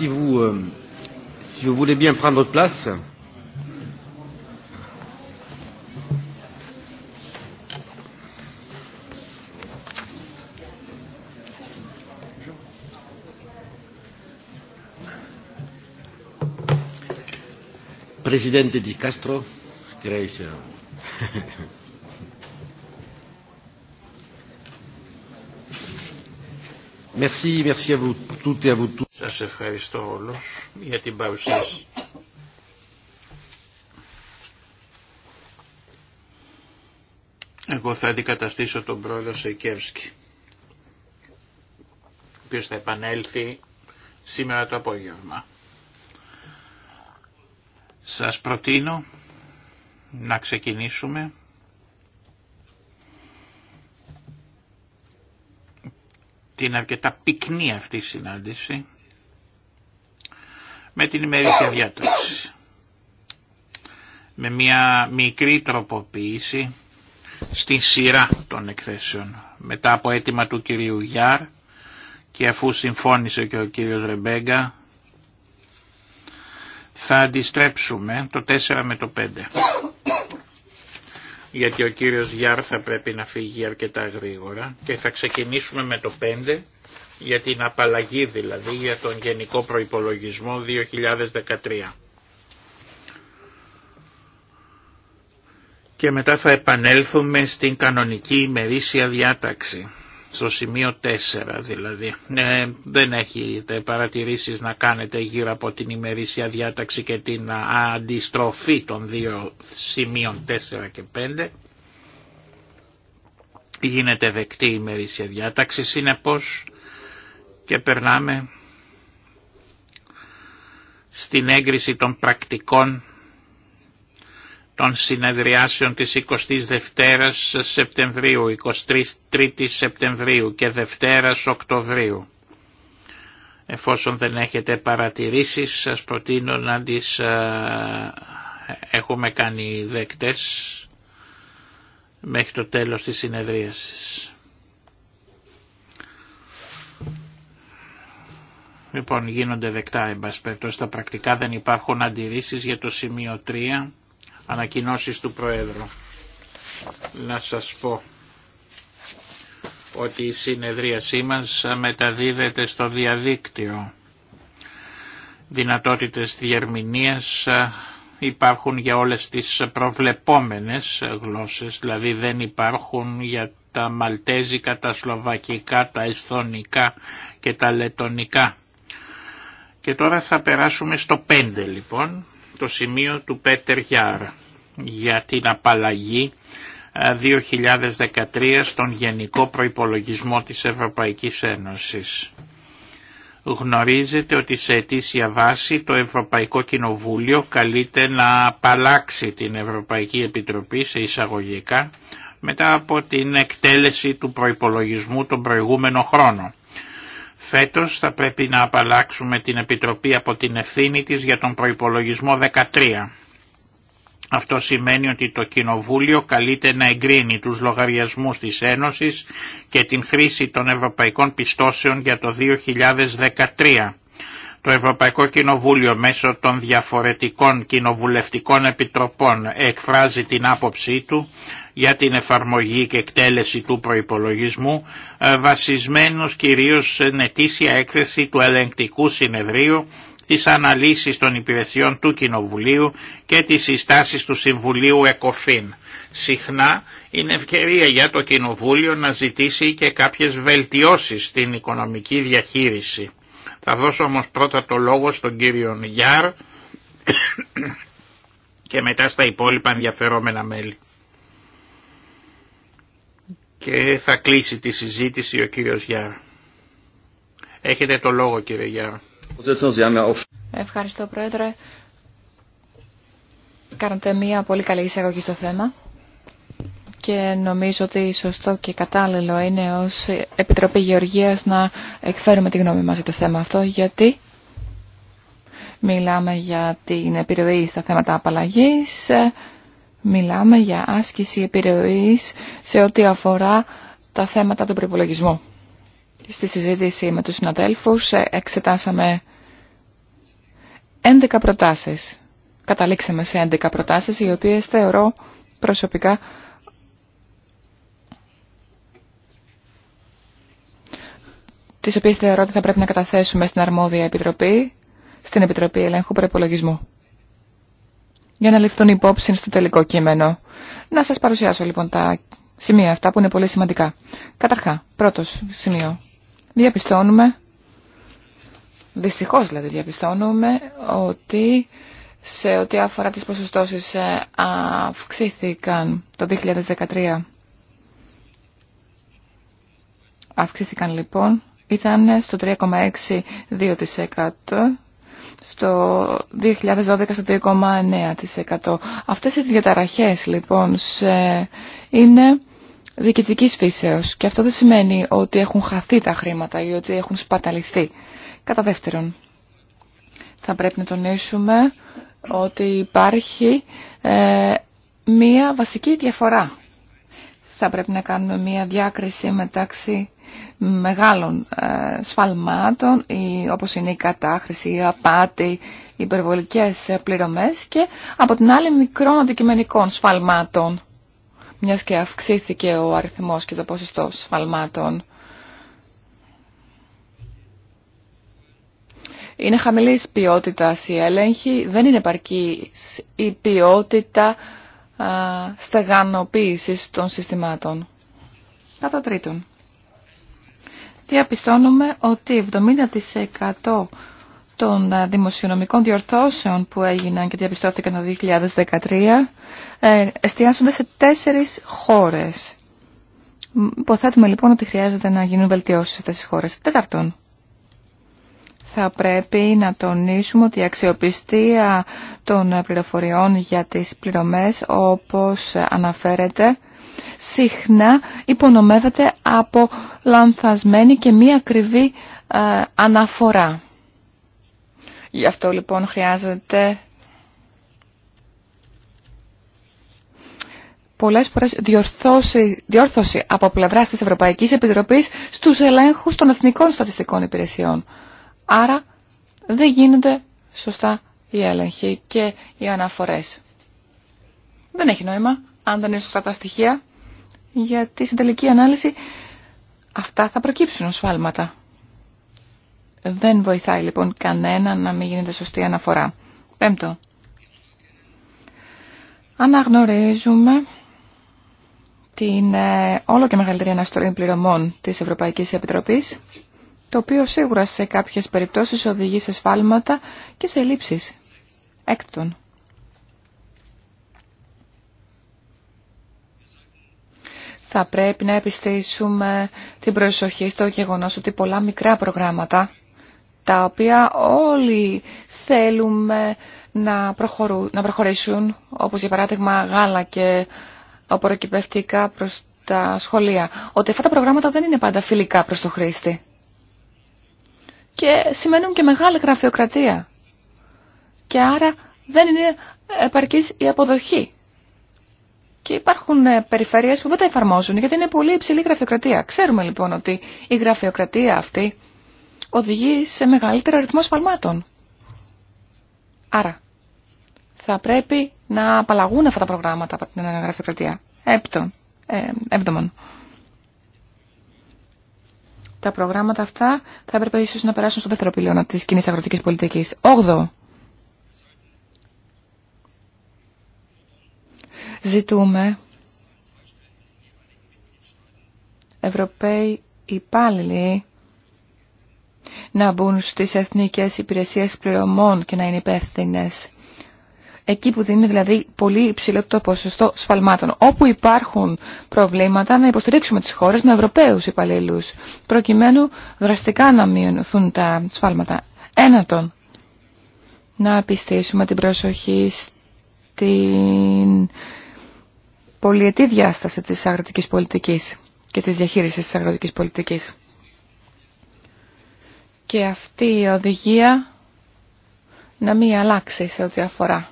si vous, si vous voulez bien prendre votre place. Presidente Di Castro, grazie. Merci, merci à vous toutes et à vous tous. Σας ευχαριστώ όλους για την παρουσίαση. Εγώ θα αντικαταστήσω τον πρόεδρο Σεϊκεύσκη, ο οποίος θα επανέλθει σήμερα το απόγευμα. Σας προτείνω να ξεκινήσουμε την αρκετά πυκνή αυτή συνάντηση με την ημερήσια διάταξη. Με μια μικρή τροποποίηση στη σειρά των εκθέσεων. Μετά από αίτημα του κυρίου Γιάρ και αφού συμφώνησε και ο κύριος Ρεμπέγκα θα αντιστρέψουμε το 4 με το 5. Γιατί ο κύριος Γιάρ θα πρέπει να φύγει αρκετά γρήγορα και θα ξεκινήσουμε με το 5 για την απαλλαγή δηλαδή για τον Γενικό Προϋπολογισμό 2013. Και μετά θα επανέλθουμε στην κανονική ημερήσια διάταξη, στο σημείο 4 δηλαδή. Ναι, δεν έχετε παρατηρήσεις να κάνετε γύρω από την ημερήσια διάταξη και την αντιστροφή των δύο σημείων 4 και 5 γίνεται δεκτή η ημερήσια διάταξη, συνεπώς και περνάμε στην έγκριση των πρακτικών των συνεδριάσεων της 22ης Σεπτεμβρίου, 23ης Σεπτεμβρίου και Δευτέρας Οκτωβρίου. Εφόσον δεν έχετε παρατηρήσεις, σας προτείνω να τις έχουμε κάνει δεκτές μέχρι το τέλος της συνεδρίασης. Λοιπόν, γίνονται δεκτά εμπασπέτω. Στα πρακτικά δεν υπάρχουν αντιρρήσει για το σημείο 3, ανακοινώσει του Προέδρου. Να σα πω ότι η συνεδρίασή μα μεταδίδεται στο διαδίκτυο. Δυνατότητες διερμηνία υπάρχουν για όλες τις προβλεπόμενες γλώσσες, δηλαδή δεν υπάρχουν για τα μαλτέζικα, τα σλοβακικά, τα εσθονικά και τα λετονικά. Και τώρα θα περάσουμε στο 5 λοιπόν, το σημείο του Πέτερ Γιάρ για την απαλλαγή 2013 στον Γενικό Προϋπολογισμό της Ευρωπαϊκής Ένωσης. Γνωρίζετε ότι σε αιτήσια βάση το Ευρωπαϊκό Κοινοβούλιο καλείται να απαλλάξει την Ευρωπαϊκή Επιτροπή σε εισαγωγικά μετά από την εκτέλεση του προϋπολογισμού τον προηγούμενο χρόνο. Φέτος θα πρέπει να απαλλάξουμε την Επιτροπή από την ευθύνη της για τον προϋπολογισμό 13. Αυτό σημαίνει ότι το Κοινοβούλιο καλείται να εγκρίνει τους λογαριασμούς της Ένωσης και την χρήση των ευρωπαϊκών πιστώσεων για το 2013. Το Ευρωπαϊκό Κοινοβούλιο μέσω των διαφορετικών κοινοβουλευτικών επιτροπών εκφράζει την άποψή του για την εφαρμογή και εκτέλεση του προϋπολογισμού ε, βασισμένος κυρίως σε ετήσια έκθεση του ελεγκτικού συνεδρίου της αναλύσης των υπηρεσιών του Κοινοβουλίου και της συστάσεις του Συμβουλίου ΕΚΟΦΗΝ. Συχνά είναι ευκαιρία για το Κοινοβούλιο να ζητήσει και κάποιες βελτιώσεις στην οικονομική διαχείριση. Θα δώσω όμως πρώτα το λόγο στον κύριο Γιάρ και μετά στα υπόλοιπα ενδιαφερόμενα μέλη και θα κλείσει τη συζήτηση ο κύριος Γιάρ. Έχετε το λόγο κύριε Γιάρ. Ευχαριστώ πρόεδρε. Κάνατε μια πολύ καλή εισαγωγή στο θέμα και νομίζω ότι σωστό και κατάλληλο είναι ως Επιτροπή Γεωργίας να εκφέρουμε τη γνώμη μας για το θέμα αυτό γιατί μιλάμε για την επιρροή στα θέματα απαλλαγής Μιλάμε για άσκηση επιρροής σε ό,τι αφορά τα θέματα του προπολογισμού. Στη συζήτηση με τους συναδέλφους ε, εξετάσαμε 11 προτάσεις. Καταλήξαμε σε 11 προτάσεις οι οποίες θεωρώ προσωπικά τις οποίες θεωρώ ότι θα πρέπει να καταθέσουμε στην αρμόδια επιτροπή, στην Επιτροπή Ελέγχου Προπολογισμού για να ληφθούν υπόψη στο τελικό κείμενο. Να σας παρουσιάσω λοιπόν τα σημεία αυτά που είναι πολύ σημαντικά. Καταρχά, πρώτο σημείο. Διαπιστώνουμε, δυστυχώς δηλαδή διαπιστώνουμε, ότι σε ό,τι αφορά τις ποσοστώσεις ε, αυξήθηκαν το 2013. Αυξήθηκαν λοιπόν, ήταν στο 3,62% στο 2012 στο 2,9%. Αυτές οι διαταραχές λοιπόν σε... είναι διοικητικής φύσεως και αυτό δεν σημαίνει ότι έχουν χαθεί τα χρήματα ή ότι έχουν σπαταληθεί. Κατά δεύτερον, θα πρέπει να τονίσουμε ότι υπάρχει ε, μία βασική διαφορά. Θα πρέπει να κάνουμε μία διάκριση μεταξύ μεγάλων ε, σφαλμάτων ή όπως είναι η κατάχρηση, η απάτη, οι υπερβολικές ε, πληρωμές και από την άλλη μικρών αντικειμενικών σφαλμάτων μιας και αυξήθηκε ο αριθμός και το ποσοστό σφαλμάτων. Είναι χαμηλής ποιότητας η έλεγχη, δεν είναι επαρκή η ποιότητα ε, στεγανοποίησης των συστημάτων. Κατά τρίτον, διαπιστώνουμε ότι 70% των ε, δημοσιονομικών διορθώσεων που έγιναν και διαπιστώθηκαν το 2013 ε, εστιάζονται σε τέσσερις χώρες. Υποθέτουμε λοιπόν ότι χρειάζεται να γίνουν βελτιώσεις σε αυτές τις χώρες. Τέταρτον, θα πρέπει να τονίσουμε ότι η αξιοπιστία των πληροφοριών για τις πληρωμές όπως αναφέρεται συχνά υπονομεύεται από λανθασμένη και μία ακριβή ε, αναφορά. Γι' αυτό λοιπόν χρειάζεται πολλές φορές διορθώση, διόρθωση από πλευράς της Ευρωπαϊκής Επιτροπής στους ελέγχους των Εθνικών Στατιστικών Υπηρεσιών. Άρα δεν γίνονται σωστά οι έλεγχοι και οι αναφορές. Δεν έχει νόημα αν δεν είναι σωστά τα στοιχεία, γιατί στην τελική ανάλυση αυτά θα προκύψουν ως Δεν βοηθάει λοιπόν κανένα να μην γίνεται σωστή αναφορά. Πέμπτο. Αναγνωρίζουμε την ε, όλο και μεγαλύτερη αναστολή πληρωμών της Ευρωπαϊκής Επιτροπής, το οποίο σίγουρα σε κάποιες περιπτώσεις οδηγεί σε σφάλματα και σε λήψεις. Έκτον. θα πρέπει να επιστήσουμε την προσοχή στο γεγονός ότι πολλά μικρά προγράμματα, τα οποία όλοι θέλουμε να, να προχωρήσουν, όπως για παράδειγμα γάλα και απορροκυπευτικά προς τα σχολεία, ότι αυτά τα προγράμματα δεν είναι πάντα φιλικά προς το χρήστη. Και σημαίνουν και μεγάλη γραφειοκρατία. Και άρα δεν είναι επαρκής η αποδοχή και υπάρχουν ε, περιφέρειες που δεν τα εφαρμόζουν γιατί είναι πολύ υψηλή γραφειοκρατία. Ξέρουμε λοιπόν ότι η γραφειοκρατία αυτή οδηγεί σε μεγαλύτερο αριθμό σφαλμάτων. Άρα, θα πρέπει να απαλλαγούν αυτά τα προγράμματα από την γραφειοκρατία. Έπτον, ε, έβδομον. Τα προγράμματα αυτά θα έπρεπε ίσως να περάσουν στο δεύτερο πυλώνα της κοινή αγροτικής πολιτικής. Όγδοο. Ζητούμε Ευρωπαίοι υπάλληλοι να μπουν στις εθνικές υπηρεσίες πληρωμών και να είναι υπεύθυνε. Εκεί που δίνει δηλαδή πολύ υψηλό το ποσοστό σφαλμάτων. Όπου υπάρχουν προβλήματα να υποστηρίξουμε τις χώρες με Ευρωπαίους υπαλλήλους, προκειμένου δραστικά να μειωθούν τα σφάλματα. Ένατον, να πιστήσουμε την προσοχή στην Πολιετή διάσταση της αγροτικής πολιτικής και της διαχείρισης της αγροτικής πολιτικής. Και αυτή η οδηγία να μην αλλάξει σε ό,τι αφορά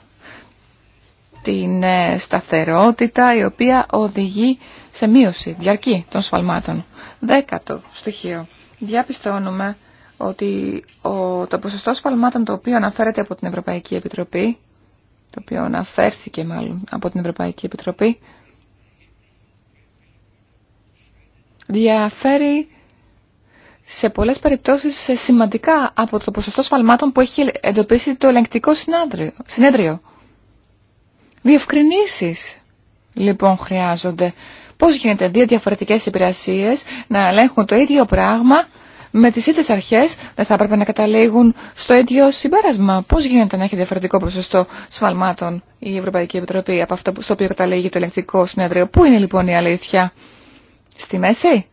την ε, σταθερότητα η οποία οδηγεί σε μείωση διαρκή των σφαλμάτων. Δέκατο στοιχείο. Διαπιστώνουμε ότι το ποσοστό σφαλμάτων το οποίο αναφέρεται από την Ευρωπαϊκή Επιτροπή, το οποίο αναφέρθηκε μάλλον από την Ευρωπαϊκή Επιτροπή, διαφέρει σε πολλές περιπτώσεις σημαντικά από το ποσοστό σφαλμάτων που έχει εντοπίσει το ελεγκτικό συνέδριο. Διευκρινήσεις λοιπόν χρειάζονται. Πώς γίνεται δύο διαφορετικές υπηρεσίες να ελέγχουν το ίδιο πράγμα με τις ίδιες αρχές δεν θα έπρεπε να καταλήγουν στο ίδιο συμπέρασμα. Πώς γίνεται να έχει διαφορετικό ποσοστό σφαλμάτων η Ευρωπαϊκή Επιτροπή από αυτό στο οποίο καταλήγει το ελεγκτικό συνέδριο. Πού είναι λοιπόν η αλήθεια. Στη μέση.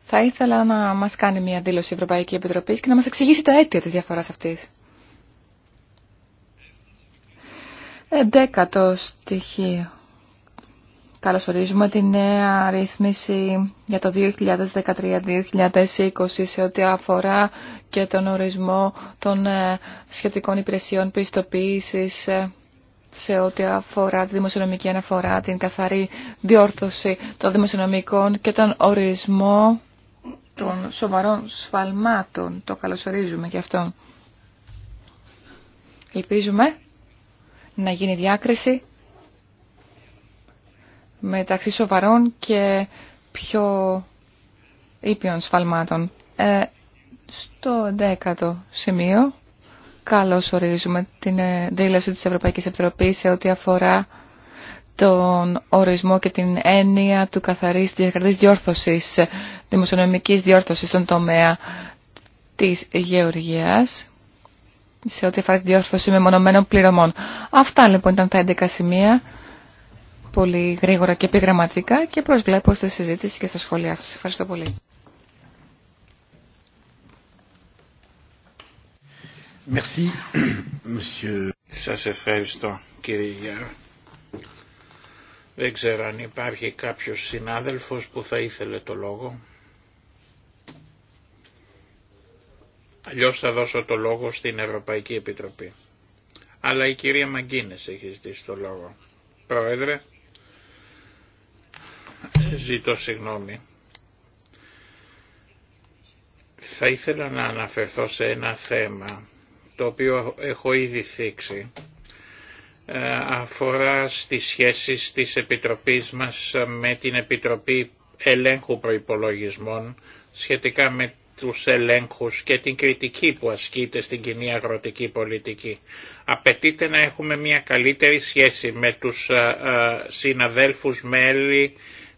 Θα ήθελα να μας κάνει μια δήλωση η Ευρωπαϊκή Επιτροπή και να μας εξηγήσει τα αίτια της διαφοράς αυτής. Εντέκατο στοιχείο. Καλωσορίζουμε τη νέα ρύθμιση για το 2013-2020 σε ό,τι αφορά και τον ορισμό των ε, σχετικών υπηρεσιών πιστοποίησης ε, σε ό,τι αφορά τη δημοσιονομική αναφορά, την καθαρή διόρθωση των δημοσιονομικών και τον ορισμό των σοβαρών σφαλμάτων. Το καλωσορίζουμε και αυτό. Ελπίζουμε να γίνει διάκριση μεταξύ σοβαρών και πιο ήπιων σφαλμάτων. Ε, στο δέκατο ο σημείο Καλώ ορίζουμε την ε, δήλωση της Ευρωπαϊκής Επιτροπής σε ό,τι αφορά τον ορισμό και την έννοια του καθαρής διακρατής διόρθωσης, δημοσιονομικής διόρθωσης στον τομέα της γεωργίας σε ό,τι αφορά τη διόρθωση μεμονωμένων πληρωμών. Αυτά λοιπόν ήταν τα 11 σημεία, πολύ γρήγορα και επιγραμματικά και προσβλέπω στη συζήτηση και στα σχόλιά σας. Ευχαριστώ πολύ. Merci, monsieur. Σας ευχαριστώ κύριε Γιάννη. Δεν ξέρω αν υπάρχει κάποιος συνάδελφος που θα ήθελε το λόγο. Αλλιώς θα δώσω το λόγο στην Ευρωπαϊκή Επιτροπή. Αλλά η κυρία Μαγκίνες έχει ζητήσει το λόγο. Πρόεδρε, ζητώ συγγνώμη. Θα ήθελα να αναφερθώ σε ένα θέμα το οποίο έχω ήδη θίξει ε, αφορά στις σχέσεις της Επιτροπής μας με την Επιτροπή Ελέγχου Προϋπολογισμών σχετικά με τους ελέγχους και την κριτική που ασκείται στην κοινή αγροτική πολιτική. Απαιτείται να έχουμε μια καλύτερη σχέση με τους ε, ε, συναδέλφους μέλη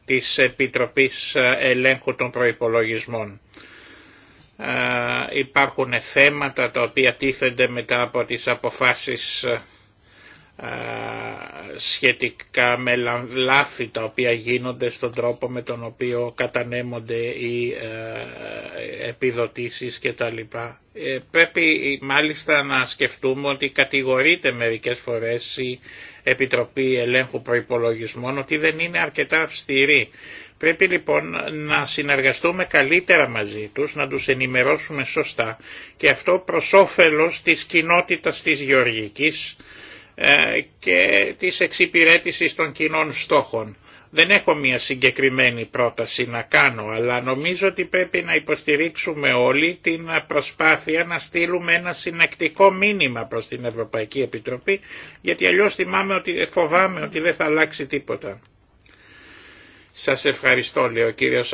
της Επιτροπής Ελέγχου των Προϋπολογισμών. Ε, υπάρχουν θέματα τα οποία τίθενται μετά από τις αποφάσεις ε, σχετικά με λάθη τα οποία γίνονται στον τρόπο με τον οποίο κατανέμονται οι ε, επιδοτήσεις κτλ. Πρέπει μάλιστα να σκεφτούμε ότι κατηγορείται μερικές φορές η Επιτροπή Ελέγχου Προϋπολογισμών ότι δεν είναι αρκετά αυστηρή Πρέπει λοιπόν να συνεργαστούμε καλύτερα μαζί τους, να τους ενημερώσουμε σωστά και αυτό προς όφελος της κοινότητας της γεωργικής ε, και της εξυπηρέτησης των κοινών στόχων. Δεν έχω μια συγκεκριμένη πρόταση να κάνω, αλλά νομίζω ότι πρέπει να υποστηρίξουμε όλοι την προσπάθεια να στείλουμε ένα συνεκτικό μήνυμα προς την Ευρωπαϊκή Επιτροπή, γιατί αλλιώς θυμάμαι ότι φοβάμαι ότι δεν θα αλλάξει τίποτα. Σας ευχαριστώ, λέει ο κύριος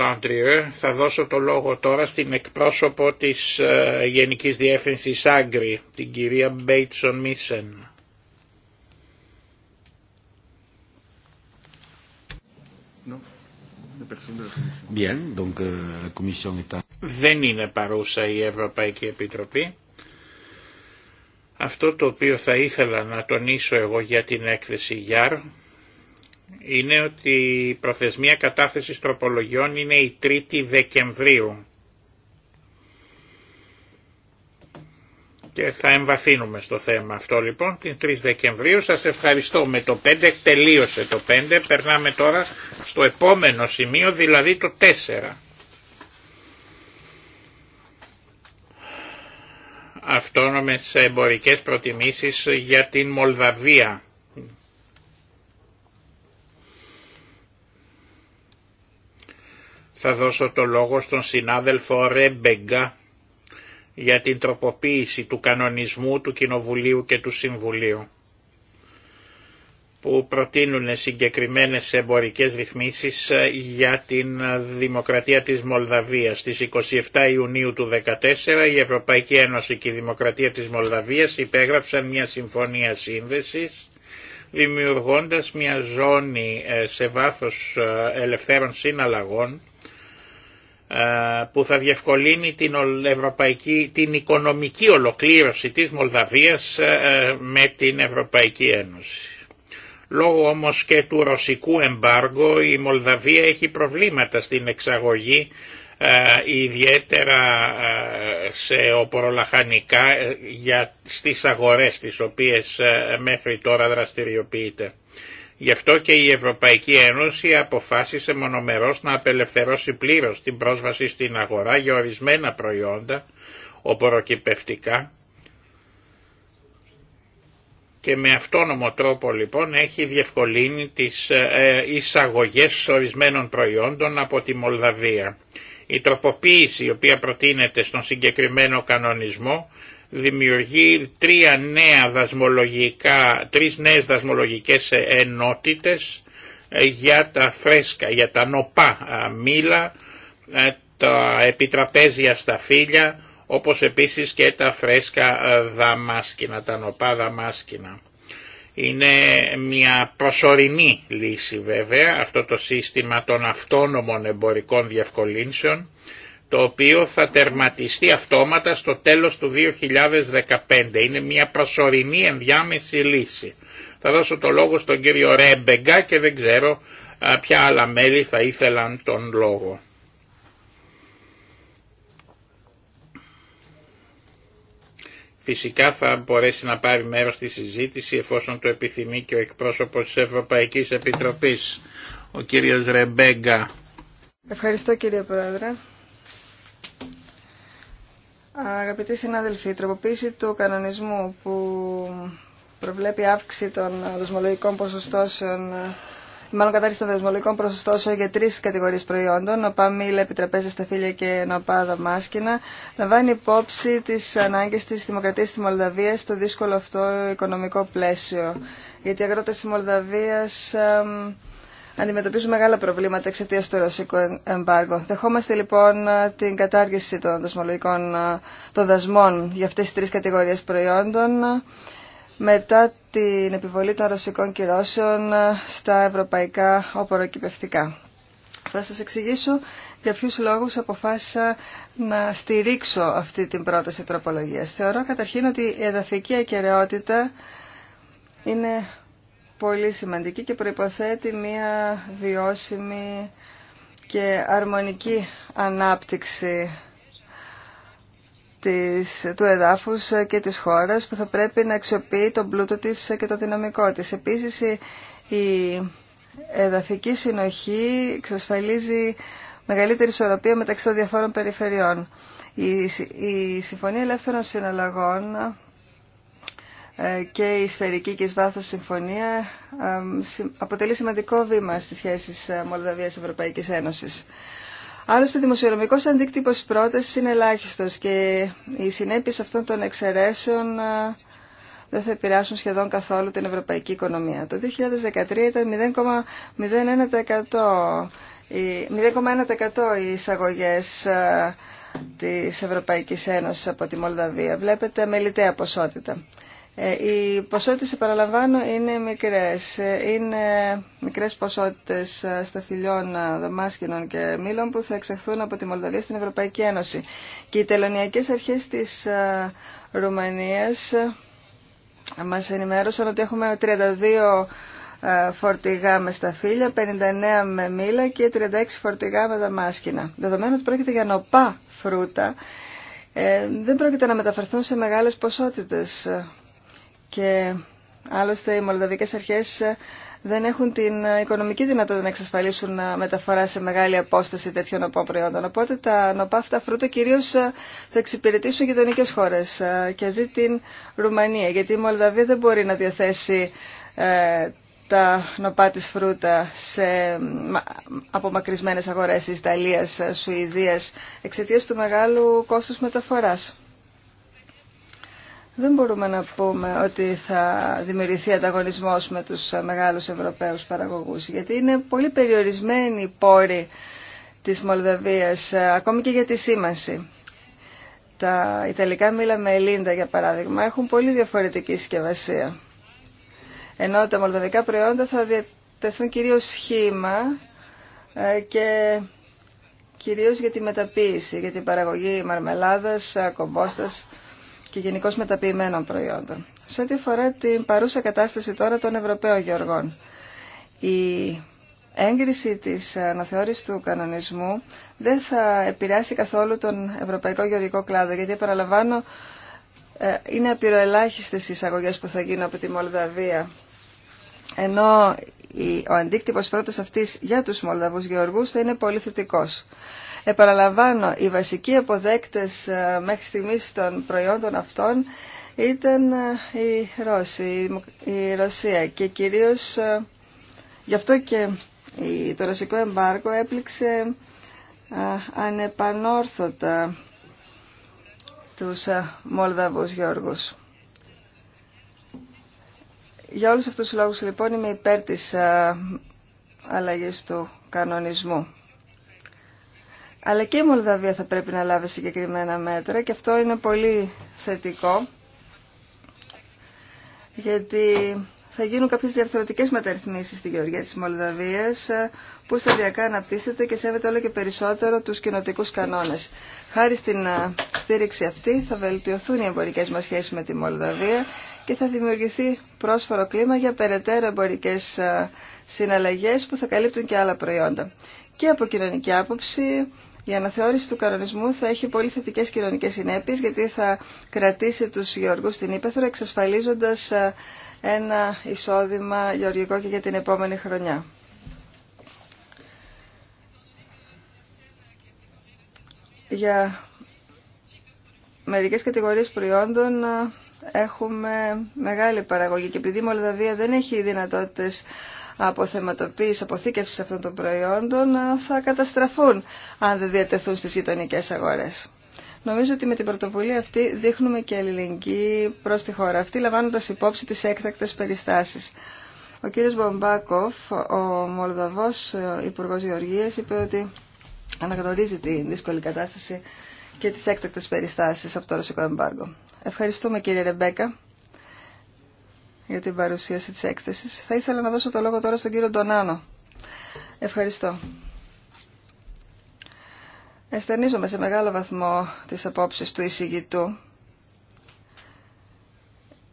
Θα δώσω το λόγο τώρα στην εκπρόσωπο της ε, Γενικής Διεύθυνσης Άγκρη, την κυρία Μπέιτσον Μίσεν. Euh, Δεν είναι παρούσα η Ευρωπαϊκή Επιτροπή. Αυτό το οποίο θα ήθελα να τονίσω εγώ για την έκθεση ΓΙΑΡ είναι ότι η προθεσμία κατάθεσης τροπολογιών είναι η 3η Δεκεμβρίου και θα εμβαθύνουμε στο θέμα αυτό λοιπόν την 3 Δεκεμβρίου. Σας ευχαριστώ με το 5, τελείωσε το 5, περνάμε τώρα στο επόμενο σημείο δηλαδή το 4. Αυτόνομες εμπορικές προτιμήσεις για την Μολδαβία. Θα δώσω το λόγο στον συνάδελφο Ρέμπεγκα για την τροποποίηση του κανονισμού του Κοινοβουλίου και του Συμβουλίου που προτείνουν συγκεκριμένες εμπορικές ρυθμίσεις ε, για την ε, δημοκρατία της Μολδαβίας. Στις 27 Ιουνίου του 2014 η Ευρωπαϊκή Ένωση και η Δημοκρατία της Μολδαβίας υπέγραψαν μια συμφωνία σύνδεσης δημιουργώντας μια ζώνη ε, σε βάθος ελευθέρων συναλλαγών ε, που θα διευκολύνει την, ευρωπαϊκή, την οικονομική ολοκλήρωση της Μολδαβίας ε, ε, με την Ευρωπαϊκή Ένωση. Λόγω όμως και του ρωσικού εμπάργου η Μολδαβία έχει προβλήματα στην εξαγωγή ιδιαίτερα σε οπορολαχανικά για, στις αγορές τις οποίες μέχρι τώρα δραστηριοποιείται. Γι' αυτό και η Ευρωπαϊκή Ένωση αποφάσισε μονομερώς να απελευθερώσει πλήρως την πρόσβαση στην αγορά για ορισμένα προϊόντα, οποροκυπευτικά, και με αυτόνομο τρόπο λοιπόν έχει διευκολύνει τις ε, εισαγωγές ορισμένων προϊόντων από τη Μολδαβία. Η τροποποίηση η οποία προτείνεται στον συγκεκριμένο κανονισμό δημιουργεί τρία νέα δασμολογικά, τρεις νέες δασμολογικές ενότητες ε, για τα φρέσκα, για τα νοπά ε, μήλα, ε, τα επιτραπέζια στα φύλλα, όπως επίσης και τα φρέσκα δαμάσκηνα, τα νοπά δαμάσκηνα. Είναι μια προσωρινή λύση βέβαια αυτό το σύστημα των αυτόνομων εμπορικών διευκολύνσεων το οποίο θα τερματιστεί αυτόματα στο τέλος του 2015. Είναι μια προσωρινή ενδιάμεση λύση. Θα δώσω το λόγο στον κύριο Ρέμπεγκα και δεν ξέρω ποια άλλα μέλη θα ήθελαν τον λόγο. Φυσικά θα μπορέσει να πάρει μέρος στη συζήτηση εφόσον το επιθυμεί και ο εκπρόσωπος της Ευρωπαϊκής Επιτροπής, ο κύριος Ρεμπέγκα. Ευχαριστώ κύριε Πρόεδρε. Αγαπητοί συνάδελφοι, η τροποποίηση του κανονισμού που προβλέπει αύξηση των δοσμολογικών ποσοστώσεων μάλλον κατάρτιση των δεσμολογικών ποσοστώσεων για τρει κατηγορίε προϊόντων, νοπά μήλα, Επιτραπέζα σταφύλια και νοπάδα μάσκηνα, λαμβάνει υπόψη τι ανάγκε τη Δημοκρατία τη Μολδαβία στο δύσκολο αυτό οικονομικό πλαίσιο. Γιατί οι αγρότε τη Μολδαβία αντιμετωπίζουμε μεγάλα προβλήματα εξαιτία του ρωσικού εμπάργου. Δεχόμαστε λοιπόν την κατάργηση των δασμολογικών των δασμών για αυτές τις τρει κατηγορίες προϊόντων μετά την επιβολή των ρωσικών κυρώσεων στα ευρωπαϊκά οποροκυπευτικά. Θα σας εξηγήσω για ποιους λόγους αποφάσισα να στηρίξω αυτή την πρόταση τροπολογίας. Θεωρώ καταρχήν ότι η εδαφική ακαιρεότητα είναι πολύ σημαντική και προϋποθέτει μια βιώσιμη και αρμονική ανάπτυξη της, του εδάφους και της χώρας που θα πρέπει να αξιοποιεί τον πλούτο της και το δυναμικό της. Επίσης η εδαφική συνοχή εξασφαλίζει μεγαλύτερη ισορροπία μεταξύ των διαφόρων περιφερειών. Η, η Συμφωνία Ελεύθερων Συναλλαγών ε, και η σφαιρική και εις συμφωνία αποτελεί σημαντικό βήμα στις σχέσεις ε, Μολδαβίας-Ευρωπαϊκής Ένωσης. Άλλωστε, ο δημοσιονομικό αντίκτυπο πρόταση είναι ελάχιστο και οι συνέπειε αυτών των εξαιρέσεων ε, δεν θα επηρεάσουν σχεδόν καθόλου την ευρωπαϊκή οικονομία. Το 2013 ήταν 0,1% οι εισαγωγέ τη Ευρωπαϊκή Ένωση από τη Μολδαβία. Βλέπετε μελιτέα ποσότητα. Ε, οι ποσότητες, επαναλαμβάνω, είναι μικρές. Είναι μικρές ποσότητες ε, σταφυλιών, ε, δαμάσκινων και μήλων που θα εξαχθούν από τη Μολδαβία στην Ευρωπαϊκή Ένωση. Και οι τελωνιακές αρχές της Ρουμανίας μας ενημέρωσαν ότι έχουμε 32 φορτηγά με σταφύλια, 59 με μήλα και 36 φορτηγά με δαμάσκηνα. Δεδομένου ότι πρόκειται για νοπά φρούτα, δεν πρόκειται να μεταφερθούν σε μεγάλες ποσότητες και άλλωστε οι μολδαβικές αρχές δεν έχουν την οικονομική δυνατότητα να εξασφαλίσουν μεταφορά σε μεγάλη απόσταση τέτοιων νοπών προϊόντων. Οπότε τα νοπά αυτά φρούτα κυρίω ε, θα εξυπηρετήσουν γειτονικέ χώρε ε, και δει την Ρουμανία. Γιατί η Μολδαβία δεν μπορεί να διαθέσει ε, τα νοπά τη φρούτα σε απομακρυσμένε αγορέ τη Ιταλία, Σουηδία, εξαιτία του μεγάλου κόστου μεταφορά δεν μπορούμε να πούμε ότι θα δημιουργηθεί ανταγωνισμός με τους μεγάλους Ευρωπαίους παραγωγούς, γιατί είναι πολύ περιορισμένοι οι πόροι της Μολδαβίας, ακόμη και για τη σήμανση. Τα Ιταλικά μήλα με Ελίντα, για παράδειγμα, έχουν πολύ διαφορετική συσκευασία. Ενώ τα μολδαβικά προϊόντα θα διατεθούν κυρίως σχήμα ε, και κυρίως για τη μεταποίηση, για την παραγωγή μαρμελάδας, κομπόστας και γενικώ μεταποιημένων προϊόντων. Σε ό,τι αφορά την παρούσα κατάσταση τώρα των Ευρωπαίων Γεωργών, η έγκριση της αναθεώρησης του κανονισμού δεν θα επηρεάσει καθόλου τον Ευρωπαϊκό Γεωργικό Κλάδο, γιατί επαναλαμβάνω ε, είναι απειροελάχιστες οι εισαγωγές που θα γίνουν από τη Μολδαβία. Ενώ ο αντίκτυπος πρώτος αυτής για τους Μολδαβούς Γεωργούς θα είναι πολύ θετικός. Επαναλαμβάνω, οι βασικοί αποδέκτες ε, μέχρι στιγμής των προϊόντων αυτών ήταν ε, η Ρώσοι, η Ρωσία και κυρίως ε, γι' αυτό και το ρωσικό εμπάργκο έπληξε ανεπανόρθωτα τους Μολδαβούς Γιώργους. Για όλους αυτούς τους λόγους λοιπόν είμαι υπέρ της αλλαγής του κανονισμού. Αλλά και η Μολδαβία θα πρέπει να λάβει συγκεκριμένα μέτρα και αυτό είναι πολύ θετικό γιατί θα γίνουν κάποιες διαρθρωτικές μεταρρυθμίσεις στη γεωργία της Μολδαβίας ε, που σταδιακά αναπτύσσεται και σέβεται όλο και περισσότερο τους κοινοτικού κανόνες. Χάρη στην ε, στήριξη αυτή θα βελτιωθούν οι εμπορικές μας σχέσεις με τη Μολδαβία και θα δημιουργηθεί πρόσφορο κλίμα για περαιτέρω εμπορικές ε, συναλλαγές που θα καλύπτουν και άλλα προϊόντα. Και από κοινωνική άποψη η αναθεώρηση του κανονισμού θα έχει πολύ θετικέ κοινωνικέ συνέπειε γιατί θα κρατήσει του γεωργού στην Ήπεθρο εξασφαλίζοντα ε, ένα εισόδημα γεωργικό και για την επόμενη χρονιά. Για μερικές κατηγορίες προϊόντων ε, έχουμε μεγάλη παραγωγή και επειδή η Μολδαβία δεν έχει δυνατότητες αποθεματοποίηση, αποθήκευση αυτών των προϊόντων ε, θα καταστραφούν αν δεν διατεθούν στις γειτονικέ αγορές. Νομίζω ότι με την πρωτοβουλία αυτή δείχνουμε και αλληλεγγύη προ τη χώρα αυτή, λαμβάνοντα υπόψη τι έκτακτε περιστάσει. Ο κύριος Μπομπάκοφ, ο Μολδαβός ε, Υπουργό Γεωργίας, είπε ότι αναγνωρίζει τη δύσκολη κατάσταση και τις έκτακτες περιστάσεις από το ρωσικό εμπάργο. Ευχαριστούμε κύριε Ρεμπέκα για την παρουσίαση της έκθεσης. Θα ήθελα να δώσω το λόγο τώρα στον κύριο Ντονάνο. Ευχαριστώ. Εστερνίζομαι σε μεγάλο βαθμό τις απόψεις του εισηγητού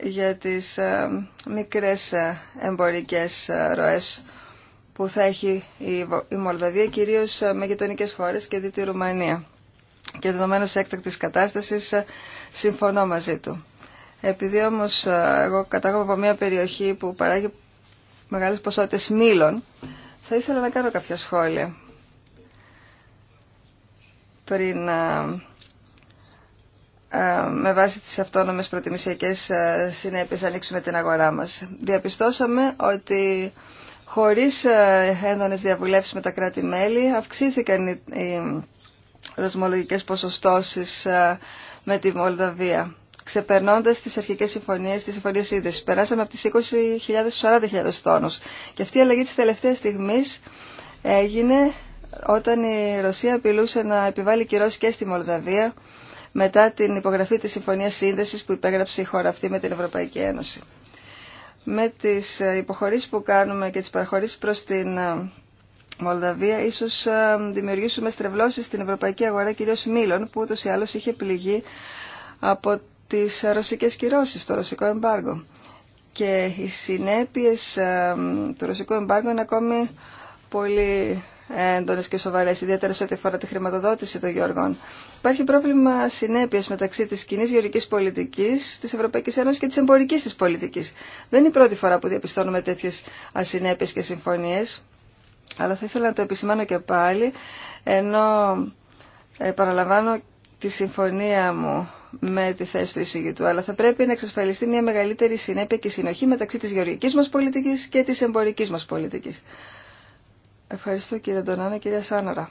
για τις ε, μικρές ε, εμπορικές ε, ροές που θα έχει η Μολδαβία, κυρίως με γειτονικές χώρες και δι' τη Ρουμανία. Και δεδομένως έκτακτης κατάστασης συμφωνώ μαζί του. Επειδή όμως ε, εγώ κατάγομαι από μια περιοχή που παράγει μεγάλες ποσότητες μήλων, θα ήθελα να κάνω κάποια σχόλια πριν ε, ε, με βάση τις αυτόνομες προτιμησιακές συνέπειες ανοίξουμε την αγορά μας. Διαπιστώσαμε ότι χωρίς έντονες διαβουλεύσεις με τα κράτη-μέλη αυξήθηκαν οι δοσμολογικέ ποσοστώσεις με τη Μολδαβία ξεπερνώντα τι αρχικέ συμφωνίε τι συμφωνίε σύνδεση. Περάσαμε από τι 20.000 στου 40.000 τόνου. Και αυτή η αλλαγή τη τελευταία στιγμή έγινε όταν η Ρωσία απειλούσε να επιβάλλει κυρώσει και στη Μολδαβία μετά την υπογραφή της Συμφωνίας Σύνδεση που υπέγραψε η χώρα αυτή με την Ευρωπαϊκή Ένωση. Με τις υποχωρήσεις που κάνουμε και τις παραχωρήσεις προς την ε, Μολδαβία, ίσως ε, δημιουργήσουμε στρεβλώσεις στην ευρωπαϊκή αγορά κυρίως μήλων, που ούτως ή άλλως είχε πληγεί από τις ρωσικές κυρώσεις, το ρωσικό εμπάργο. Και οι συνέπειες ε, του ρωσικού εμπάργου είναι ακόμη πολύ έντονε και σοβαρέ, ιδιαίτερα σε ό,τι αφορά τη χρηματοδότηση των γεωργών. Υπάρχει πρόβλημα συνέπεια μεταξύ τη κοινή γεωργική πολιτική, τη Ευρωπαϊκή Ένωση και τη εμπορική τη πολιτική. Δεν είναι η πρώτη φορά που διαπιστώνουμε τέτοιε ασυνέπειε και συμφωνίε, αλλά θα ήθελα να το επισημάνω και πάλι, ενώ επαναλαμβάνω παραλαμβάνω τη συμφωνία μου με τη θέση του εισηγητού, αλλά θα πρέπει να εξασφαλιστεί μια μεγαλύτερη συνέπεια και συνοχή μεταξύ της γεωργικής μας πολιτικής και της εμπορικής μας πολιτικής. Ευχαριστώ κύριε Ντονάνα, κυρία Σάνορα.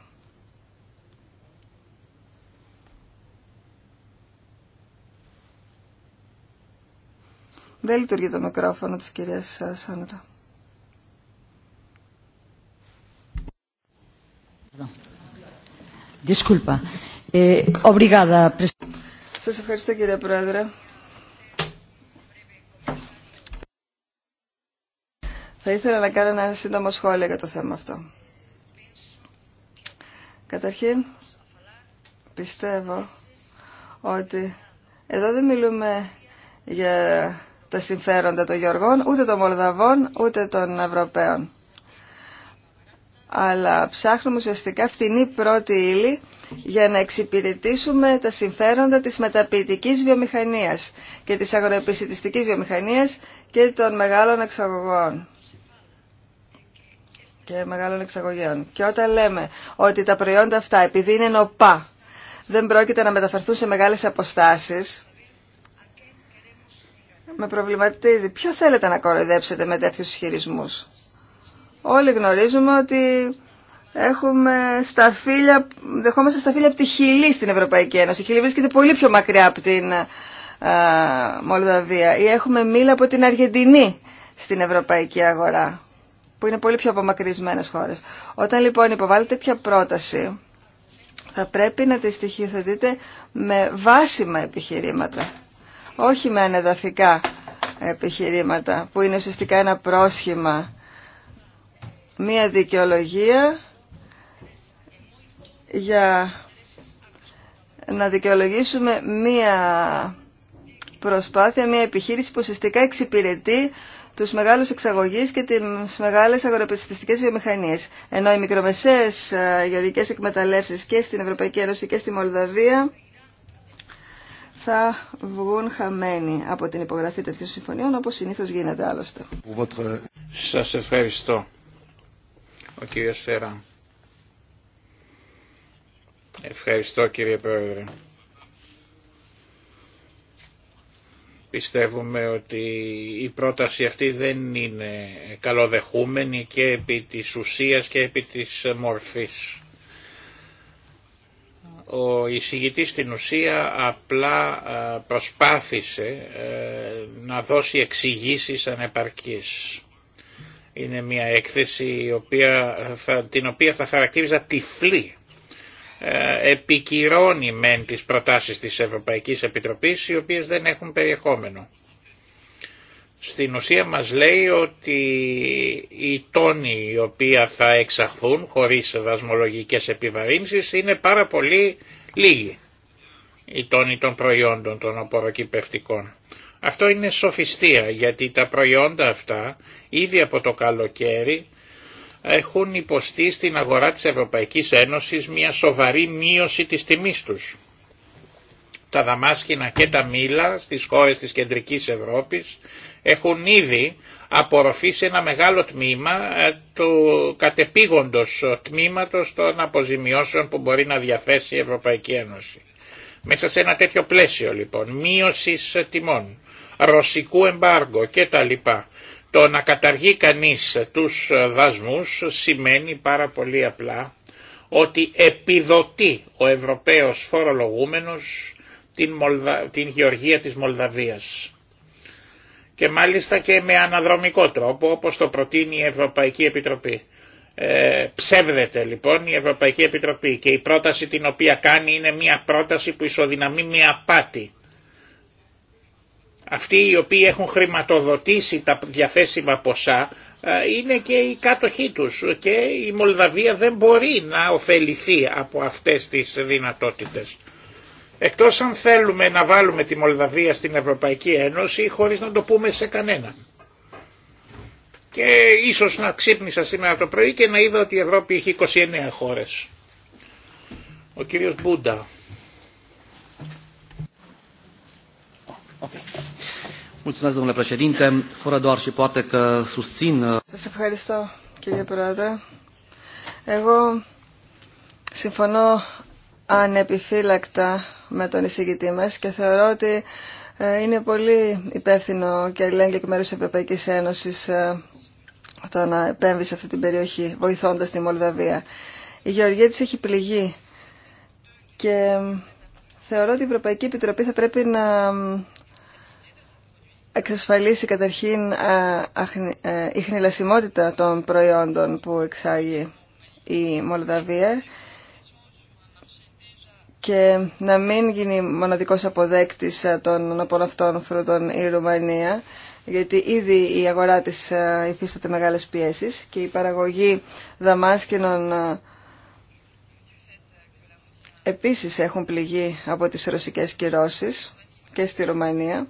Δεν λειτουργεί το μικρόφωνο της κυρίας ε, Σάνορα. Disculpa. Ε, Σας ευχαριστώ κύριε Πρόεδρε. Θα ήθελα να κάνω ένα σύντομο σχόλιο για το θέμα αυτό. Καταρχήν, πιστεύω ότι εδώ δεν μιλούμε για τα συμφέροντα των Γιωργών, ούτε των Μολδαβών, ούτε των Ευρωπαίων. Αλλά ψάχνουμε ουσιαστικά φτηνή πρώτη ύλη για να εξυπηρετήσουμε τα συμφέροντα της μεταποιητικής βιομηχανίας και της αγροεπιστητικής βιομηχανίας και των μεγάλων εξαγωγών και μεγάλων εξαγωγέων. Και όταν λέμε ότι τα προϊόντα αυτά, επειδή είναι νοπά, δεν πρόκειται να μεταφερθούν σε μεγάλες αποστάσεις, με προβληματίζει. Ποιο θέλετε να κοροϊδέψετε με τέτοιους ισχυρισμού. Όλοι γνωρίζουμε ότι Έχουμε σταφύλια, δεχόμαστε σταφύλια από τη Χιλή στην Ευρωπαϊκή Ένωση. Η Χιλή βρίσκεται πολύ πιο μακριά από την Μολδαβία. Ή έχουμε μήλα από την Αργεντινή στην ευρωπαϊκή αγορά, που είναι πολύ πιο απομακρυσμένες χώρες. Όταν λοιπόν υποβάλλετε τέτοια πρόταση, θα πρέπει να τη στοιχειοθετείτε με βάσιμα επιχειρήματα, όχι με ανεδαφικά επιχειρήματα, που είναι ουσιαστικά ένα πρόσχημα, μία δικαιολογία για να δικαιολογήσουμε μία προσπάθεια, μία επιχείρηση που ουσιαστικά εξυπηρετεί τους μεγάλους εξαγωγείς και τις μεγάλες αγοροπιστιστικές βιομηχανίες. Ενώ οι μικρομεσαίες ε, γεωργικές εκμεταλλεύσεις και στην Ευρωπαϊκή Ένωση και στη Μολδαβία θα βγουν χαμένοι από την υπογραφή τέτοιων συμφωνιών, όπως συνήθως γίνεται άλλωστε. Σας ευχαριστώ. Ο κύριος Ευχαριστώ κύριε Πρόεδρε. Πιστεύουμε ότι η πρόταση αυτή δεν είναι καλοδεχούμενη και επί της ουσίας και επί της μορφής. Ο εισηγητής στην ουσία απλά ε, προσπάθησε ε, να δώσει εξηγήσει ανεπαρκής. Είναι μια έκθεση την οποία θα χαρακτήριζα τυφλή ε, επικυρώνει μεν τις προτάσεις της Ευρωπαϊκής Επιτροπής οι οποίες δεν έχουν περιεχόμενο. Στην ουσία μας λέει ότι οι τόνοι οι οποίοι θα εξαχθούν χωρίς δασμολογικές επιβαρύνσεις είναι πάρα πολύ λίγοι. Οι τόνοι των προϊόντων των απορροκυπευτικών. Αυτό είναι σοφιστία γιατί τα προϊόντα αυτά ήδη από το καλοκαίρι έχουν υποστεί στην αγορά της Ευρωπαϊκής Ένωσης μια σοβαρή μείωση της τιμής τους. Τα δαμάσκηνα και τα μήλα στις χώρες της κεντρικής Ευρώπης έχουν ήδη απορροφήσει ένα μεγάλο τμήμα ε, του κατεπήγοντος τμήματος των αποζημιώσεων που μπορεί να διαθέσει η Ευρωπαϊκή Ένωση. Μέσα σε ένα τέτοιο πλαίσιο λοιπόν, μείωση τιμών, ρωσικού εμπάργο κτλ. Το να καταργεί κανείς τους δασμούς σημαίνει πάρα πολύ απλά ότι επιδοτεί ο Ευρωπαίος φορολογούμενος την, την γεωργία της Μολδαβίας. Και μάλιστα και με αναδρομικό τρόπο όπως το προτείνει η Ευρωπαϊκή Επιτροπή. Ε, ψεύδεται λοιπόν η Ευρωπαϊκή Επιτροπή και η πρόταση την οποία κάνει είναι μια πρόταση που ισοδυναμεί μια απάτη αυτοί οι οποίοι έχουν χρηματοδοτήσει τα διαθέσιμα ποσά ε, είναι και οι κάτοχοί τους και η Μολδαβία δεν μπορεί να ωφεληθεί από αυτές τις δυνατότητες. Εκτός αν θέλουμε να βάλουμε τη Μολδαβία στην Ευρωπαϊκή Ένωση χωρίς να το πούμε σε κανέναν. Και ίσως να ξύπνησα σήμερα το πρωί και να είδα ότι η Ευρώπη έχει 29 χώρες. Ο κύριος Μπούντα. Mulțumesc, domnule președinte. Fără doar și poate că susțin... Uh, ευχαριστώ, κύριε Πρόεδρε. Εγώ συμφωνώ ανεπιφύλακτα με τον εισηγητή μας και θεωρώ ότι ε, είναι πολύ υπεύθυνο και αλληλέγγυο εκ μέρος της Ευρωπαϊκής Ένωσης ε, το να επέμβει σε αυτή την περιοχή, βοηθώντας τη Μολδαβία. Η γεωργία της έχει πληγεί και ε, θεωρώ ότι η Ευρωπαϊκή Επιτροπή θα πρέπει να εξασφαλίσει καταρχήν ε, η χνηλασιμότητα των προϊόντων που εξάγει η Μολδαβία και να μην γίνει μοναδικός αποδέκτης ε, των απολαυτών αυτών φρούτων η Ρουμανία γιατί ήδη η αγορά της ε, υφίσταται μεγάλες πιέσεις και η παραγωγή δαμάσκηνων επίσης έχουν πληγεί από τις ρωσικές κυρώσεις και στη Ρουμανία.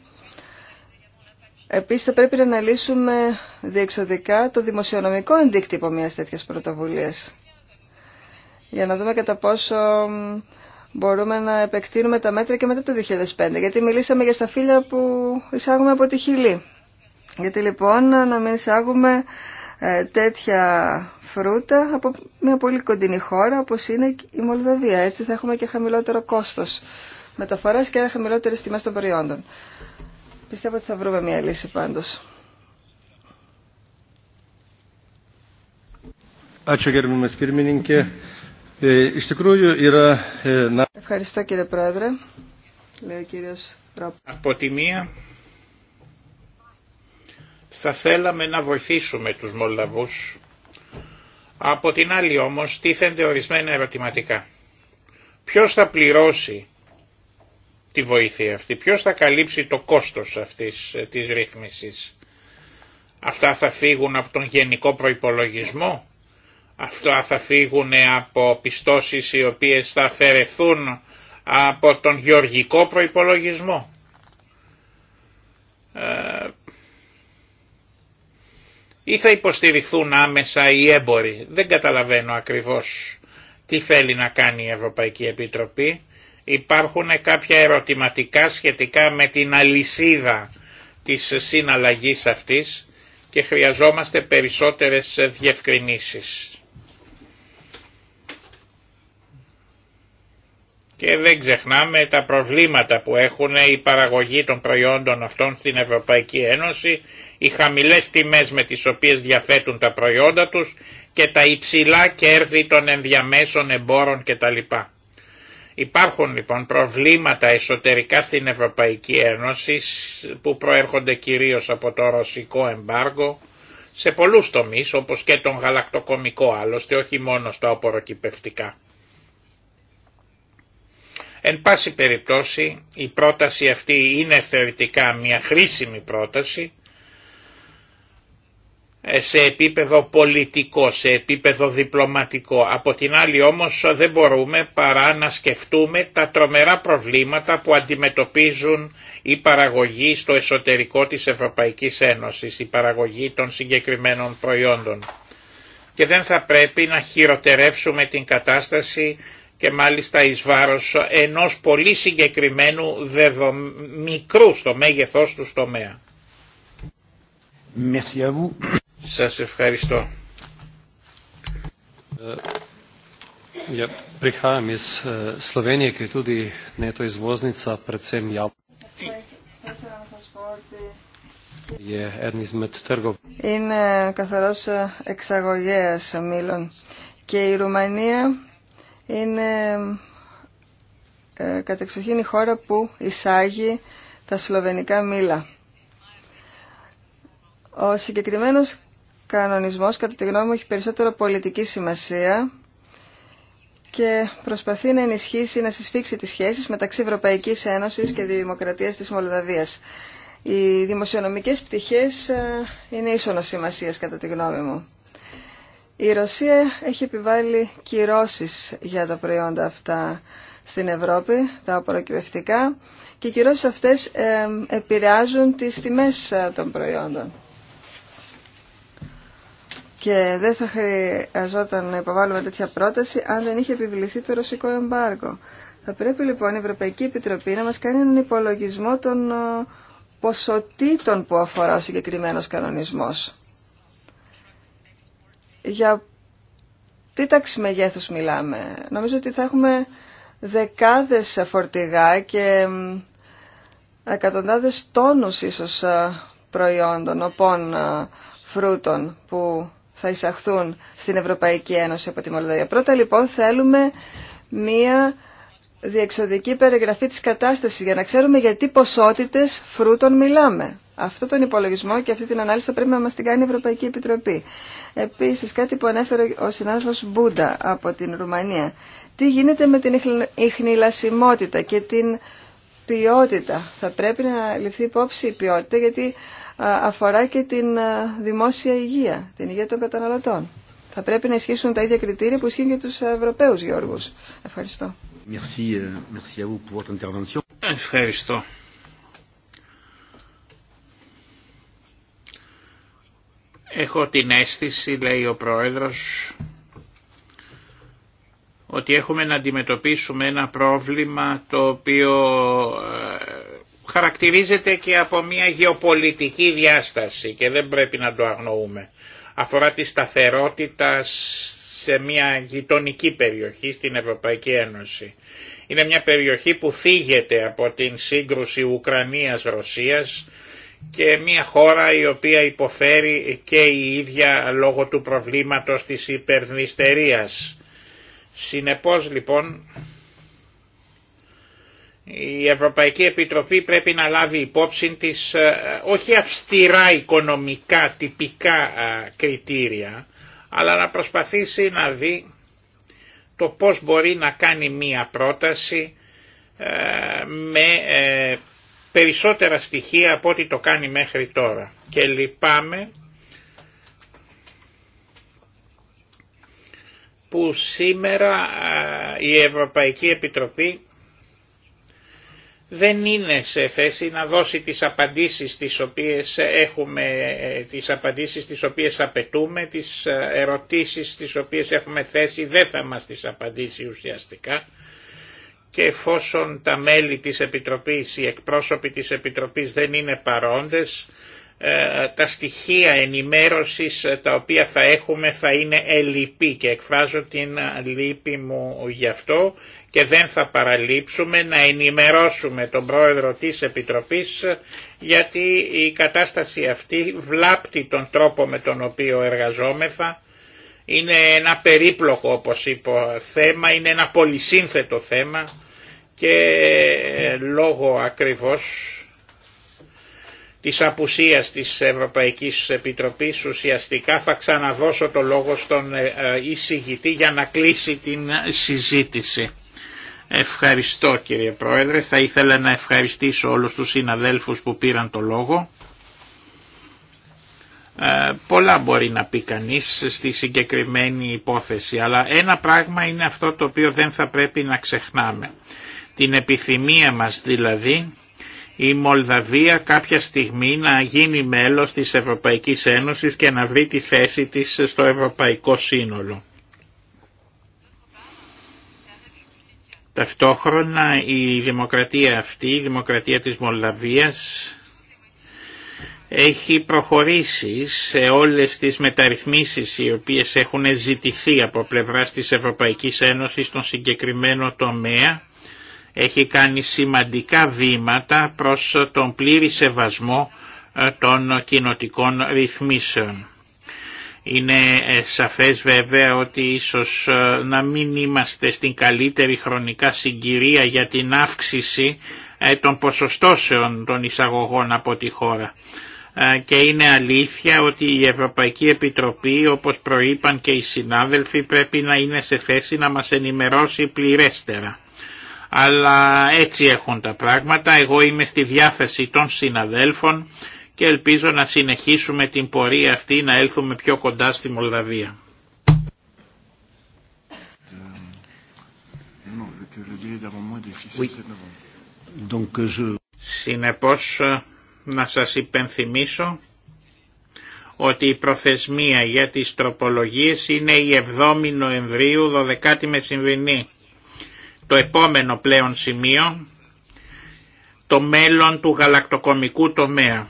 Επίσης θα πρέπει να αναλύσουμε διεξοδικά το δημοσιονομικό αντίκτυπο μιας τέτοιας πρωτοβουλίας για να δούμε κατά πόσο μπορούμε να επεκτείνουμε τα μέτρα και μετά το 2005. Γιατί μιλήσαμε για σταφύλια που εισάγουμε από τη χιλή. Γιατί λοιπόν να μην εισάγουμε ε, τέτοια φρούτα από μια πολύ κοντινή χώρα όπως είναι η Μολδαβία. Έτσι θα έχουμε και χαμηλότερο κόστος μεταφοράς και χαμηλότερες τιμές των προϊόντων. Πιστεύω ότι θα βρούμε μια λύση πάντως. Ε, ε, Ευχαριστώ κύριε Πρόεδρε. Από τη μία θα θέλαμε να βοηθήσουμε τους Μολδαβούς. Από την άλλη όμως τίθενται ορισμένα ερωτηματικά. Ποιος θα πληρώσει τη βοήθεια αυτή. Ποιος θα καλύψει το κόστος αυτής ε, της ρύθμισης. Αυτά θα φύγουν από τον γενικό προϋπολογισμό. Αυτά θα φύγουν από πιστώσεις οι οποίες θα αφαιρεθούν από τον γεωργικό προϋπολογισμό. Ε, ή θα υποστηριχθούν άμεσα οι έμποροι. Δεν καταλαβαίνω ακριβώς τι θέλει να κάνει η Ευρωπαϊκή Επιτροπή υπάρχουν κάποια ερωτηματικά σχετικά με την αλυσίδα της συναλλαγής αυτής και χρειαζόμαστε περισσότερες διευκρινήσεις. Και δεν ξεχνάμε τα προβλήματα που έχουν η παραγωγή των προϊόντων αυτών στην Ευρωπαϊκή Ένωση, οι χαμηλές τιμές με τις οποίες διαθέτουν τα προϊόντα τους και τα υψηλά κέρδη των ενδιαμέσων εμπόρων κτλ. Υπάρχουν λοιπόν προβλήματα εσωτερικά στην Ευρωπαϊκή Ένωση που προέρχονται κυρίως από το ρωσικό εμπάργο σε πολλούς τομείς όπως και τον γαλακτοκομικό άλλωστε όχι μόνο στα οποροκυπευτικά. Εν πάση περιπτώσει η πρόταση αυτή είναι θεωρητικά μια χρήσιμη πρόταση ε, σε επίπεδο πολιτικό, σε επίπεδο διπλωματικό. Από την άλλη όμως δεν μπορούμε παρά να σκεφτούμε τα τρομερά προβλήματα που αντιμετωπίζουν η παραγωγή στο εσωτερικό της Ευρωπαϊκής Ένωσης, η παραγωγή των συγκεκριμένων προϊόντων. Και δεν θα πρέπει να χειροτερεύσουμε την κατάσταση και μάλιστα εις βάρος ενός πολύ συγκεκριμένου μικρού στο μέγεθός του τομέα. Merci σας ευχαριστώ. Είναι καθαρός εξαγωγέας μήλων και η Ρουμανία είναι κατεξοχήν η χώρα που εισάγει τα σλοβενικά μήλα. Ο συγκεκριμένος κανονισμός κατά τη γνώμη μου έχει περισσότερο πολιτική σημασία και προσπαθεί να ενισχύσει, να συσφίξει τις σχέσεις μεταξύ Ευρωπαϊκής Ένωσης και Δημοκρατίας της Μολδαβίας. Οι δημοσιονομικές πτυχές ε, είναι ίσονος σημασίας κατά τη γνώμη μου. Η Ρωσία έχει επιβάλει κυρώσεις για τα προϊόντα αυτά στην Ευρώπη, τα απορροκυπευτικά, και οι κυρώσεις αυτές ε, επηρεάζουν τις τιμές ε, των προϊόντων. Και δεν θα χρειαζόταν να υποβάλουμε τέτοια πρόταση αν δεν είχε επιβληθεί το ρωσικό εμπάργκο. Θα πρέπει λοιπόν η Ευρωπαϊκή Επιτροπή να μας κάνει έναν υπολογισμό των ε, ποσοτήτων που αφορά ο συγκεκριμένος κανονισμός. Για τι τάξη μεγέθους μιλάμε. Νομίζω ότι θα έχουμε δεκάδες φορτηγά και εκατοντάδες τόνους ίσως ε, προϊόντων, οπών ε, φρούτων που θα εισαχθούν στην Ευρωπαϊκή Ένωση από τη Μολδαβία. Πρώτα λοιπόν θέλουμε μία διεξοδική περιγραφή της κατάστασης για να ξέρουμε για τι ποσότητες φρούτων μιλάμε. Αυτό τον υπολογισμό και αυτή την ανάλυση θα πρέπει να μας την κάνει η Ευρωπαϊκή Επιτροπή. Επίσης κάτι που ανέφερε ο συνάδελφος Μπούντα από την Ρουμανία. Τι γίνεται με την ιχνηλασιμότητα και την ποιότητα. Θα πρέπει να ληφθεί υπόψη η ποιότητα γιατί αφορά και την δημόσια υγεία, την υγεία των καταναλωτών. Θα πρέπει να ισχύσουν τα ίδια κριτήρια που ισχύουν και τους Ευρωπαίους Γιώργους. Ευχαριστώ. Ε, Ευχαριστώ. Έχω την αίσθηση, λέει ο Πρόεδρος, ότι έχουμε να αντιμετωπίσουμε ένα πρόβλημα το οποίο ε, χαρακτηρίζεται και από μια γεωπολιτική διάσταση και δεν πρέπει να το αγνοούμε. Αφορά τη σταθερότητα σε μια γειτονική περιοχή στην Ευρωπαϊκή Ένωση. Είναι μια περιοχή που φύγεται από την σύγκρουση Ουκρανίας-Ρωσίας και μια χώρα η οποία υποφέρει και η ίδια λόγω του προβλήματος της υπερδυστερίας. Συνεπώς λοιπόν η Ευρωπαϊκή Επιτροπή πρέπει να λάβει υπόψη της ε, όχι αυστηρά οικονομικά τυπικά ε, κριτήρια, αλλά να προσπαθήσει να δει το πώς μπορεί να κάνει μία πρόταση ε, με περισσότερα στοιχεία από ό,τι το κάνει μέχρι τώρα. Και λυπάμαι που σήμερα η Ευρωπαϊκή Επιτροπή δεν είναι σε θέση να δώσει τις απαντήσεις τις οποίες έχουμε, τις απαντήσεις τις οποίες απαιτούμε, τις ερωτήσεις τις οποίες έχουμε θέσει δεν θα μας τις απαντήσει ουσιαστικά και εφόσον τα μέλη της Επιτροπής, οι εκπρόσωποι της Επιτροπής δεν είναι παρόντες, ε, τα στοιχεία ενημέρωσης ε, τα οποία θα έχουμε θα είναι ελλειπή και εκφράζω την ε, λύπη μου γι' αυτό και δεν θα παραλείψουμε να ενημερώσουμε τον πρόεδρο της Επιτροπής γιατί η κατάσταση αυτή βλάπτει τον τρόπο με τον οποίο εργαζόμεθα είναι ένα περίπλοκο όπως είπα θέμα, είναι ένα πολυσύνθετο θέμα και λόγω ακριβώς της απουσίας της Ευρωπαϊκής Επιτροπής ουσιαστικά θα ξαναδώσω το λόγο στον ε, ε, εισηγητή για να κλείσει την ε, συζήτηση. Ευχαριστώ κύριε Πρόεδρε, θα ήθελα να ευχαριστήσω όλους τους συναδέλφους που πήραν το λόγο. πολλά μπορεί να πει κανείς στη συγκεκριμένη υπόθεση, αλλά ένα πράγμα είναι αυτό το οποίο δεν θα πρέπει να ξεχνάμε. Την επιθυμία μας δηλαδή η Μολδαβία κάποια στιγμή να γίνει μέλος της Ευρωπαϊκής Ένωσης και να βρει τη θέση της στο Ευρωπαϊκό Σύνολο. Ταυτόχρονα η δημοκρατία αυτή, η δημοκρατία της Μολδαβίας έχει προχωρήσει σε όλες τις μεταρρυθμίσεις οι οποίες έχουν ζητηθεί από πλευράς της Ευρωπαϊκής Ένωσης στον συγκεκριμένο τομέα έχει κάνει σημαντικά βήματα προς τον πλήρη σεβασμό ε, των κοινοτικών ρυθμίσεων. Είναι ε, σαφές βέβαια ότι ίσως ε, να μην είμαστε στην καλύτερη χρονικά συγκυρία για την αύξηση των ποσοστώσεων των εισαγωγών από τη χώρα. Και είναι αλήθεια ότι η Ευρωπαϊκή Επιτροπή όπως προείπαν και οι συνάδελφοι πρέπει να είναι σε θέση να μας ενημερώσει πληρέστερα αλλά έτσι έχουν τα πράγματα. Εγώ είμαι στη διάθεση των συναδέλφων και ελπίζω να συνεχίσουμε την πορεία αυτή να έλθουμε πιο κοντά στη Μολδαβία. Συνεπώς να σας υπενθυμίσω ότι η προθεσμία για τις τροπολογίες είναι η 7η Νοεμβρίου 12η Μεσημβρινή το επόμενο πλέον σημείο, το μέλλον του γαλακτοκομικού τομέα.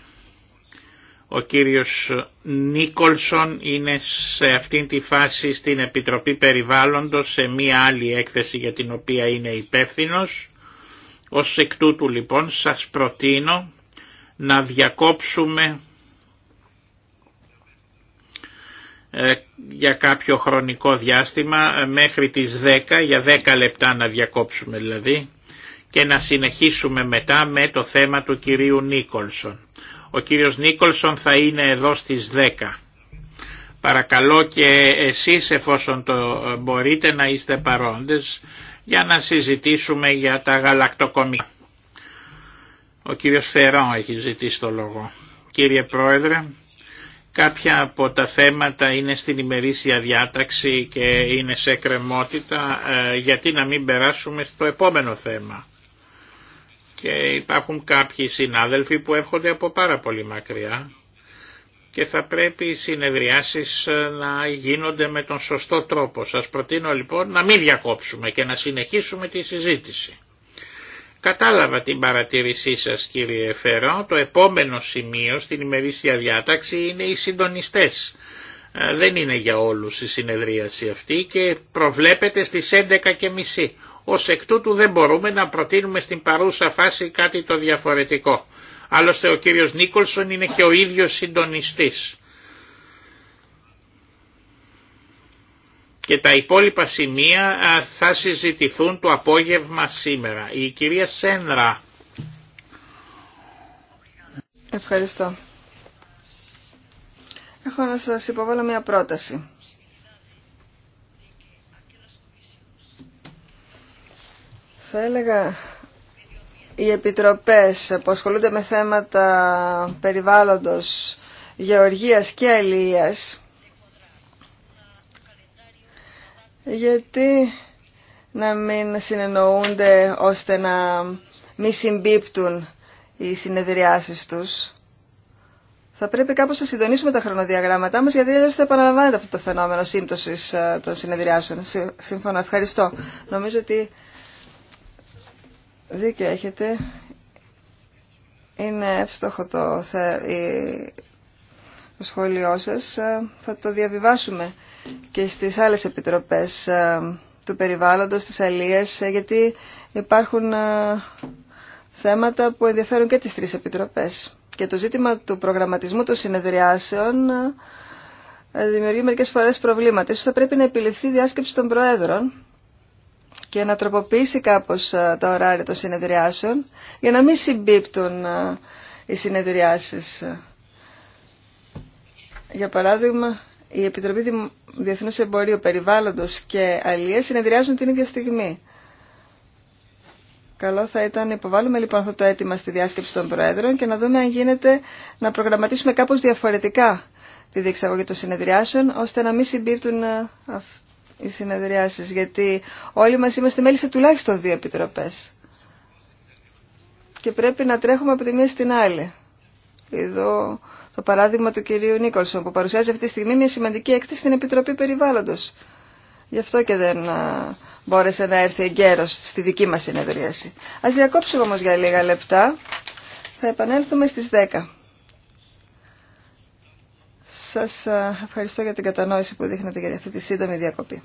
Ο κύριος Νίκολσον είναι σε αυτήν τη φάση στην Επιτροπή Περιβάλλοντος σε μία άλλη έκθεση για την οποία είναι υπεύθυνος. Ως εκ τούτου λοιπόν σας προτείνω να διακόψουμε Ε, για κάποιο χρονικό διάστημα ε, μέχρι τις 10, για 10 λεπτά να διακόψουμε δηλαδή και να συνεχίσουμε μετά με το θέμα του κυρίου Νίκολσον. Ο κύριος Νίκολσον θα είναι εδώ στις 10. Παρακαλώ και εσείς εφόσον το ε, μπορείτε να είστε παρόντες για να συζητήσουμε για τα γαλακτοκομικά. Ο κύριος Φερόν έχει ζητήσει το λόγο. Κύριε Πρόεδρε, Κάποια από τα θέματα είναι στην ημερήσια διάταξη και είναι σε κρεμότητα, ε, γιατί να μην περάσουμε στο επόμενο θέμα. Και υπάρχουν κάποιοι συνάδελφοι που έρχονται από πάρα πολύ μακριά και θα πρέπει οι συνεδριάσεις ε, να γίνονται με τον σωστό τρόπο. Σας προτείνω λοιπόν να μην διακόψουμε και να συνεχίσουμε τη συζήτηση. Κατάλαβα την παρατήρησή σας κύριε Φερό, το επόμενο σημείο στην ημερήσια διάταξη είναι οι συντονιστές. Ε, δεν είναι για όλους η συνεδρίαση αυτή και προβλέπεται στις 11.30. Ως εκ τούτου δεν μπορούμε να προτείνουμε στην παρούσα φάση κάτι το διαφορετικό. Άλλωστε ο κύριος Νίκολσον είναι και ο ίδιος συντονιστής. και τα υπόλοιπα σημεία θα συζητηθούν το απόγευμα σήμερα. Η κυρία Σένρα. Ευχαριστώ. Έχω να σας υποβάλω μια πρόταση. Θα έλεγα οι επιτροπές που ασχολούνται με θέματα περιβάλλοντος, γεωργίας και αλληλείας γιατί να μην συνεννοούνται ώστε να μη συμπίπτουν οι συνεδριάσεις τους. Θα πρέπει κάπως να συντονίσουμε τα χρονοδιαγράμματά μας γιατί αλλιώς θα επαναλαμβάνεται αυτό το φαινόμενο σύμπτωσης ε, των συνεδριάσεων. Σύμφωνα, ευχαριστώ. Νομίζω ότι δίκιο έχετε. Είναι εύστοχο το, το σχόλιο σας. Ε, θα το διαβιβάσουμε και στις άλλες επιτροπές ε, του περιβάλλοντος, της ε, γιατί υπάρχουν ε, θέματα που ενδιαφέρουν και τις τρεις επιτροπές. Και το ζήτημα του προγραμματισμού των συνεδριάσεων ε, δημιουργεί μερικές φορές προβλήματα. Ίσως θα πρέπει να επιληφθεί η διάσκεψη των Προέδρων και να τροποποιήσει κάπως τα ωράρια των συνεδριάσεων για να μην συμπίπτουν οι συνεδριάσεις. Για παράδειγμα, η Επιτροπή Διεθνούς Εμπορίου Περιβάλλοντος και Αλλιές συνεδριάζουν την ίδια στιγμή. Καλό θα ήταν να υποβάλουμε λοιπόν αυτό το αίτημα στη διάσκεψη των Προέδρων και να δούμε αν γίνεται να προγραμματίσουμε κάπως διαφορετικά τη διεξαγωγή των συνεδριάσεων, ώστε να μην συμπίπτουν ε, οι συνεδριάσεις, γιατί όλοι μας είμαστε μέλη σε τουλάχιστον δύο επιτροπές. Και πρέπει να τρέχουμε από τη μία στην άλλη. Εδώ το παράδειγμα του κυρίου Νίκολσον που παρουσιάζει αυτή τη στιγμή μια σημαντική έκθεση στην Επιτροπή Περιβάλλοντος. Γι' αυτό και δεν μπόρεσε να έρθει εγκαίρος στη δική μας συνεδρίαση. Ας διακόψουμε όμως για λίγα λεπτά. Θα επανέλθουμε στις 10. Σας ευχαριστώ για την κατανόηση που δείχνετε για αυτή τη σύντομη διακοπή.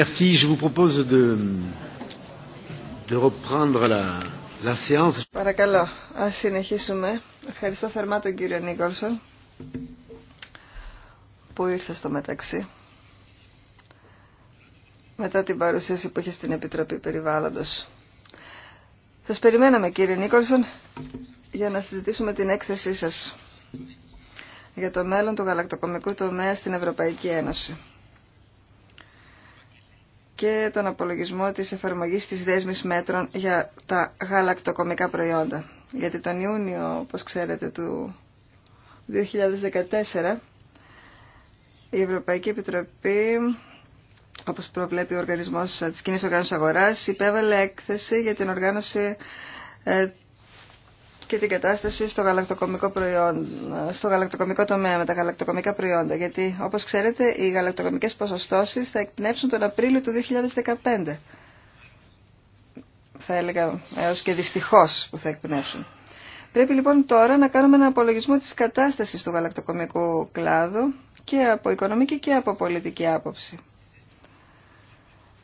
Merci. Je vous propose de, de reprendre la, la séance. Παρακαλώ, ας συνεχίσουμε. Ευχαριστώ θερμά τον κύριο Νίκολσον που ήρθε στο μεταξύ. Μετά την παρουσίαση που είχε στην Επιτροπή Περιβάλλοντος. Σας περιμέναμε κύριε Νίκολσον για να συζητήσουμε την έκθεσή σας για το μέλλον του γαλακτοκομικού τομέα στην Ευρωπαϊκή Ένωση και τον απολογισμό της εφαρμογής της δέσμης μέτρων για τα γαλακτοκομικά προϊόντα. Γιατί τον Ιούνιο, όπως ξέρετε, του 2014 η Ευρωπαϊκή Επιτροπή, όπως προβλέπει ο οργανισμός ε, της Κοινής Οργάνωσης Αγοράς, υπέβαλε έκθεση για την οργάνωση ε, και την κατάσταση στο γαλακτοκομικό, προϊόν, στο γαλακτοκομικό τομέα με τα γαλακτοκομικά προϊόντα. Γιατί, όπω ξέρετε, οι γαλακτοκομικέ ποσοστώσει θα εκπνεύσουν τον Απρίλιο του 2015. Θα έλεγα έω και δυστυχώ που θα εκπνεύσουν. Πρέπει λοιπόν τώρα να κάνουμε ένα απολογισμό της κατάστασης του γαλακτοκομικού κλάδου και από οικονομική και από πολιτική άποψη.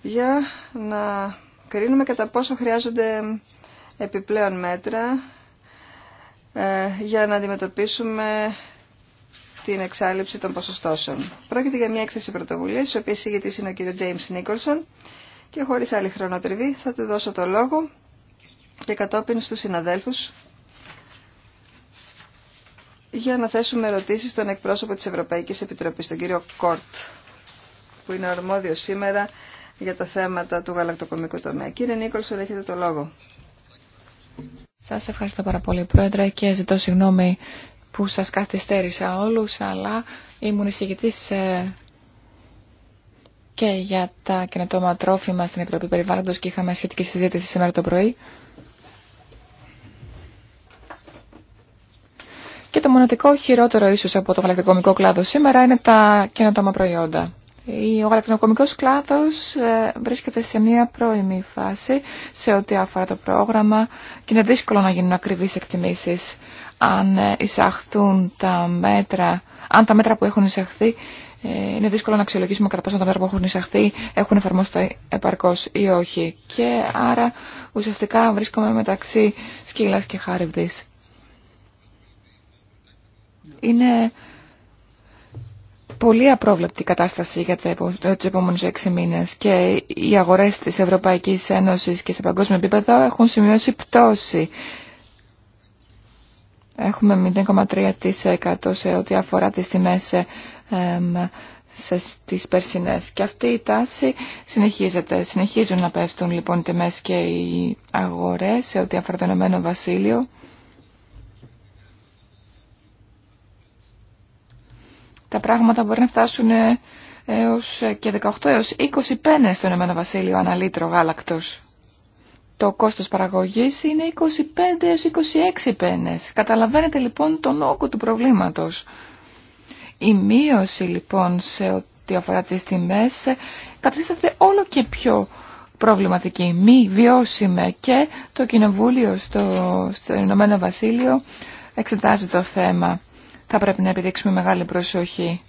Για να κρίνουμε κατά πόσο χρειάζονται επιπλέον μέτρα ε, για να αντιμετωπίσουμε την εξάλληψη των ποσοστώσεων. Πρόκειται για μια έκθεση πρωτοβουλία, η οποία συγγετής είναι ο κ. James Nicholson και χωρίς άλλη χρονοτριβή θα του δώσω το λόγο και κατόπιν στους συναδέλφους για να θέσουμε ερωτήσεις στον εκπρόσωπο της Ευρωπαϊκής Επιτροπής, τον κύριο Κόρτ, που είναι ορμόδιο σήμερα για τα θέματα του γαλακτοκομικού τομέα. Κύριε Νίκολσον, έχετε το λόγο. Σας ευχαριστώ πάρα πολύ Πρόεδρε και ζητώ συγγνώμη που σας καθυστέρησα όλους, αλλά ήμουν εισηγητής ε, και για τα καινοτόμα τρόφιμα στην Επιτροπή Περιβάλλοντος και είχαμε σχετική συζήτηση σήμερα το πρωί. Και το μοναδικό χειρότερο ίσως από το γαλακτοκομικό κλάδο σήμερα είναι τα καινοτόμα προϊόντα. Ο γαλακτοκομικός κλάδος ε, βρίσκεται σε μια πρώιμη φάση σε ό,τι αφορά το πρόγραμμα και είναι δύσκολο να γίνουν ακριβείς εκτιμήσεις αν ε, εισαχθούν τα μέτρα, αν τα μέτρα που έχουν εισαχθεί ε, είναι δύσκολο να αξιολογήσουμε κατά πόσο τα μέτρα που έχουν εισαχθεί έχουν εφαρμόσει επαρκώς ή όχι. Και άρα ουσιαστικά βρίσκομαι μεταξύ σκύλας και Χάριβδης. Είναι πολύ απρόβλεπτη κατάσταση για τους επόμενους έξι μήνες και οι αγορές της Ευρωπαϊκής Ένωσης και σε παγκόσμιο επίπεδο έχουν σημειώσει πτώση. Έχουμε 0,3% σε ό,τι αφορά τις τιμές σε, τις περσινές. Και αυτή η τάση συνεχίζεται. Συνεχίζουν να πέφτουν λοιπόν τιμές και οι αγορές σε ό,τι αφορά το Ηνωμένο Βασίλειο. τα πράγματα μπορεί να φτάσουν ε, έως ε, και 18 έως 20 πένες στον Ηνωμένο Βασίλειο αναλύτρο λίτρο γάλακτος. Το κόστος παραγωγής είναι 25 έως 26 πένες. Καταλαβαίνετε λοιπόν τον όγκο του προβλήματος. Η μείωση λοιπόν σε ό,τι αφορά τις τιμές ε, καθίσταται όλο και πιο προβληματική, μη βιώσιμε και το Κοινοβούλιο στο, στο Ηνωμένο Βασίλειο εξετάζει το θέμα θα πρέπει να επιδείξουμε μεγάλη προσοχή.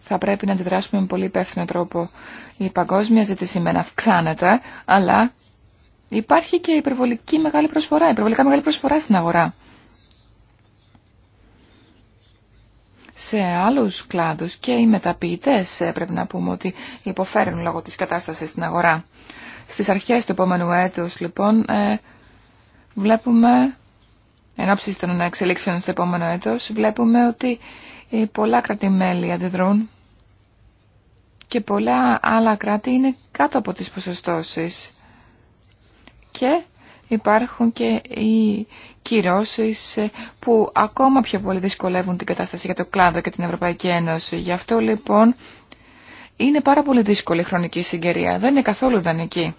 Θα πρέπει να αντιδράσουμε με πολύ υπεύθυνο τρόπο. Η παγκόσμια ζήτηση μεν αυξάνεται, αλλά υπάρχει και υπερβολική μεγάλη προσφορά, υπερβολικά μεγάλη προσφορά στην αγορά. σε άλλους κλάδους και οι μεταποιητές ε, πρέπει να πούμε ότι υποφέρουν λόγω της κατάστασης στην αγορά. Στις αρχές του επόμενου έτους λοιπόν ε, βλέπουμε ενόψεις των εξελίξεων στο επόμενο έτος, βλέπουμε ότι ε, πολλά κράτη-μέλη αντιδρούν και πολλά άλλα κράτη είναι κάτω από τις ποσοστώσεις. Και υπάρχουν και οι κυρώσεις ε, που ακόμα πιο πολύ δυσκολεύουν την κατάσταση για το κλάδο και την Ευρωπαϊκή Ένωση. Γι' αυτό λοιπόν είναι πάρα πολύ δύσκολη η χρονική συγκαιρία. Δεν είναι καθόλου δανεική.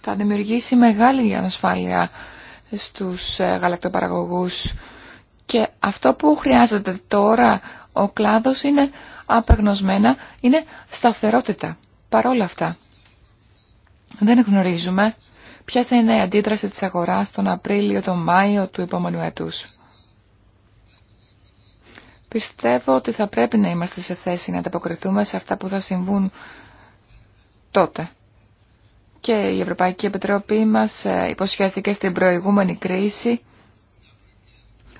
Θα δημιουργήσει μεγάλη ανασφάλεια στους ε, γαλακτοπαραγωγούς και αυτό που χρειάζεται τώρα ο κλάδος είναι απεγνωσμένα, είναι σταθερότητα. Παρόλα αυτά, δεν γνωρίζουμε ποια θα είναι η αντίδραση της αγοράς τον Απρίλιο, τον Μάιο του επόμενου έτους. Πιστεύω ότι θα πρέπει να είμαστε σε θέση να ανταποκριθούμε σε αυτά που θα συμβούν τότε και η Ευρωπαϊκή Επιτροπή μας ε, υποσχέθηκε στην προηγούμενη κρίση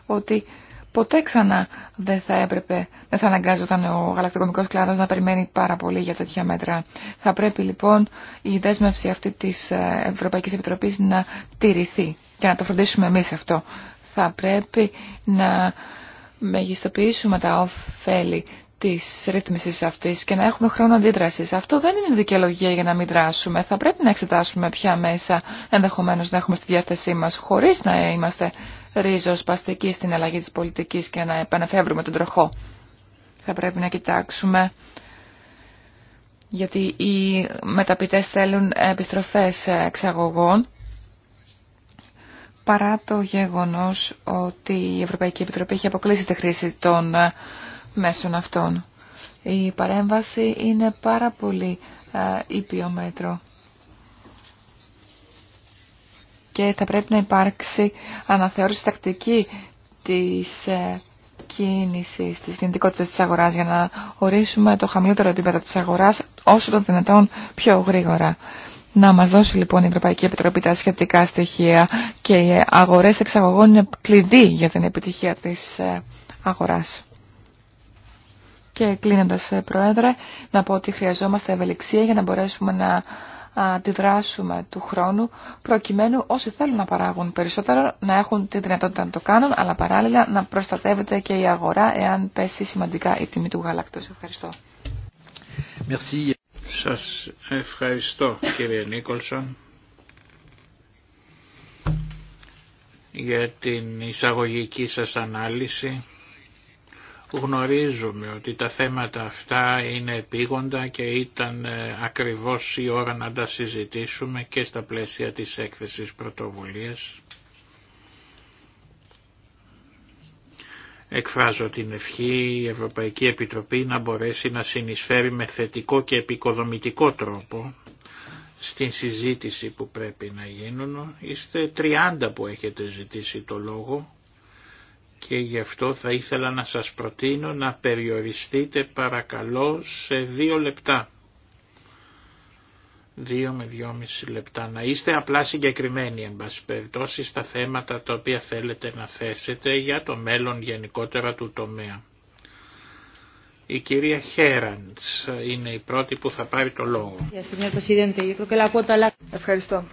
ότι ποτέ ξανά δεν θα έπρεπε, δεν θα αναγκάζονταν ο γαλακτοκομικός κλάδος να περιμένει πάρα πολύ για τέτοια μέτρα. Θα πρέπει λοιπόν η δέσμευση αυτή της ε, Ευρωπαϊκής Επιτροπής να τηρηθεί και να το φροντίσουμε εμείς αυτό. Θα πρέπει να μεγιστοποιήσουμε τα ωφέλη της ρύθμισης αυτής και να έχουμε χρόνο αντίδρασης. Αυτό δεν είναι δικαιολογία για να μην δράσουμε. Θα πρέπει να εξετάσουμε ποια μέσα ενδεχομένως να έχουμε στη διάθεσή μας χωρίς να είμαστε ρίζοσπαστικοί στην αλλαγή της πολιτικής και να επαναφεύρουμε τον τροχό. Θα πρέπει να κοιτάξουμε γιατί οι μεταπητές θέλουν επιστροφές εξαγωγών παρά το γεγονός ότι η Ευρωπαϊκή Επιτροπή έχει αποκλείσει τη χρήση των μέσων αυτών. Η παρέμβαση είναι πάρα πολύ ε, ήπιο μέτρο και θα πρέπει να υπάρξει αναθεώρηση τακτική της ε, κίνησης, της κινητικότητας της αγοράς για να ορίσουμε το χαμηλότερο επίπεδο της αγοράς όσο το δυνατόν πιο γρήγορα. Να μας δώσει λοιπόν η Ευρωπαϊκή Επιτροπή τα σχετικά στοιχεία και οι αγορές εξαγωγών είναι κλειδί για την επιτυχία της ε, αγοράς. Και κλείνοντας, ε, Πρόεδρε, να πω ότι χρειαζόμαστε ευελιξία για να μπορέσουμε να αντιδράσουμε του χρόνου, προκειμένου όσοι θέλουν να παράγουν περισσότερο να έχουν τη δυνατότητα να το κάνουν, αλλά παράλληλα να προστατεύεται και η αγορά εάν πέσει σημαντικά η τιμή του γάλακτος. Ευχαριστώ. Merci. Σας ευχαριστώ κύριε Νίκολσον για την εισαγωγική σας ανάλυση γνωρίζουμε ότι τα θέματα αυτά είναι επίγοντα και ήταν ε, ακριβώς η ώρα να τα συζητήσουμε και στα πλαίσια της έκθεσης πρωτοβουλίας. Εκφράζω την ευχή η Ευρωπαϊκή Επιτροπή να μπορέσει να συνεισφέρει με θετικό και επικοδομητικό τρόπο στην συζήτηση που πρέπει να γίνουν. Είστε 30 που έχετε ζητήσει το λόγο και γι' αυτό θα ήθελα να σας προτείνω να περιοριστείτε παρακαλώ σε δύο λεπτά. Δύο με δυόμιση λεπτά. Να είστε απλά συγκεκριμένοι εν πάση στα θέματα τα οποία θέλετε να θέσετε για το μέλλον γενικότερα του τομέα. Η κυρία Χέραντς είναι η πρώτη που θα πάρει το λόγο. Ευχαριστώ.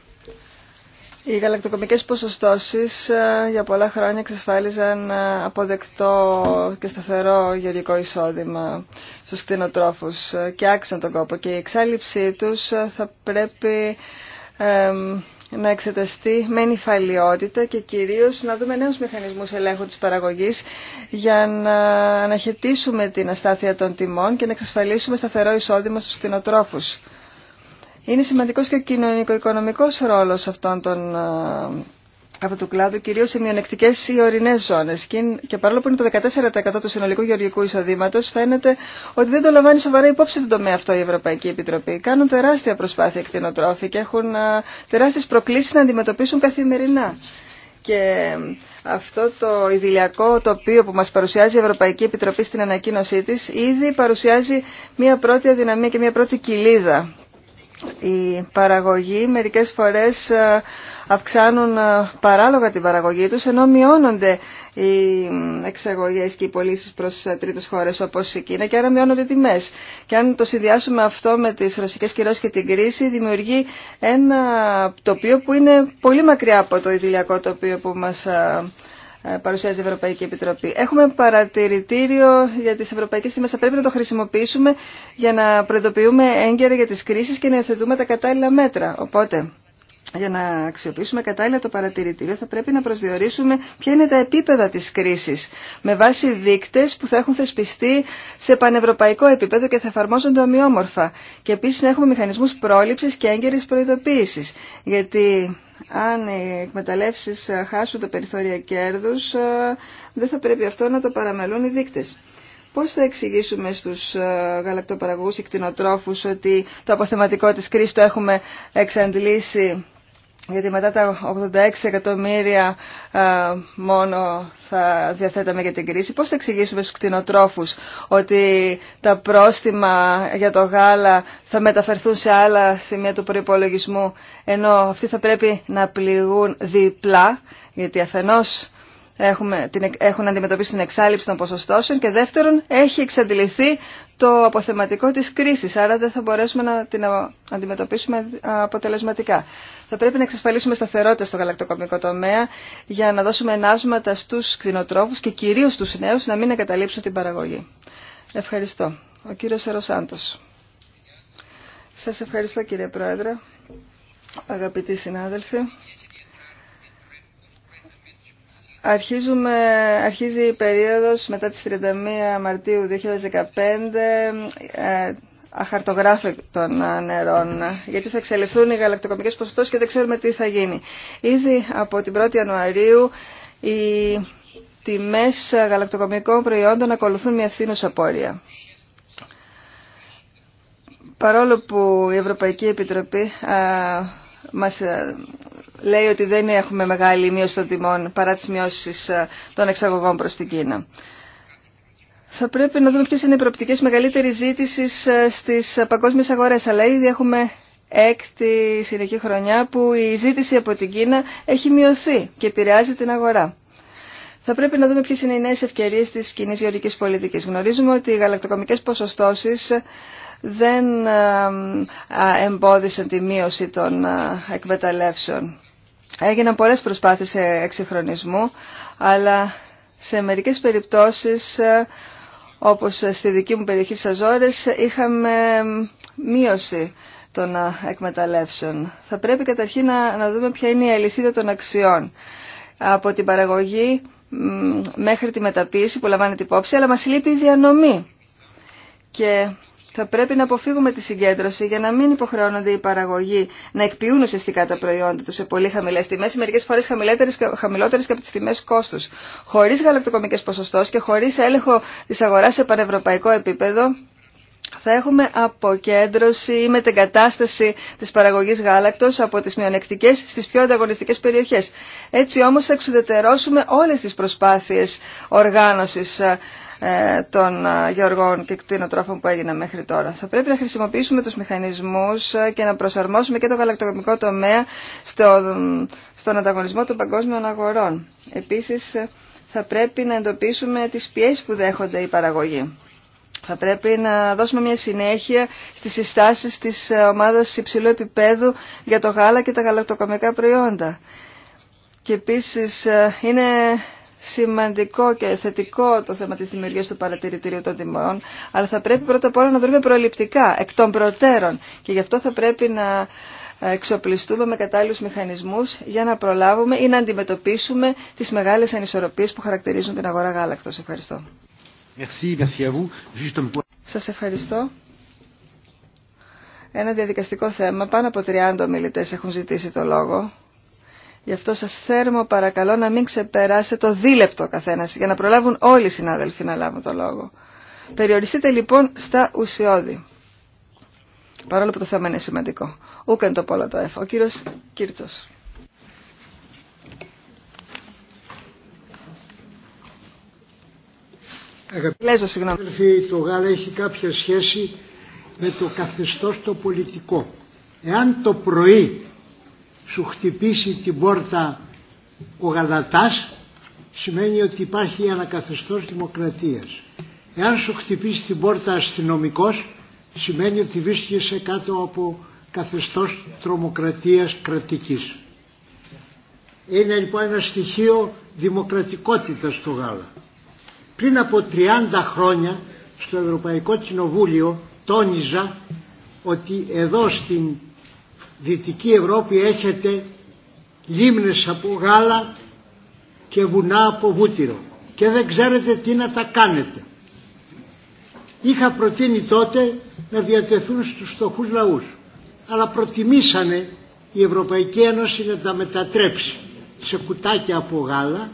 Οι γαλακτοκομικές ποσοστώσεις ε, για πολλά χρόνια εξασφάλιζαν ε, αποδεκτό και σταθερό γεωργικό εισόδημα στους κτηνοτρόφους ε, και άξαν τον κόπο και η εξάλληψή τους θα πρέπει να εξεταστεί με νυφαλιότητα και κυρίως να δούμε νέους μηχανισμούς ελέγχου της παραγωγής για να αναχαιτήσουμε την αστάθεια των τιμών και να εξασφαλίσουμε σταθερό εισόδημα στους κτηνοτρόφους. Είναι σημαντικός και ο κοινωνικο-οικονομικός ρόλος αυτών των ε, αυτού του κλάδου, κυρίω σε μειονεκτικέ ή ορεινέ ζώνε. Και παρόλο που είναι το 14% του συνολικού γεωργικού εισοδήματο, φαίνεται ότι δεν το λαμβάνει σοβαρά υπόψη τον τομέα αυτό η Ευρωπαϊκή Επιτροπή. Κάνουν τεράστια προσπάθεια εκτινοτρόφοι και έχουν ε, τεράστιε προκλήσει να αντιμετωπίσουν καθημερινά. Και ε, αυτό το ιδηλιακό τοπίο που μας παρουσιάζει η Ευρωπαϊκή Επιτροπή στην ανακοίνωσή της ήδη παρουσιάζει μια πρώτη αδυναμία και μια πρώτη κοιλίδα οι παραγωγοί μερικές φορές ε, αυξάνουν ε, παράλογα την παραγωγή τους ενώ μειώνονται οι εξαγωγές και οι πωλήσει προς ε, τρίτες χώρες όπως η Κίνα και άρα μειώνονται τιμές. Και αν το συνδυάσουμε αυτό με τις ρωσικές κυρώσεις και την κρίση δημιουργεί ένα τοπίο που είναι πολύ μακριά από το ιδηλιακό τοπίο που μας ε, παρουσιάζει η Ευρωπαϊκή Επιτροπή. Έχουμε παρατηρητήριο για τις ευρωπαϊκές τιμές. Θα πρέπει να το χρησιμοποιήσουμε για να προειδοποιούμε έγκαιρα για τις κρίσεις και να εθετούμε τα κατάλληλα μέτρα. Οπότε, για να αξιοποιήσουμε κατάλληλα το παρατηρητήριο θα πρέπει να προσδιορίσουμε ποια είναι τα επίπεδα της κρίσης με βάση δείκτες που θα έχουν θεσπιστεί σε πανευρωπαϊκό επίπεδο και θα εφαρμόζονται ομοιόμορφα και επίσης να έχουμε μηχανισμούς πρόληψης και έγκαιρης προειδοποίησης γιατί αν οι εκμεταλλεύσεις χάσουν τα περιθώρια κέρδους, ε, δεν θα πρέπει αυτό να το παραμελούν οι δείκτες. Πώς θα εξηγήσουμε στους ε, γαλακτοπαραγωγούς και κτηνοτρόφους ότι το αποθεματικό της κρίσης το έχουμε εξαντλήσει γιατί μετά τα 86 εκατομμύρια μόνο θα διαθέταμε για την κρίση. Πώς θα εξηγήσουμε στους κτηνοτρόφους ότι τα πρόστιμα για το γάλα θα μεταφερθούν σε άλλα σημεία του προϋπολογισμού, ενώ αυτοί θα πρέπει να πληγούν διπλά, γιατί αφενός την, έχουν αντιμετωπίσει την εξάλληψη των ποσοστώσεων και δεύτερον έχει εξαντληθεί το αποθεματικό της κρίσης, άρα δεν θα μπορέσουμε να την αντιμετωπίσουμε αποτελεσματικά. Θα πρέπει να εξασφαλίσουμε σταθερότητα στο γαλακτοκομικό τομέα για να δώσουμε ενάσματα στους κτηνοτρόφους και κυρίως στους νέους να μην εγκαταλείψουν την παραγωγή. Ευχαριστώ. Ο κύριος Σεροσάντος. Σας ευχαριστώ κύριε Πρόεδρε, αγαπητοί συνάδελφοι. Αρχίζουμε, αρχίζει η περίοδος μετά τις 31 Μαρτίου 2015 ε, των νερών, γιατί θα εξελιχθούν οι γαλακτοκομικές ποσοστώσεις και δεν ξέρουμε τι θα γίνει. Ήδη από την 1η Ιανουαρίου οι τιμές γαλακτοκομικών προϊόντων ακολουθούν μια ευθύνουσα πόρια. Παρόλο που η Ευρωπαϊκή Επιτροπή μας ε, λέει ότι δεν έχουμε μεγάλη μείωση των τιμών παρά τις μειώσεις ε, των εξαγωγών προς την Κίνα. Θα πρέπει να δούμε ποιες είναι οι προοπτικές μεγαλύτερη ζήτηση ε, στις παγκόσμιες αγορές, αλλά ήδη έχουμε έκτη συνεχή χρονιά που η ζήτηση από την Κίνα έχει μειωθεί και επηρεάζει την αγορά. Θα πρέπει να δούμε ποιες είναι οι νέες ευκαιρίες της κοινή γεωργικής πολιτικής. Γνωρίζουμε ότι οι γαλακτοκομικές ποσοστώσεις δεν ε, ε, εμπόδισαν τη μείωση των ε, εκμεταλλεύσεων. Έγιναν πολλές προσπάθειες εξυγχρονισμού, αλλά σε μερικές περιπτώσεις, όπως στη δική μου περιοχή στις Αζόρες, είχαμε μείωση των εκμεταλλεύσεων. Θα πρέπει καταρχήν να, να δούμε ποια είναι η αλυσίδα των αξιών. Από την παραγωγή μέχρι τη μεταποίηση που λαμβάνεται υπόψη, αλλά μας λείπει η διανομή. Και θα πρέπει να αποφύγουμε τη συγκέντρωση για να μην υποχρεώνονται οι παραγωγοί να εκποιούν ουσιαστικά τα προϊόντα του σε πολύ χαμηλέ τιμέ, μερικέ φορέ φορές χαμηλότερες και από τι τιμέ κόστου. Χωρί γαλακτοκομικέ ποσοστό και χωρί έλεγχο τη αγορά σε πανευρωπαϊκό επίπεδο θα έχουμε αποκέντρωση ή μετεγκατάσταση τη παραγωγή γάλακτο από τι μειονεκτικέ στι πιο ανταγωνιστικέ περιοχέ. Έτσι όμω θα εξουδετερώσουμε όλε τι προσπάθειε οργάνωση. Ε, ε, των ε, γεωργών και κτηνοτρόφων που έγιναν μέχρι τώρα. Θα πρέπει να χρησιμοποιήσουμε τους μηχανισμούς ε, και να προσαρμόσουμε και το γαλακτοκομικό τομέα στον ανταγωνισμό των παγκόσμιων αγορών. Επίσης, θα πρέπει να εντοπίσουμε τις πιέσεις που δέχονται οι παραγωγοί. Θα πρέπει να δώσουμε μια συνέχεια στις συστάσεις της ομάδας υψηλού επίπεδου για το γάλα και τα γαλακτοκομικά προϊόντα. Και επίσης είναι σημαντικό και θετικό το θέμα της δημιουργίας του παρατηρητηρίου των τιμών, αλλά θα πρέπει πρώτα απ' όλα να δούμε προληπτικά, εκ των προτέρων και γι' αυτό θα πρέπει να εξοπλιστούμε με κατάλληλους μηχανισμούς για να προλάβουμε ή να αντιμετωπίσουμε τις μεγάλες ανισορροπίες που χαρακτηρίζουν την αγορά γάλακτος. Ευχαριστώ. Merci, Σας ευχαριστώ. Ένα διαδικαστικό θέμα. Πάνω από 30 ομιλητές έχουν ζητήσει το λόγο. Γι' αυτό σας θέρμο παρακαλώ να μην ξεπεράσετε το δίλεπτο καθένας για να προλάβουν όλοι οι συνάδελφοι να λάβουν το λόγο. Περιοριστείτε λοιπόν στα ουσιώδη. Παρόλο που το θέμα είναι σημαντικό. Ούκεν το πόλο το έφω. Ο κύριος Κύρτσος. Λέζω, συγγνώμη. Το γάλα έχει κάποια σχέση με το καθεστώς το πολιτικό. Εάν το πρωί σου χτυπήσει την πόρτα ο γαλατάς σημαίνει ότι υπάρχει ένα καθεστώς δημοκρατίας. Εάν σου χτυπήσει την πόρτα αστυνομικό, σημαίνει ότι βρίσκεσαι κάτω από καθεστώς τρομοκρατίας κρατικής. Είναι λοιπόν ένα στοιχείο δημοκρατικότητας στο Γάλα. Πριν από 30 χρόνια στο Ευρωπαϊκό Κοινοβούλιο τόνιζα ότι εδώ στην Δυτική Ευρώπη έχετε λίμνες από γάλα και βουνά από βούτυρο και δεν ξέρετε τι να τα κάνετε. Είχα προτείνει τότε να διατεθούν στους φτωχού λαούς αλλά προτιμήσανε η Ευρωπαϊκή Ένωση να τα μετατρέψει σε κουτάκια από γάλα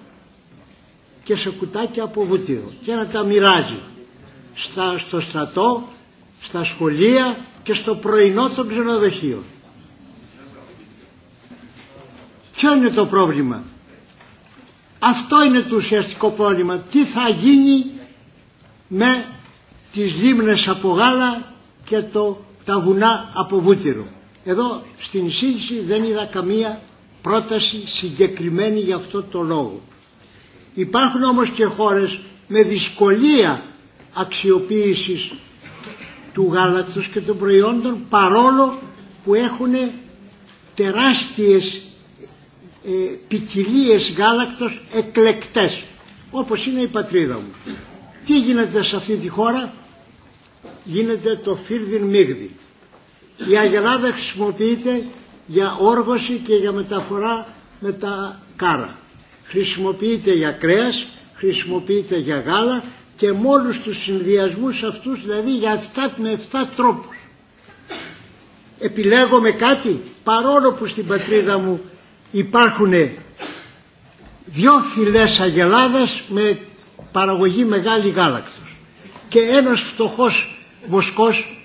και σε κουτάκια από βούτυρο και να τα μοιράζει στα, στο στρατό, στα σχολεία και στο πρωινό των ξενοδοχείων. Ποιο είναι το πρόβλημα. Αυτό είναι το ουσιαστικό πρόβλημα. Τι θα γίνει με τις λίμνες από γάλα και το, τα βουνά από βούτυρο. Εδώ στην εισήγηση δεν είδα καμία πρόταση συγκεκριμένη για αυτό το λόγο. Υπάρχουν όμως και χώρες με δυσκολία αξιοποίησης του γάλακτος και των προϊόντων παρόλο που έχουν τεράστιες ε, ποικιλίε γάλακτος εκλεκτές όπως είναι η πατρίδα μου τι γίνεται σε αυτή τη χώρα γίνεται το φίρδιν μίγδι η αγελάδα χρησιμοποιείται για όργωση και για μεταφορά με τα κάρα χρησιμοποιείται για κρέας χρησιμοποιείται για γάλα και όλους τους συνδυασμούς αυτούς δηλαδή για 7 με 7 τρόπους επιλέγω με κάτι παρόλο που στην πατρίδα μου υπάρχουν δυο φυλές αγελάδας με παραγωγή μεγάλη γάλακτος και ένας φτωχός βοσκός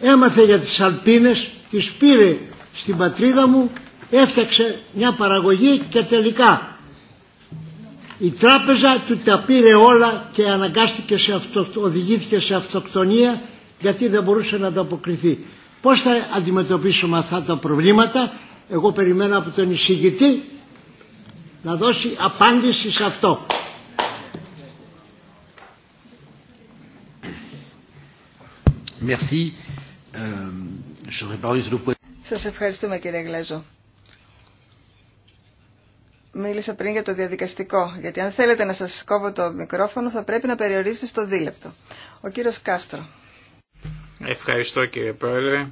έμαθε για τις αλπίνες τις πήρε στην πατρίδα μου έφτιαξε μια παραγωγή και τελικά η τράπεζα του τα πήρε όλα και αναγκάστηκε σε αυτο, οδηγήθηκε σε αυτοκτονία γιατί δεν μπορούσε να ανταποκριθεί. Πώς θα αντιμετωπίσουμε αυτά τα προβλήματα εγώ περιμένω από τον εισηγητή να δώσει απάντηση σε αυτό. Merci. Euh, σας ευχαριστούμε κύριε Γλέζο. Μίλησα πριν για το διαδικαστικό, γιατί αν θέλετε να σας κόβω το μικρόφωνο θα πρέπει να περιορίσετε στο δίλεπτο. Ο κύριος Κάστρο. Ευχαριστώ κύριε Πρόεδρε.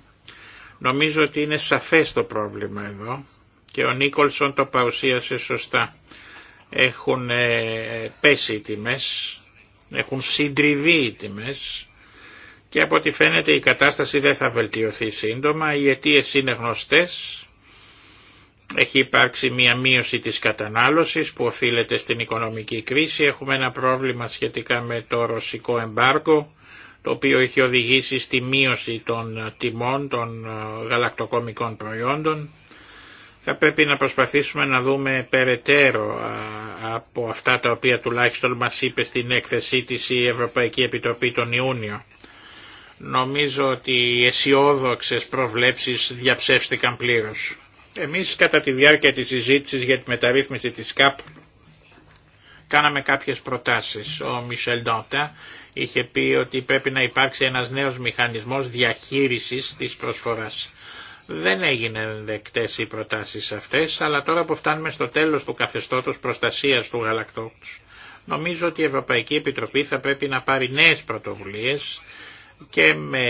Νομίζω ότι είναι σαφές το πρόβλημα εδώ και ο Νίκολσον το παρουσίασε σωστά. Έχουν ε, πέσει οι τιμές, έχουν συντριβεί οι τιμές και από ό,τι φαίνεται η κατάσταση δεν θα βελτιωθεί σύντομα. Οι αιτίε είναι γνωστές. Έχει υπάρξει μία μείωση της κατανάλωσης που οφείλεται στην οικονομική κρίση. Έχουμε ένα πρόβλημα σχετικά με το ρωσικό εμπάργκο το οποίο έχει οδηγήσει στη μείωση των τιμών των ε, γαλακτοκομικών προϊόντων. Θα πρέπει να προσπαθήσουμε να δούμε περαιτέρω ε, από αυτά τα οποία τουλάχιστον μας είπε στην έκθεσή της η Ευρωπαϊκή Επιτροπή τον Ιούνιο. Νομίζω ότι οι αισιόδοξε προβλέψεις διαψεύστηκαν πλήρως. Εμείς κατά τη διάρκεια της συζήτησης για τη μεταρρύθμιση της ΚΑΠ κάναμε κάποιες προτάσεις. Ο Μισελ Ντόντα είχε πει ότι πρέπει να υπάρξει ένας νέος μηχανισμός διαχείρισης της προσφοράς. Δεν έγινε δεκτές οι προτάσεις αυτές, αλλά τώρα που φτάνουμε στο τέλος του καθεστώτος προστασίας του γαλακτόκτους, νομίζω ότι η Ευρωπαϊκή Επιτροπή θα πρέπει να πάρει νέες πρωτοβουλίες και με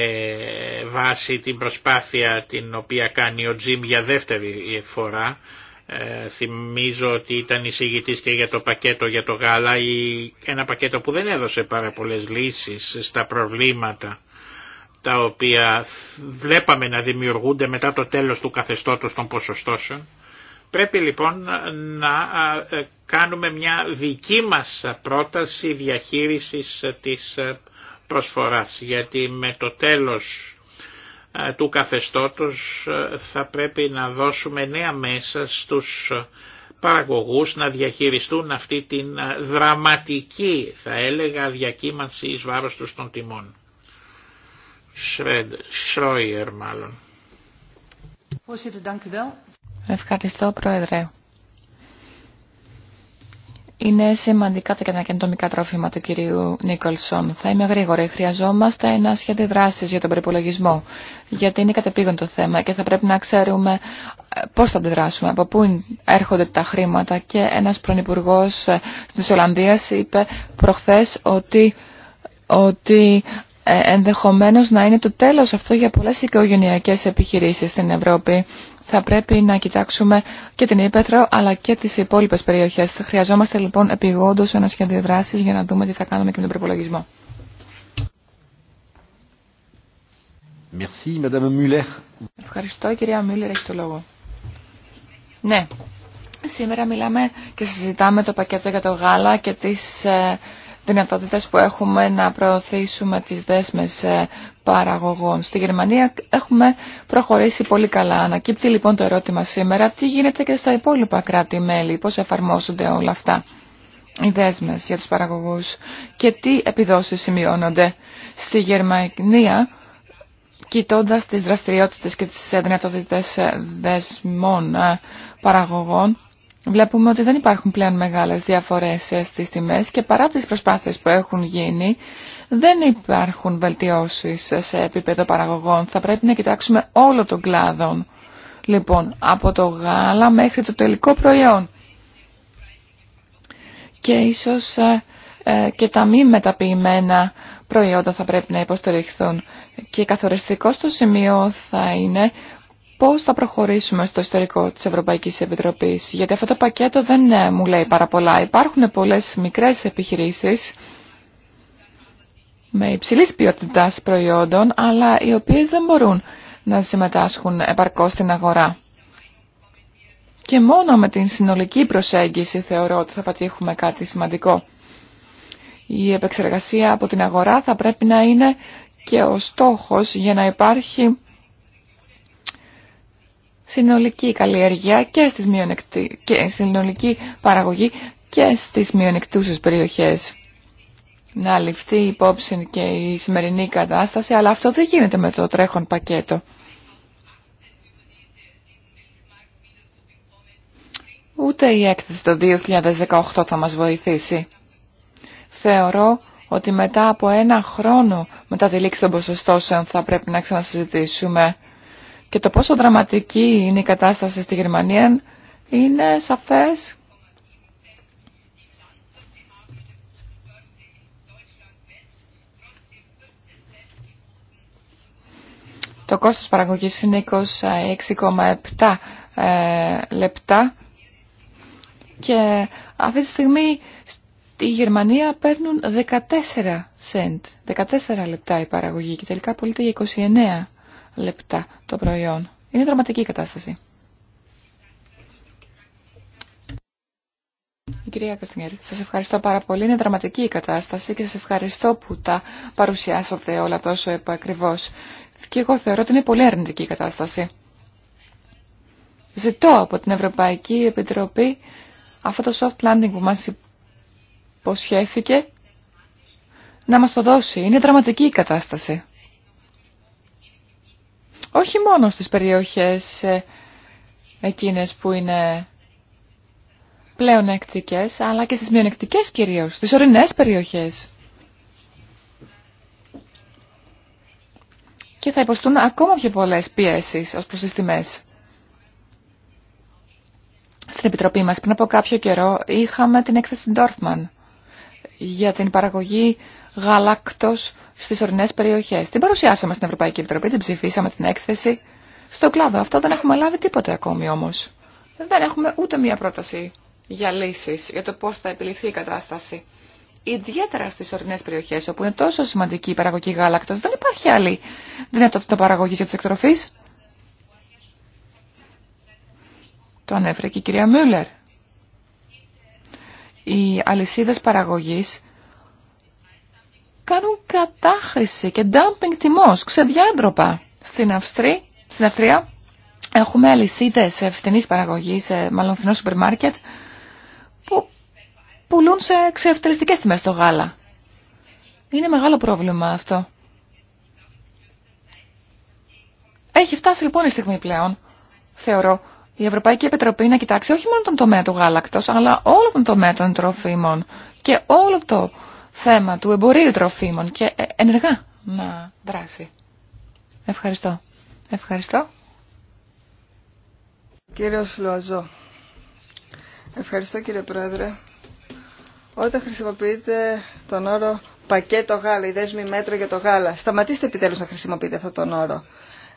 βάση την προσπάθεια την οποία κάνει ο Τζιμ για δεύτερη φορά ε, θυμίζω ότι ήταν εισηγητής και για το πακέτο για το γάλα, ή ένα πακέτο που δεν έδωσε πάρα πολλές λύσεις στα προβλήματα τα οποία βλέπαμε να δημιουργούνται μετά το τέλος του καθεστώτος των ποσοστώσεων. Πρέπει λοιπόν να ε, ε, κάνουμε μια δική μας πρόταση διαχείρισης της προσφοράς, γιατί με το τέλος ε, του καθεστώτος ε, θα πρέπει να δώσουμε νέα μέσα στους παραγωγούς να διαχειριστούν αυτή την ε, δραματική θα έλεγα διακύμανση εις βάρος τους των τιμών. Σρόιερ μάλλον. Ευχαριστώ Πρόεδρε. Είναι σημαντικά τα καινοτομικά τρόφιμα του κυρίου Νίκολσον. Θα είμαι γρήγορη. Χρειαζόμαστε ένα σχέδιο δράση για τον προπολογισμό. Γιατί είναι κατεπήγον το θέμα και θα πρέπει να ξέρουμε ε, πώ θα αντιδράσουμε, από πού έρχονται τα χρήματα. Και ένα πρωθυπουργό ε, τη Ολλανδία είπε προχθέ ότι, ότι ε, ενδεχομένω να είναι το τέλο αυτό για πολλέ οικογενειακέ επιχειρήσει στην Ευρώπη θα πρέπει να κοιτάξουμε και την Ήπεθρο αλλά και τις υπόλοιπες περιοχές. Χρειαζόμαστε λοιπόν επιγόντως ένα σχέδιο δράσης για να δούμε τι θα κάνουμε και με τον προπολογισμό. Merci, Madame Ευχαριστώ, κυρία Μίλλερ έχει το λόγο. Ναι, σήμερα μιλάμε και συζητάμε το πακέτο για το γάλα και τις ε, δυνατότητες που έχουμε να προωθήσουμε τις δέσμες ε, παραγωγών. Στη Γερμανία έχουμε προχωρήσει πολύ καλά. Ανακύπτει λοιπόν το ερώτημα σήμερα τι γίνεται και στα υπόλοιπα κράτη-μέλη, πώς εφαρμόζονται όλα αυτά οι δέσμες για τους παραγωγούς και τι επιδόσεις σημειώνονται. Στη Γερμανία, κοιτώντας τις δραστηριότητες και τις δυνατότητες ε, δεσμών ε, παραγωγών, βλέπουμε ότι δεν υπάρχουν πλέον μεγάλες διαφορές ε, στις τιμές και παρά τις προσπάθειες που έχουν γίνει δεν υπάρχουν βελτιώσεις ε, σε επίπεδο παραγωγών. Θα πρέπει να κοιτάξουμε όλο τον κλάδο. Λοιπόν, από το γάλα μέχρι το τελικό προϊόν. Και ίσως ε, και τα μη μεταποιημένα προϊόντα θα πρέπει να υποστηριχθούν. Και καθοριστικό στο σημείο θα είναι πώς θα προχωρήσουμε στο ιστορικό της Ευρωπαϊκής Επιτροπής. Γιατί αυτό το πακέτο δεν ε, μου λέει πάρα πολλά. Υπάρχουν πολλές μικρές επιχειρήσεις με υψηλής ποιότητας προϊόντων, αλλά οι οποίες δεν μπορούν να συμμετάσχουν επαρκώς στην αγορά. Και μόνο με την συνολική προσέγγιση θεωρώ ότι θα πατήχουμε κάτι σημαντικό. Η επεξεργασία από την αγορά θα πρέπει να είναι και ο στόχος για να υπάρχει συνολική καλλιέργεια και, στις και συνολική παραγωγή και στις μειονεκτούσες περιοχές. Να ληφθεί υπόψη και η σημερινή κατάσταση, αλλά αυτό δεν γίνεται με το τρέχον πακέτο. Ούτε η έκθεση το 2018 θα μας βοηθήσει. Θεωρώ ότι μετά από ένα χρόνο μετά τη λήξη των ποσοστώσεων θα πρέπει να ξανασυζητήσουμε και το πόσο δραματική είναι η κατάσταση στη Γερμανία είναι σαφές Το κόστος παραγωγής είναι 26,7 ε, λεπτά και αυτή τη στιγμή στη Γερμανία παίρνουν 14 σεντ, 14 λεπτά η παραγωγή και τελικά πωλείται για 29 λεπτά το προϊόν. Είναι δραματική η κατάσταση. Η κυρία Καστινιέρη, σας ευχαριστώ πάρα πολύ. Είναι δραματική η κατάσταση και σας ευχαριστώ που τα παρουσιάσατε όλα τόσο επακριβώς. Και εγώ θεωρώ ότι είναι πολύ αρνητική η κατάσταση. Ζητώ από την Ευρωπαϊκή Επιτροπή αυτό το soft landing που μας υποσχέθηκε να μας το δώσει. Είναι δραματική η κατάσταση όχι μόνο στις περιοχές ε, εκείνες που είναι πλέον αλλά και στις μειονεκτικές κυρίως, στις ορεινές περιοχές. Και θα υποστούν ακόμα πιο πολλές πιέσεις ως προς τις τιμές. Στην Επιτροπή μας πριν από κάποιο καιρό είχαμε την έκθεση Dorfman για την παραγωγή γαλάκτος στις ορεινέ περιοχές. Την παρουσιάσαμε στην Ευρωπαϊκή Επιτροπή, την ψηφίσαμε την έκθεση. στο κλάδο αυτό δεν έχουμε λάβει τίποτε ακόμη όμως. Δεν έχουμε ούτε μία πρόταση για λύσεις, για το πώ θα επιληθεί η κατάσταση. Ιδιαίτερα στις ορεινέ περιοχές, όπου είναι τόσο σημαντική η παραγωγή γάλακτο, δεν υπάρχει άλλη δυνατότητα παραγωγή για τους εκτροφείς. Το ανέφερε και η κυρία Μούλερ. Οι αλυσίδε παραγωγή κάνουν κατάχρηση και dumping τιμός ξεδιάντροπα. Στην, Αυστρή, στην Αυστρία έχουμε αλυσίδε ευθυνή παραγωγή, ε, μάλλον φθηνό σούπερ μάρκετ, που πουλούν σε εξευτελιστικέ τιμέ το γάλα. Είναι μεγάλο πρόβλημα αυτό. Έχει φτάσει λοιπόν η στιγμή πλέον, θεωρώ, η Ευρωπαϊκή Επιτροπή να κοιτάξει όχι μόνο τον τομέα του γάλακτος, αλλά όλο τον τομέα των τροφίμων και όλο το θέμα του εμπορίου τροφίμων και ε, ενεργά να δράσει. Ευχαριστώ. Ευχαριστώ. Κύριο Λοαζό. Ευχαριστώ κύριε Πρόεδρε. Όταν χρησιμοποιείτε τον όρο πακέτο γάλα, η δέσμη μέτρο για το γάλα, σταματήστε επιτέλους να χρησιμοποιείτε αυτόν τον όρο.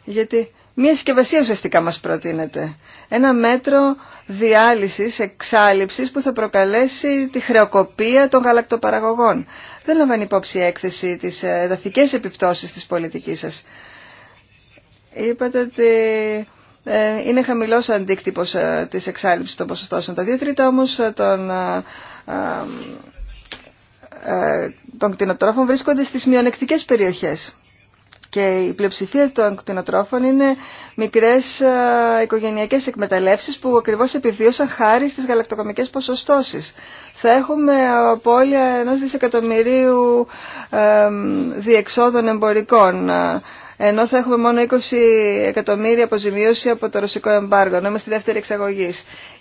Γιατί Μία συσκευασία ουσιαστικά μας προτείνεται. Ένα μέτρο διάλυσης, εξάλληψης που θα προκαλέσει τη χρεοκοπία των γαλακτοπαραγωγών. Δεν λαμβάνει υπόψη η έκθεση τις εδαφικές επιπτώσεις της πολιτικής σας. Είπατε ότι ε, είναι χαμηλός αντίκτυπος ε, της εξάλληψης των ποσοστώσεων. Τα δύο τρίτα όμως ε, των των κτηνοτρόφων βρίσκονται στις μειονεκτικές περιοχές. Και η πλειοψηφία των κτηνοτρόφων είναι μικρές ε, οικογενειακές εκμεταλλεύσεις που ακριβώς επιβίωσαν χάρη στις γαλακτοκομικές ποσοστώσεις. Θα έχουμε απώλεια ενός δισεκατομμυρίου ε, διεξόδων εμπορικών ε, ενώ θα έχουμε μόνο 20 εκατομμύρια αποζημίωση από το ρωσικό εμπάργο, ενώ είμαστε δεύτερη εξαγωγή.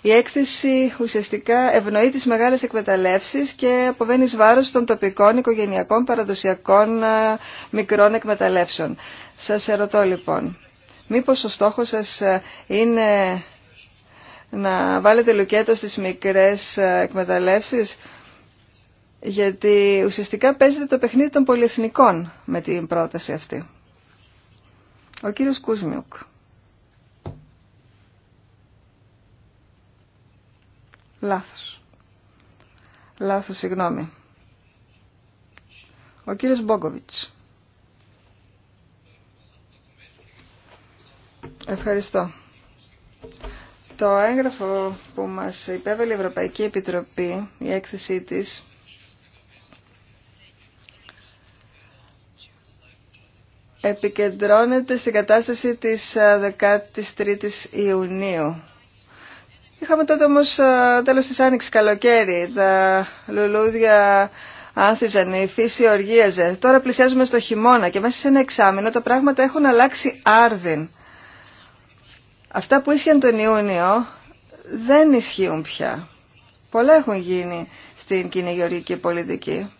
Η έκθεση ουσιαστικά ευνοεί τι μεγάλε εκμεταλλεύσει και αποβαίνει βάρο των τοπικών, οικογενειακών, παραδοσιακών ε, μικρών εκμεταλλεύσεων. Σα ερωτώ λοιπόν, μήπω ο στόχο σα ε, είναι να βάλετε λουκέτο στις μικρές ε, εκμεταλλεύσεις γιατί ουσιαστικά παίζετε το παιχνίδι των πολυεθνικών με την πρόταση αυτή. Ο κύριος Κούσμιουκ. Λάθος. Λάθος, συγγνώμη. Ο κύριος Μπόγκοβιτς. Ευχαριστώ. Το έγγραφο που μας υπέβαλε η Ευρωπαϊκή Επιτροπή, η έκθεσή της, επικεντρώνεται στην κατάσταση της 13ης ε, Ιουνίου. Είχαμε τότε όμως ε, τέλος της Άνοιξης καλοκαίρι, τα λουλούδια άνθιζαν, η φύση οργίαζε. Τώρα πλησιάζουμε στο χειμώνα και μέσα σε ένα εξάμεινο τα πράγματα έχουν αλλάξει άρδιν. Αυτά που ίσχυαν τον Ιούνιο δεν ισχύουν πια. Πολλά έχουν γίνει στην κυνηγεωργική πολιτική.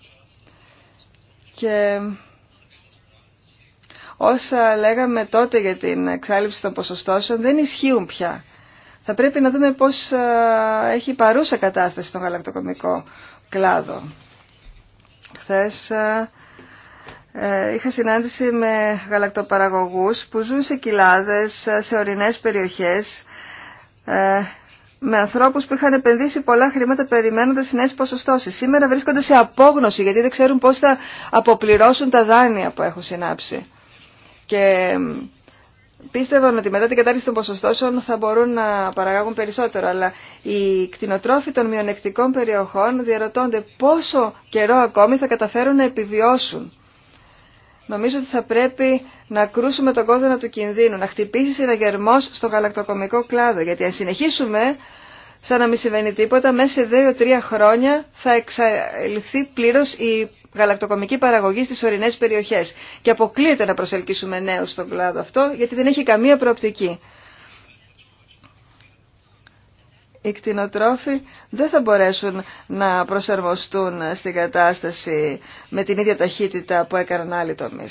Και Όσα λέγαμε τότε για την εξάλληψη των ποσοστώσεων δεν ισχύουν πια. Θα πρέπει να δούμε πώς ε, έχει παρούσα κατάσταση στον γαλακτοκομικό κλάδο. Χθες ε, ε, είχα συνάντηση με γαλακτοπαραγωγούς που ζουν σε κοιλάδες, σε ορεινές περιοχές, με ανθρώπους που είχαν επενδύσει πολλά χρήματα περιμένοντας νέες ποσοστώσεις. Σήμερα βρίσκονται σε απόγνωση γιατί δεν ξέρουν πώς θα αποπληρώσουν τα δάνεια που έχουν συνάψει. Και πίστευαν ότι μετά την κατάρριξη των ποσοστώσεων θα μπορούν να παραγάγουν περισσότερο. Αλλά οι κτηνοτρόφοι των μειονεκτικών περιοχών διαρωτώνται πόσο καιρό ακόμη θα καταφέρουν να επιβιώσουν. Νομίζω ότι θα πρέπει να κρούσουμε τον κόδωνα του κινδύνου, να χτυπήσει συναγερμό στο γαλακτοκομικό κλάδο. Γιατί αν συνεχίσουμε, σαν να μην συμβαίνει τίποτα, μέσα σε δύο-τρία χρόνια θα εξαλειφθεί πλήρω η γαλακτοκομική παραγωγή στις ορεινέ περιοχές. Και αποκλείεται να προσελκύσουμε νέους στον κλάδο αυτό, γιατί δεν έχει καμία προοπτική. Οι κτηνοτρόφοι δεν θα μπορέσουν να προσαρμοστούν στην κατάσταση με την ίδια ταχύτητα που έκαναν άλλοι τομεί.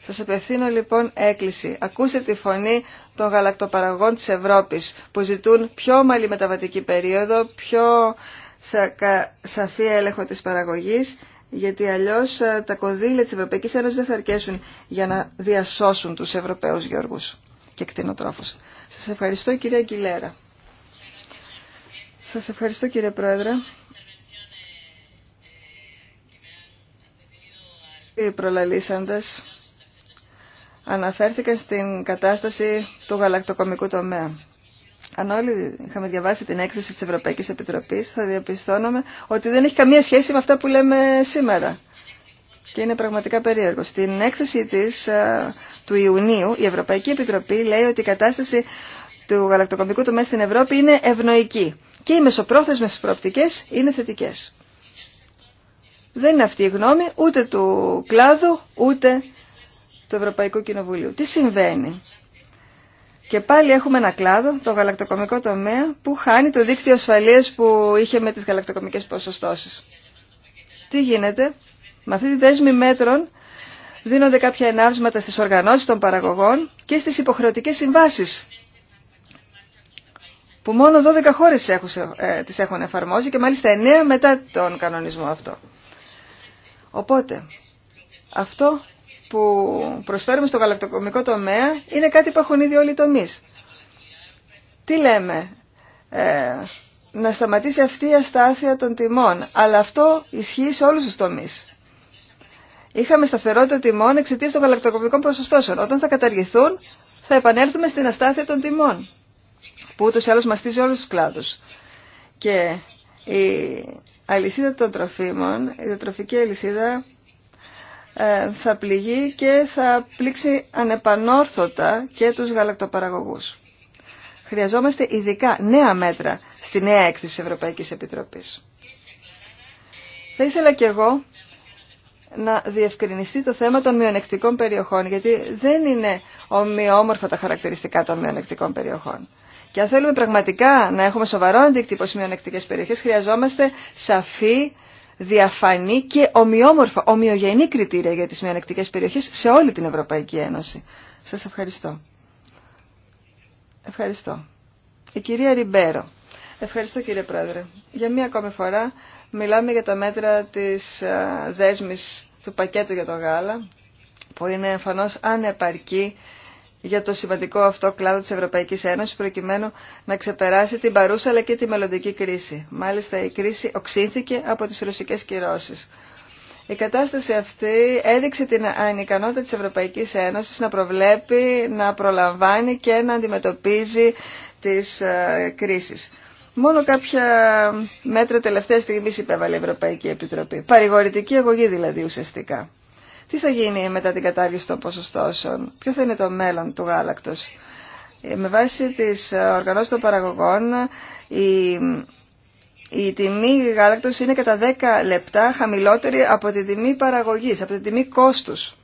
Σας απευθύνω λοιπόν έκκληση. Ακούστε τη φωνή των γαλακτοπαραγών τη Ευρώπη που ζητούν πιο ομαλή μεταβατική περίοδο, πιο σαφή έλεγχο της παραγωγής, γιατί αλλιώς ε, τα κονδύλια της Ευρωπαϊκής Ένωσης δεν θα αρκέσουν για να διασώσουν τους Ευρωπαίους γεωργούς και κτηνοτρόφους. Σας ευχαριστώ κυρία Κιλέρα. Σας ευχαριστώ κύριε Πρόεδρε. Οι προλαλήσαντες αναφέρθηκαν στην κατάσταση του γαλακτοκομικού τομέα αν όλοι είχαμε διαβάσει την έκθεση της Ευρωπαϊκής Επιτροπής, θα διαπιστώναμε ότι δεν έχει καμία σχέση με αυτά που λέμε σήμερα. Και είναι πραγματικά περίεργο. Στην έκθεση της, ε, του Ιουνίου, η Ευρωπαϊκή Επιτροπή λέει ότι η κατάσταση του γαλακτοκομικού τομέα στην Ευρώπη είναι ευνοϊκή και οι μεσοπρόθεσμες προοπτικές είναι θετικές. Δεν είναι αυτή η γνώμη ούτε του κλάδου ούτε του Ευρωπαϊκού Κοινοβουλίου. Τι συμβαίνει. Και πάλι έχουμε ένα κλάδο, το γαλακτοκομικό τομέα, που χάνει το δίκτυο ασφαλείας που είχε με τις γαλακτοκομικές ποσοστώσεις. Τι γίνεται, με αυτή τη δέσμη μέτρων δίνονται κάποια ενάψματα στις οργανώσεις των παραγωγών και στις υποχρεωτικές συμβάσεις που μόνο 12 χώρες ε, τις έχουν εφαρμόσει και μάλιστα 9 μετά τον κανονισμό αυτό. Οπότε, αυτό που προσφέρουμε στο γαλακτοκομικό τομέα είναι κάτι που έχουν ήδη όλοι οι τομείς. Τι λέμε, ε, να σταματήσει αυτή η αστάθεια των τιμών, αλλά αυτό ισχύει σε όλους τους τομείς. Είχαμε σταθερότητα τιμών εξαιτία των γαλακτοκομικών ποσοστώσεων. Όταν θα καταργηθούν, θα επανέλθουμε στην αστάθεια των τιμών, που ούτως ή άλλως μαστίζει όλου του κλάδου. Και η αλυσίδα των τροφίμων, η διατροφική αλυσίδα, ε, θα πληγεί και θα πλήξει ανεπανόρθωτα και τους γαλακτοπαραγωγούς. Χρειαζόμαστε ειδικά νέα μέτρα στη νέα έκθεση Ευρωπαϊκής Επιτροπής. Θα ήθελα και εγώ να διευκρινιστεί το θέμα των μειονεκτικών περιοχών, γιατί δεν είναι ομοιόμορφα τα χαρακτηριστικά των μειονεκτικών περιοχών. Και αν θέλουμε πραγματικά να έχουμε σοβαρό αντίκτυπο στις μειονεκτικές περιοχές, χρειαζόμαστε σαφή διαφανή και ομοιόμορφα, ομοιογενή κριτήρια για τις μειονεκτικές περιοχές σε όλη την Ευρωπαϊκή Ένωση. Σας ευχαριστώ. Ευχαριστώ. Η κυρία Ριμπέρο. Ευχαριστώ κύριε Πρόεδρε. Για μία ακόμη φορά μιλάμε για τα μέτρα της δέσμης του πακέτου για το γάλα που είναι εμφανώς ανεπαρκή για το σημαντικό αυτό κλάδο της Ευρωπαϊκής Ένωσης προκειμένου να ξεπεράσει την παρούσα αλλά και τη μελλοντική κρίση. Μάλιστα η κρίση οξύθηκε από τις ρωσικές κυρώσεις. Η κατάσταση αυτή έδειξε την ανικανότητα της Ευρωπαϊκής Ένωσης να προβλέπει, να προλαμβάνει και να αντιμετωπίζει τις ε, κρίσεις. Μόνο κάποια μέτρα τελευταία στιγμή υπέβαλε η Ευρωπαϊκή Επιτροπή. Παρηγορητική αγωγή δηλαδή ουσιαστικά. Τι θα γίνει μετά την κατάργηση των ποσοστώσεων, ποιο θα είναι το μέλλον του γάλακτος. Ε, με βάση τις ε, οργανώσεις των παραγωγών, η, η τιμή γάλακτος είναι κατά 10 λεπτά χαμηλότερη από τη τιμή παραγωγής, από τη τιμή κόστους.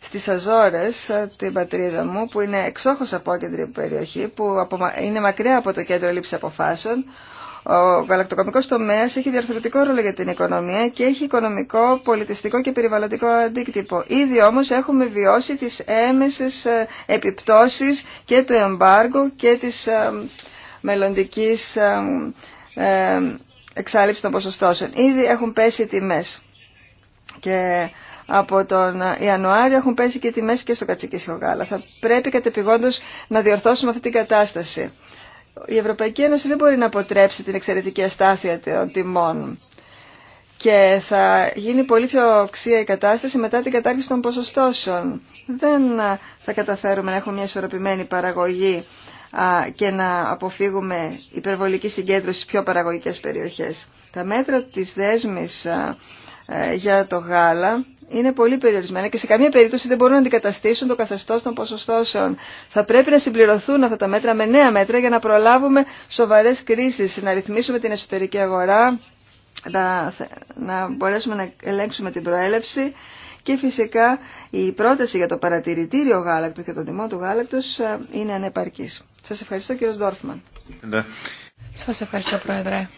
Στις Αζόρες, ε, την πατρίδα μου, που είναι εξόχως απόκεντρη περιοχή, που είναι μακριά από το κέντρο λήψη αποφάσεων, ο γαλακτοκομικό τομέα έχει διαρθρωτικό ρόλο για την οικονομία και έχει οικονομικό, πολιτιστικό και περιβαλλοντικό αντίκτυπο. Ήδη όμως έχουμε βιώσει τις έμεσε ε, επιπτώσεις και του εμπάργου και της ε, μελλοντική ε, εξάλληψη των ποσοστώσεων. Ήδη έχουν πέσει οι τιμές. Και από τον Ιανουάριο έχουν πέσει και οι τιμές και στο κατσικίσιο γάλα. Θα πρέπει κατεπηγόντω να διορθώσουμε αυτή την κατάσταση η Ευρωπαϊκή Ένωση δεν μπορεί να αποτρέψει την εξαιρετική αστάθεια των τιμών και θα γίνει πολύ πιο οξία η κατάσταση μετά την κατάργηση των ποσοστώσεων. Δεν θα καταφέρουμε να έχουμε μια ισορροπημένη παραγωγή και να αποφύγουμε υπερβολική συγκέντρωση στις πιο παραγωγικές περιοχές. Τα μέτρα της δέσμης ε, για το γάλα είναι πολύ περιορισμένα και σε καμία περίπτωση δεν μπορούν να αντικαταστήσουν το καθεστώ των ποσοστώσεων. Θα πρέπει να συμπληρωθούν αυτά τα μέτρα με νέα μέτρα για να προλάβουμε σοβαρέ κρίσει, να ρυθμίσουμε την εσωτερική αγορά, να, να μπορέσουμε να ελέγξουμε την προέλευση και φυσικά η πρόταση για το παρατηρητήριο γάλακτο και τον τιμό του γάλακτο ε, είναι ανεπαρκής. Σα ευχαριστώ κύριο Ντόρφμαν. Ναι. Σα ευχαριστώ Πρόεδρε.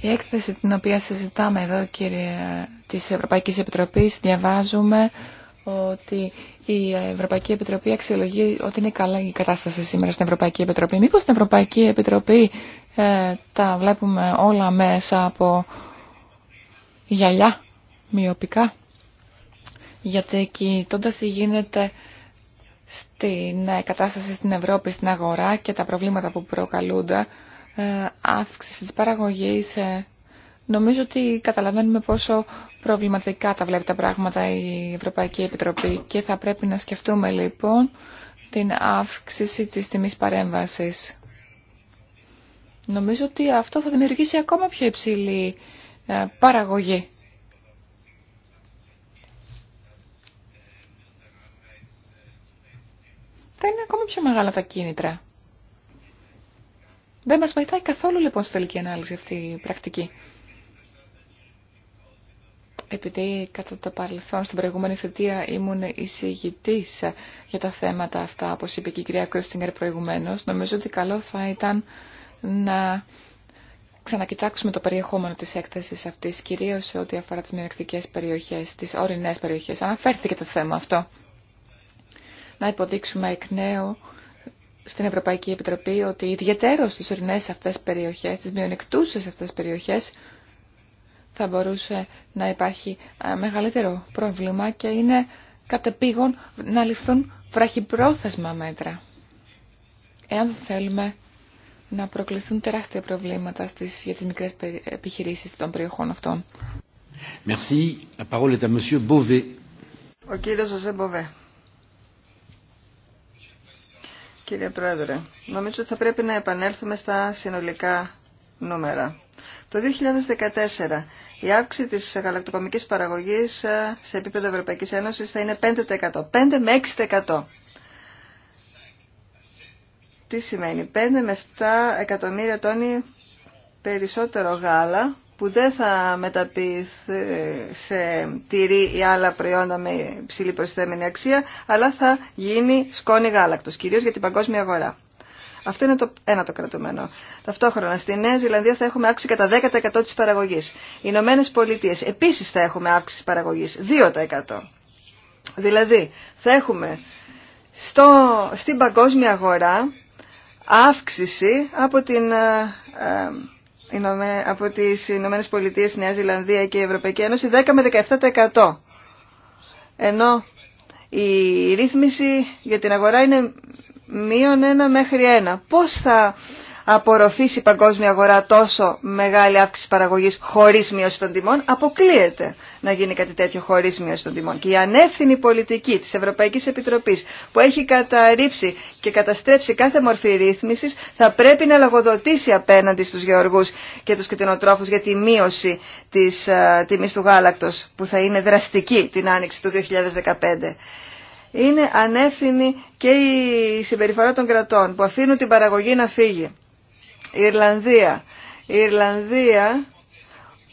Η έκθεση την οποία συζητάμε εδώ, κύριε, της Ευρωπαϊκής Επιτροπής, διαβάζουμε ότι η Ευρωπαϊκή Επιτροπή αξιολογεί ότι είναι καλά η κατάσταση σήμερα στην Ευρωπαϊκή Επιτροπή. Μήπως στην Ευρωπαϊκή Επιτροπή ε, τα βλέπουμε όλα μέσα από γυαλιά, μοιοπικά. Γιατί κοιτώντα τι γίνεται στην ε, κατάσταση στην Ευρώπη, στην αγορά και τα προβλήματα που προκαλούνται, ε, αύξηση της παραγωγής ε, Νομίζω ότι καταλαβαίνουμε πόσο προβληματικά τα βλέπει τα πράγματα η Ευρωπαϊκή Επιτροπή και θα πρέπει να σκεφτούμε λοιπόν την αύξηση της τιμής παρέμβασης. Νομίζω ότι αυτό θα δημιουργήσει ακόμα πιο υψηλή ε, παραγωγή. Θα είναι ακόμα πιο μεγάλα τα κίνητρα. Δεν μας βοηθάει καθόλου λοιπόν στη τελική ανάλυση αυτή η πρακτική. Επειδή κατά το παρελθόν στην προηγούμενη θετία ήμουν εισηγητή για τα θέματα αυτά, όπως είπε και η κυρία Κρόστιγκερ προηγουμένως, νομίζω ότι καλό θα ήταν να ξανακοιτάξουμε το περιεχόμενο της έκθεσης αυτής, κυρίως σε ό,τι αφορά τις μειονεκτικέ περιοχές, τις ορεινές περιοχές. Αναφέρθηκε το θέμα αυτό. Να υποδείξουμε εκ νέου στην Ευρωπαϊκή Επιτροπή ότι ιδιαίτερο στι ορεινέ αυτέ περιοχέ, στι μειονεκτούσε αυτέ περιοχέ θα μπορούσε να υπάρχει ε, μεγαλύτερο πρόβλημα και είναι κατεπήγον να ληφθούν βραχυπρόθεσμα μέτρα. Εάν θέλουμε να προκληθούν τεράστια προβλήματα στις, για τις μικρές επιχειρήσεις των περιοχών αυτών. Merci. La parole est à Monsieur Beauvais. Ο Κύριε Πρόεδρε, νομίζω ότι θα πρέπει να επανέλθουμε στα συνολικά νούμερα. Το 2014 η αύξηση της γαλακτοκομικής παραγωγής ε, σε επίπεδο Ευρωπαϊκής Ένωσης θα είναι 5%. 5 με 6%. Τι σημαίνει 5 με 7 εκατομμύρια τόνοι περισσότερο γάλα που δεν θα μεταποιηθεί σε τυρί ή άλλα προϊόντα με υψηλή προσθέμενη αξία, αλλά θα γίνει σκόνη γάλακτος, κυρίως για την παγκόσμια αγορά. Αυτό είναι το ένα το κρατούμενο. Ταυτόχρονα στη Νέα Ζηλανδία θα έχουμε αύξηση κατά 10% της παραγωγής. Οι Ηνωμένε Πολιτείε επίσης θα έχουμε αύξηση παραγωγής 2%. Δηλαδή θα έχουμε στο, στην παγκόσμια αγορά αύξηση από την... Ε, ε, από τις Ηνωμένε Πολιτείες, Νέα Ζηλανδία και η Ευρωπαϊκή Ένωση 10 με 17%. Ενώ η ρύθμιση για την αγορά είναι μείον 1 μέχρι 1. Πώς θα απορροφήσει η παγκόσμια αγορά τόσο μεγάλη αύξηση παραγωγής χωρίς μείωση των τιμών. Αποκλείεται να γίνει κάτι τέτοιο χωρίς μείωση των τιμών. Και η ανεύθυνη πολιτική της Ευρωπαϊκής Επιτροπής που έχει καταρρύψει και καταστρέψει κάθε μορφή ρύθμισης θα πρέπει να λαγοδοτήσει απέναντι στους γεωργούς και τους κτηνοτρόφους για τη μείωση της uh, τιμής του γάλακτος που θα είναι δραστική την άνοιξη του 2015 είναι ανεύθυνη και η συμπεριφορά των κρατών που αφήνουν την παραγωγή να φύγει. Η Ιρλανδία. Η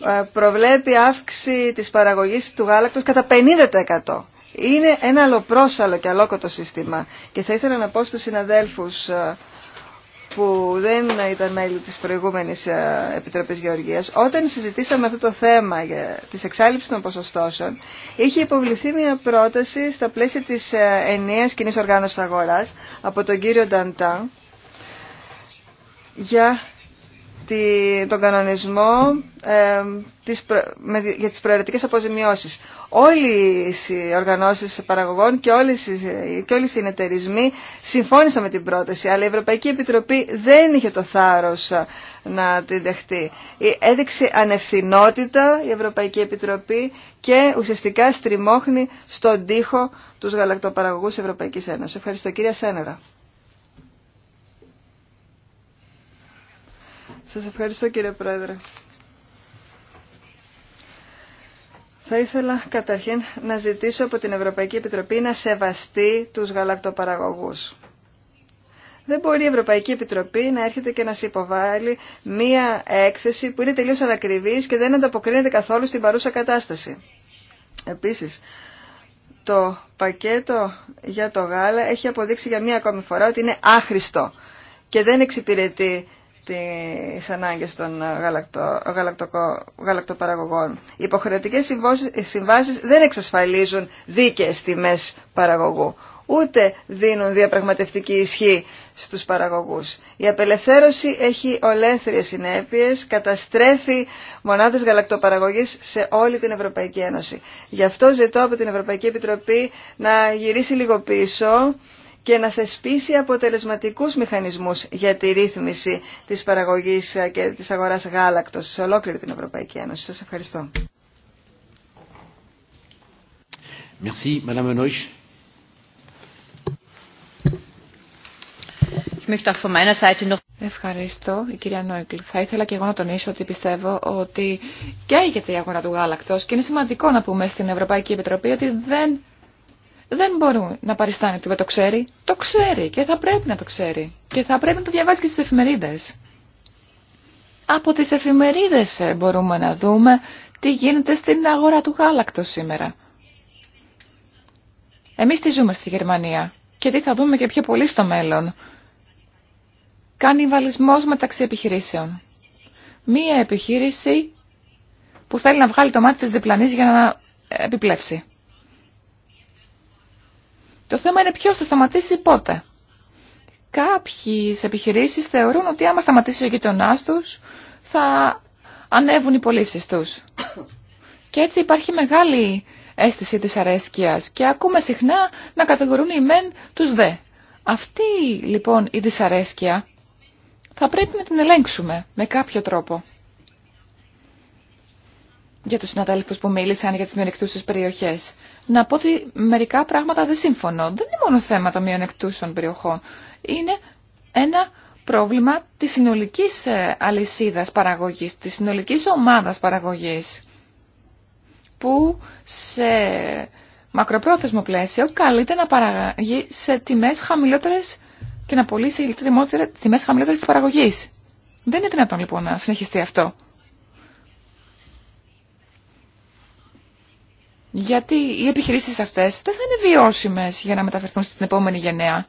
ε, προβλέπει αύξηση της παραγωγής του γάλακτος κατά 50%. Είναι ένα αλλοπρόσαλο και αλόκοτο σύστημα. Και θα ήθελα να πω στους συναδέλφους ε, που δεν ήταν μέλη της προηγούμενης ε, Επιτροπής Γεωργίας, όταν συζητήσαμε αυτό το θέμα για τις των ποσοστώσεων, είχε υποβληθεί μια πρόταση στα πλαίσια της ενιαίας κοινή οργάνωσης αγοράς από τον κύριο Νταντάν για τον κανονισμό ε, για τις προαιρετικές αποζημιώσεις. Όλοι οι οργανώσεις παραγωγών και, όλες, και όλοι οι συνεταιρισμοί συμφώνησαν με την πρόταση, αλλά η Ευρωπαϊκή Επιτροπή δεν είχε το θάρρος ε, να την δεχτεί. Έδειξε ανευθυνότητα η Ευρωπαϊκή Επιτροπή και ουσιαστικά στριμώχνει στον τοίχο τους γαλακτοπαραγωγούς Ευρωπαϊκής Ένωσης. Ευχαριστώ κυρία Σένερα. Σας ευχαριστώ κύριε Πρόεδρε. Θα ήθελα καταρχήν να ζητήσω από την Ευρωπαϊκή Επιτροπή να σεβαστεί τους γαλακτοπαραγωγούς. Δεν μπορεί η Ευρωπαϊκή Επιτροπή να έρχεται και να σε υποβάλει μία έκθεση που είναι τελείως ανακριβής και δεν ανταποκρίνεται καθόλου στην παρούσα κατάσταση. Επίσης, το πακέτο για το γάλα έχει αποδείξει για μία ακόμη φορά ότι είναι άχρηστο και δεν εξυπηρετεί τις ανάγκες των γαλακτοπαραγωγών. Οι υποχρεωτικές συμβάσεις δεν εξασφαλίζουν δίκαιες τιμές παραγωγού, ούτε δίνουν διαπραγματευτική ισχύ στους παραγωγούς. Η απελευθέρωση έχει ολέθριες συνέπειες, καταστρέφει μονάδες γαλακτοπαραγωγής σε όλη την Ευρωπαϊκή Ένωση. Γι' αυτό ζητώ από την Ευρωπαϊκή Επιτροπή να γυρίσει λίγο πίσω και να θεσπίσει αποτελεσματικούς μηχανισμούς για τη ρύθμιση της παραγωγής και της αγοράς γάλακτος σε ολόκληρη την Ευρωπαϊκή Ένωση. Σας ευχαριστώ. Merci, Madame Ευχαριστώ, η κυρία Νόικλ. Θα ήθελα και εγώ να τονίσω ότι πιστεύω ότι καίγεται η αγορά του γάλακτος και είναι σημαντικό να πούμε στην Ευρωπαϊκή Επιτροπή ότι δεν δεν μπορούν να παριστάνε ότι το ξέρει. Το ξέρει και θα πρέπει να το ξέρει. Και θα πρέπει να το διαβάζει και στις εφημερίδες. Από τις εφημερίδες ε, μπορούμε να δούμε τι γίνεται στην αγορά του γάλακτος σήμερα. Εμείς τι ζούμε στη Γερμανία και τι θα δούμε και πιο πολύ στο μέλλον. Κανιβαλισμός μεταξύ επιχειρήσεων. Μία επιχείρηση που θέλει να βγάλει το μάτι της διπλανής για να επιπλέψει. Το θέμα είναι ποιος θα σταματήσει πότε. Κάποιες επιχειρήσεις θεωρούν ότι άμα σταματήσει ο γειτονά του, θα ανέβουν οι πωλήσει τους. Και έτσι υπάρχει μεγάλη αίσθηση της αρέσκειας και ακούμε συχνά να κατηγορούν οι μεν τους δε. Αυτή λοιπόν η δυσαρέσκεια θα πρέπει να την ελέγξουμε με κάποιο τρόπο. Για τους συναδέλφους που μίλησαν για τις μειονεκτούσες περιοχές να πω ότι μερικά πράγματα δεν συμφωνώ. Δεν είναι μόνο θέμα των μειονεκτούσεων περιοχών. Είναι ένα πρόβλημα της συνολικής ε, αλυσίδας παραγωγής, της συνολικής ομάδας παραγωγής, που σε μακροπρόθεσμο πλαίσιο καλείται να παραγωγεί σε τιμές χαμηλότερες και να πωλήσει τιμές χαμηλότερες της παραγωγής. Δεν είναι δυνατόν λοιπόν να συνεχιστεί αυτό. Γιατί οι επιχειρήσεις αυτές δεν θα είναι βιώσιμες για να μεταφερθούν στην επόμενη γενναία.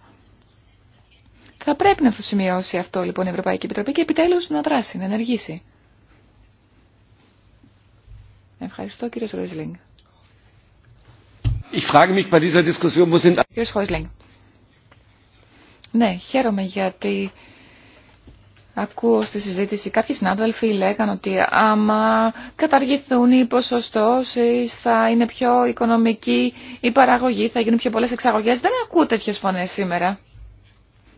Θα πρέπει να το σημειώσει αυτό λοιπόν η Ευρωπαϊκή Επιτροπή και επιτέλους να δράσει, να ενεργήσει. Ευχαριστώ κύριος Ρόισλινγκ. Κύριος sind... Ναι, χαίρομαι γιατί Ακούω στη συζήτηση κάποιοι συνάδελφοι λέγαν ότι άμα καταργηθούν οι ποσοστώσεις θα είναι πιο οικονομική η παραγωγή, θα γίνουν πιο πολλές εξαγωγές. Δεν ακούω τέτοιε φωνές σήμερα.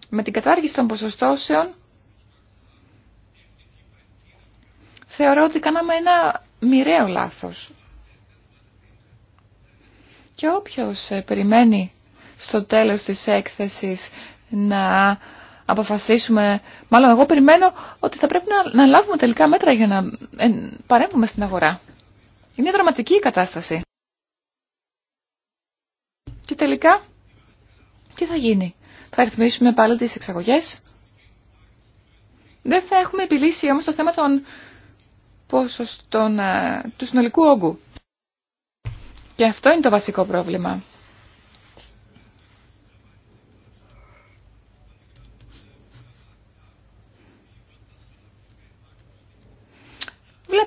Με την κατάργηση των ποσοστώσεων θεωρώ ότι κάναμε ένα μοιραίο λάθος. Και όποιος ε, περιμένει στο τέλος της έκθεσης να αποφασίσουμε, μάλλον εγώ περιμένω ότι θα πρέπει να, να λάβουμε τελικά μέτρα για να ε, παρέμβουμε στην αγορά. Είναι δραματική η κατάσταση. Και τελικά, τι θα γίνει. Θα ρυθμίσουμε πάλι τις εξαγωγές. Δεν θα έχουμε επιλύσει όμως το θέμα των ποσοστών ε, του συνολικού όγκου. Και αυτό είναι το βασικό πρόβλημα.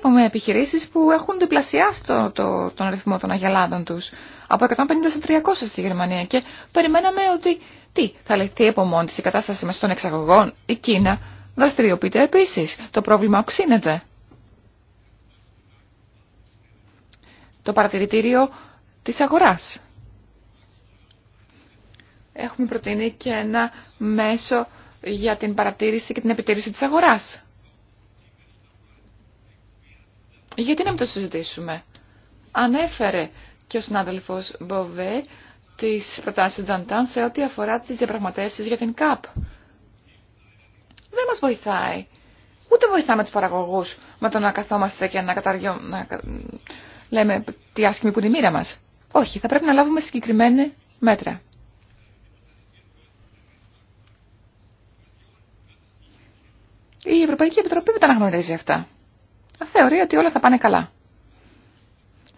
βλέπουμε επιχειρήσεις που έχουν διπλασιάσει το, τον αριθμό των αγελάδων τους από 150 σε 300 στη Γερμανία και περιμέναμε ότι τι, θα λυθεί από μόνη η κατάσταση με των εξαγωγών, η Κίνα δραστηριοποιείται επίσης, το πρόβλημα οξύνεται. Το παρατηρητήριο της αγοράς. Έχουμε προτείνει και ένα μέσο για την παρατήρηση και την επιτήρηση της αγοράς. Γιατί να μην το συζητήσουμε. Ανέφερε και ο συνάδελφος Μποβέ τις προτάσεις Δαντάν σε ό,τι αφορά τις διαπραγματεύσεις για την ΚΑΠ. Δεν μας βοηθάει. Ούτε βοηθάμε τους παραγωγούς με το να καθόμαστε και να, καταργιώ, να λέμε τι άσχημη που είναι η μοίρα μας. Όχι, θα πρέπει να λάβουμε συγκεκριμένα μέτρα. Η Ευρωπαϊκή Επιτροπή δεν τα αναγνωρίζει αυτά θεωρεί ότι όλα θα πάνε καλά.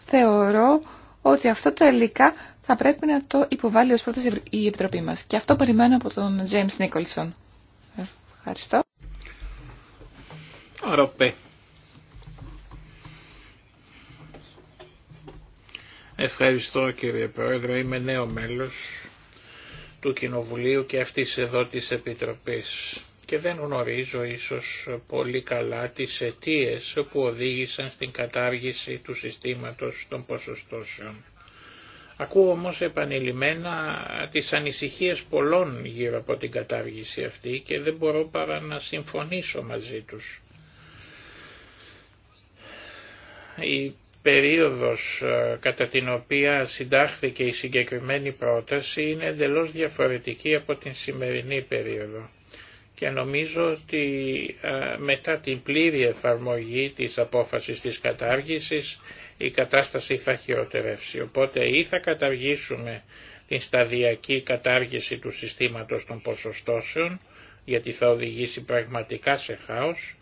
Θεωρώ ότι αυτό τελικά θα πρέπει να το υποβάλει ως πρώτη η Επιτροπή μας. Και αυτό περιμένω από τον James Nicholson. Ευχαριστώ. Ευχαριστώ κύριε Πρόεδρε, είμαι νέο μέλος του Κοινοβουλίου και αυτής εδώ της Επιτροπής και δεν γνωρίζω ίσως πολύ καλά τις αιτίες που οδήγησαν στην κατάργηση του συστήματος των ποσοστώσεων. Ακούω όμως επανειλημμένα τις ανησυχίες πολλών γύρω από την κατάργηση αυτή και δεν μπορώ παρά να συμφωνήσω μαζί τους. Η περίοδος ε, κατά την οποία συντάχθηκε η συγκεκριμένη πρόταση είναι εντελώς διαφορετική από την σημερινή περίοδο και νομίζω ότι ε, μετά την πλήρη εφαρμογή της απόφασης της κατάργησης η κατάσταση θα χειροτερεύσει. Οπότε ή θα καταργήσουμε την σταδιακή κατάργηση του συστήματος των ποσοστώσεων, γιατί θα οδηγήσει πραγματικά σε χάος,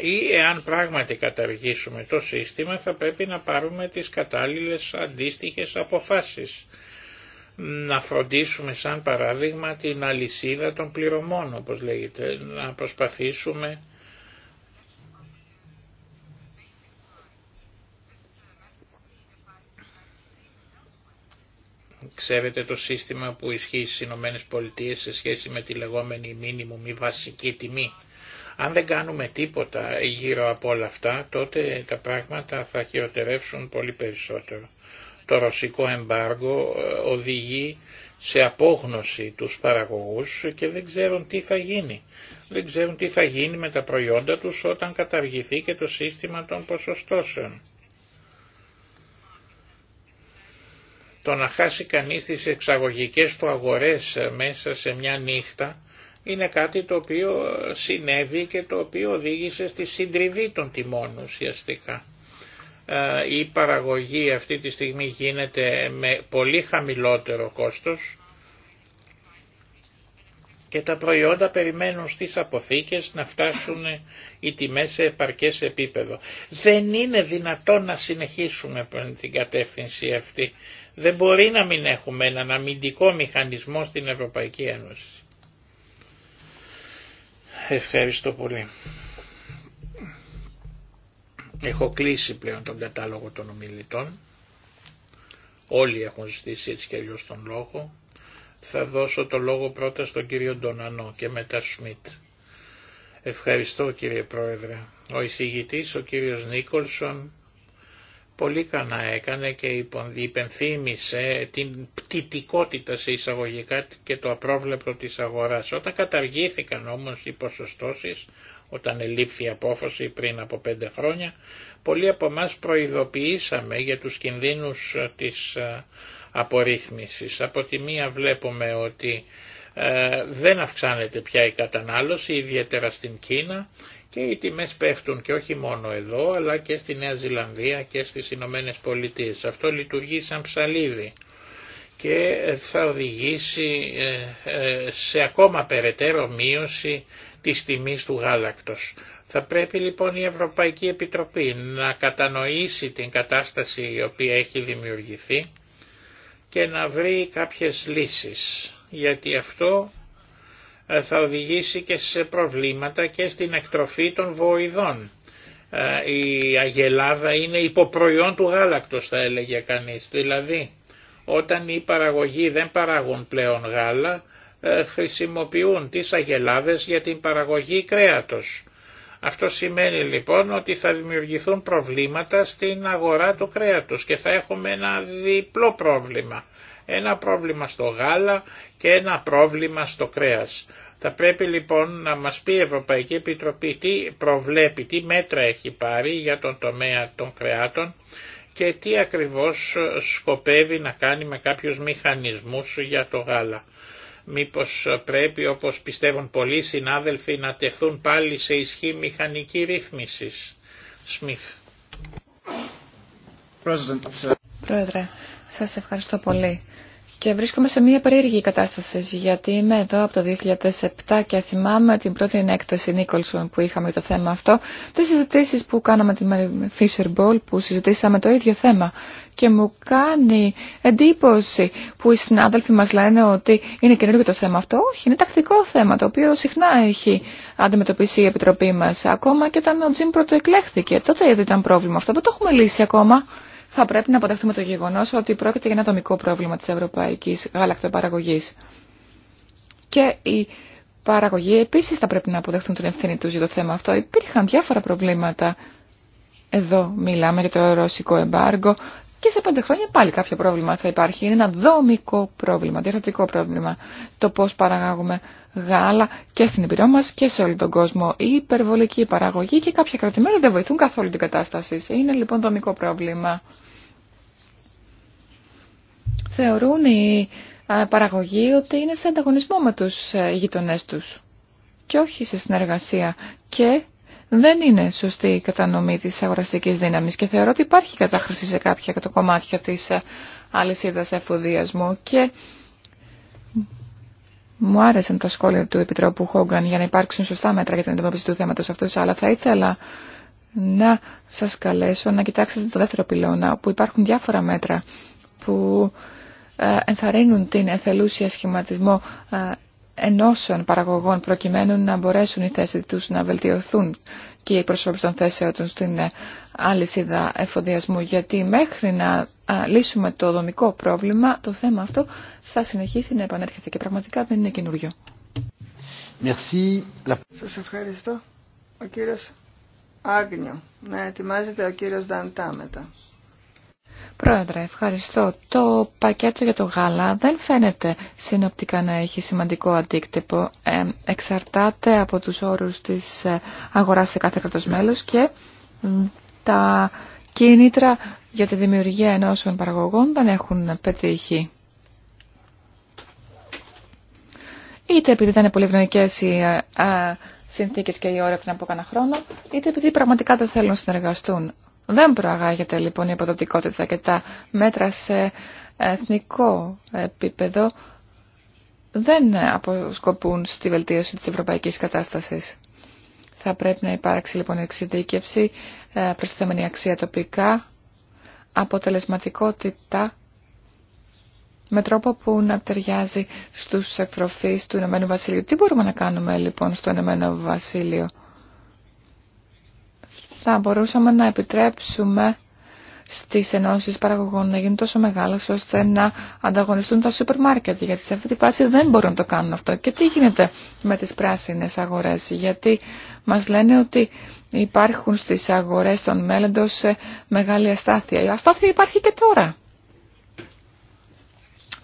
ή εάν πράγματι καταργήσουμε το σύστημα θα πρέπει να πάρουμε τις κατάλληλες αντίστοιχες αποφάσεις να φροντίσουμε σαν παράδειγμα την αλυσίδα των πληρωμών όπως λέγεται, να προσπαθήσουμε Ξέρετε το σύστημα που ισχύει στις Ηνωμένες Πολιτείες σε σχέση με τη λεγόμενη μήνυμου μη βασική τιμή. Αν δεν κάνουμε τίποτα γύρω από όλα αυτά, τότε τα πράγματα θα χειροτερεύσουν πολύ περισσότερο. Το ρωσικό εμπάργο ε, οδηγεί σε απόγνωση τους παραγωγούς και δεν ξέρουν τι θα γίνει. Δεν ξέρουν τι θα γίνει με τα προϊόντα τους όταν καταργηθεί και το σύστημα των ποσοστώσεων. Το να χάσει κανείς τις εξαγωγικές του αγορές ε, μέσα σε μια νύχτα είναι κάτι το οποίο συνέβη και το οποίο οδήγησε στη συντριβή των τιμών ουσιαστικά. Ε, η παραγωγή αυτή τη στιγμή γίνεται με πολύ χαμηλότερο κόστος και τα προϊόντα περιμένουν στις αποθήκες να φτάσουν οι τιμές σε επαρκές επίπεδο. Δεν είναι δυνατόν να συνεχίσουμε την κατεύθυνση αυτή. Δεν μπορεί να μην έχουμε έναν αμυντικό μηχανισμό στην Ευρωπαϊκή Ένωση. Ευχαριστώ πολύ. Έχω κλείσει πλέον τον κατάλογο των ομιλητών. Όλοι έχουν ζητήσει έτσι και αλλιώς τον λόγο. Θα δώσω το λόγο πρώτα στον κύριο Ντονανό και μετά Σμιτ. Ευχαριστώ κύριε Πρόεδρε. Ο εισηγητής, ο κύριος Νίκολσον, πολύ κανά έκανε και υπενθύμησε την πτητικότητα σε εισαγωγικά και το απρόβλεπτο της αγοράς. Όταν καταργήθηκαν όμως οι ποσοστώσεις, όταν ελήφθη η απόφαση πριν από πέντε χρόνια, πολλοί από εμά προειδοποιήσαμε για τους κινδύνους ε, της ε, απορρίθμισης. Από τη μία βλέπουμε ότι ε, δεν αυξάνεται πια η κατανάλωση, ιδιαίτερα στην Κίνα, και οι τιμές πέφτουν και όχι μόνο εδώ, αλλά και στη Νέα Ζηλανδία και στις Ηνωμένε Πολιτείε. Αυτό λειτουργεί σαν ψαλίδι και θα οδηγήσει σε ακόμα περαιτέρω μείωση της τιμής του γάλακτος. Θα πρέπει λοιπόν η Ευρωπαϊκή Επιτροπή να κατανοήσει την κατάσταση η οποία έχει δημιουργηθεί και να βρει κάποιες λύσεις, γιατί αυτό ε, θα οδηγήσει και σε προβλήματα και στην εκτροφή των βοηδών. Ε, η αγελάδα είναι υποπροϊόν του γάλακτος θα έλεγε κανείς, δηλαδή όταν οι παραγωγοί δεν παράγουν πλέον γάλα, ε, χρησιμοποιούν τις αγελάδες για την παραγωγή κρέατος. Αυτό σημαίνει λοιπόν ότι θα δημιουργηθούν προβλήματα στην αγορά του κρέατος και θα έχουμε ένα διπλό πρόβλημα. Ένα πρόβλημα στο γάλα και ένα πρόβλημα στο κρέας. Θα πρέπει λοιπόν να μας πει η Ευρωπαϊκή Επιτροπή τι προβλέπει, τι μέτρα έχει πάρει για τον τομέα των κρεάτων και τι ακριβώς σκοπεύει να κάνει με κάποιους μηχανισμούς για το γάλα. Μήπως πρέπει όπως πιστεύουν πολλοί συνάδελφοι να τεθούν πάλι σε ισχύ μηχανική ρύθμισης. Σμιθ. Πρόεδρε, σας ευχαριστώ πολύ. Και βρίσκομαι σε μια περίεργη κατάσταση, γιατί είμαι εδώ από το 2007 και θυμάμαι την πρώτη έκθεση Νίκολσον που είχαμε το θέμα αυτό, τι συζητήσεις που κάναμε τη Fisher Ball που συζητήσαμε το ίδιο θέμα. Και μου κάνει εντύπωση που οι συνάδελφοι μας λένε ότι είναι καινούργιο το θέμα αυτό. Όχι, είναι τακτικό θέμα, το οποίο συχνά έχει αντιμετωπίσει η Επιτροπή μας. Ακόμα και όταν ο Τζιμ πρωτοεκλέχθηκε, τότε ήδη ήταν πρόβλημα αυτό, δεν το έχουμε λύσει ακόμα θα πρέπει να αποδεχτούμε το γεγονό ότι πρόκειται για ένα δομικό πρόβλημα τη Ευρωπαϊκή γαλακτοπαραγωγή. Και οι παραγωγοί επίση θα πρέπει να αποδεχτούν την ευθύνη του για το θέμα αυτό. Υπήρχαν διάφορα προβλήματα. Εδώ μιλάμε για το ρωσικό εμπάργκο και σε πέντε χρόνια πάλι κάποιο πρόβλημα θα υπάρχει. Είναι ένα δομικό πρόβλημα, διαστατικό πρόβλημα. Το πώ παραγάγουμε γάλα και στην Υπηρώ μα και σε όλο τον κόσμο. Η υπερβολική παραγωγή και κάποια κρατημένα δεν βοηθούν καθόλου την κατάσταση. Είναι λοιπόν δομικό πρόβλημα θεωρούν οι παραγωγοί ότι είναι σε ανταγωνισμό με τους ε, γειτονές τους και όχι σε συνεργασία και δεν είναι σωστή η κατανομή της αγοραστικής δύναμης και θεωρώ ότι υπάρχει κατάχρηση σε κάποια το κομμάτια της ε, αλυσίδας εφοδιασμού και μου άρεσαν τα σχόλια του Επιτρόπου Χόγκαν για να υπάρξουν σωστά μέτρα για την αντιμετώπιση του θέματος αυτούς, αλλά θα ήθελα να σας καλέσω να κοιτάξετε το δεύτερο πυλώνα, όπου υπάρχουν διάφορα μέτρα που ε, ενθαρρύνουν την εθελούσια σχηματισμό ε, ενώσεων παραγωγών προκειμένου να μπορέσουν οι θέσεις τους να βελτιωθούν και οι εκπροσώπηση των θέσεων τους στην αλυσίδα ε, εφοδιασμού γιατί μέχρι να λύσουμε το δομικό πρόβλημα το θέμα αυτό θα συνεχίσει να επανέρχεται και πραγματικά δεν είναι καινούριο. Merci. Σας ευχαριστώ. Ο κύριος Άγνιο. Να ετοιμάζεται ο κύριος Δαντάμετα. Πρόεδρε, ευχαριστώ. Το πακέτο για το γάλα δεν φαίνεται συνοπτικά να έχει σημαντικό αντίκτυπο. Ε, εξαρτάται από τους όρους της ε, αγοράς σε κάθε κρατος μέλος και τα κίνητρα για τη δημιουργία ενώσεων παραγωγών δεν έχουν πετύχει. Είτε επειδή ήταν πολύ ευνοϊκές οι ε, συνθήκες και οι ώρα πριν από κάνα χρόνο, είτε επειδή πραγματικά δεν θέλουν να συνεργαστούν. Δεν προαγάγεται λοιπόν η αποδοτικότητα και τα μέτρα σε εθνικό επίπεδο δεν αποσκοπούν στη βελτίωση της ευρωπαϊκής κατάστασης. Θα πρέπει να υπάρξει λοιπόν εξειδίκευση, ε, προστιθέμενη αξία τοπικά, αποτελεσματικότητα με τρόπο που να ταιριάζει στους εκτροφείς του Ηνωμένου Βασιλείου. Τι μπορούμε να κάνουμε λοιπόν στο Ηνωμένο Βασίλειο θα μπορούσαμε να επιτρέψουμε στις ενώσεις παραγωγών να γίνουν τόσο μεγάλες ώστε να ανταγωνιστούν τα σούπερ μάρκετ γιατί σε αυτή τη φάση δεν μπορούν να το κάνουν αυτό. Και τι γίνεται με τις πράσινες αγορές γιατί μας λένε ότι υπάρχουν στις αγορές των μέλλοντος ε, μεγάλη αστάθεια. Η αστάθεια υπάρχει και τώρα.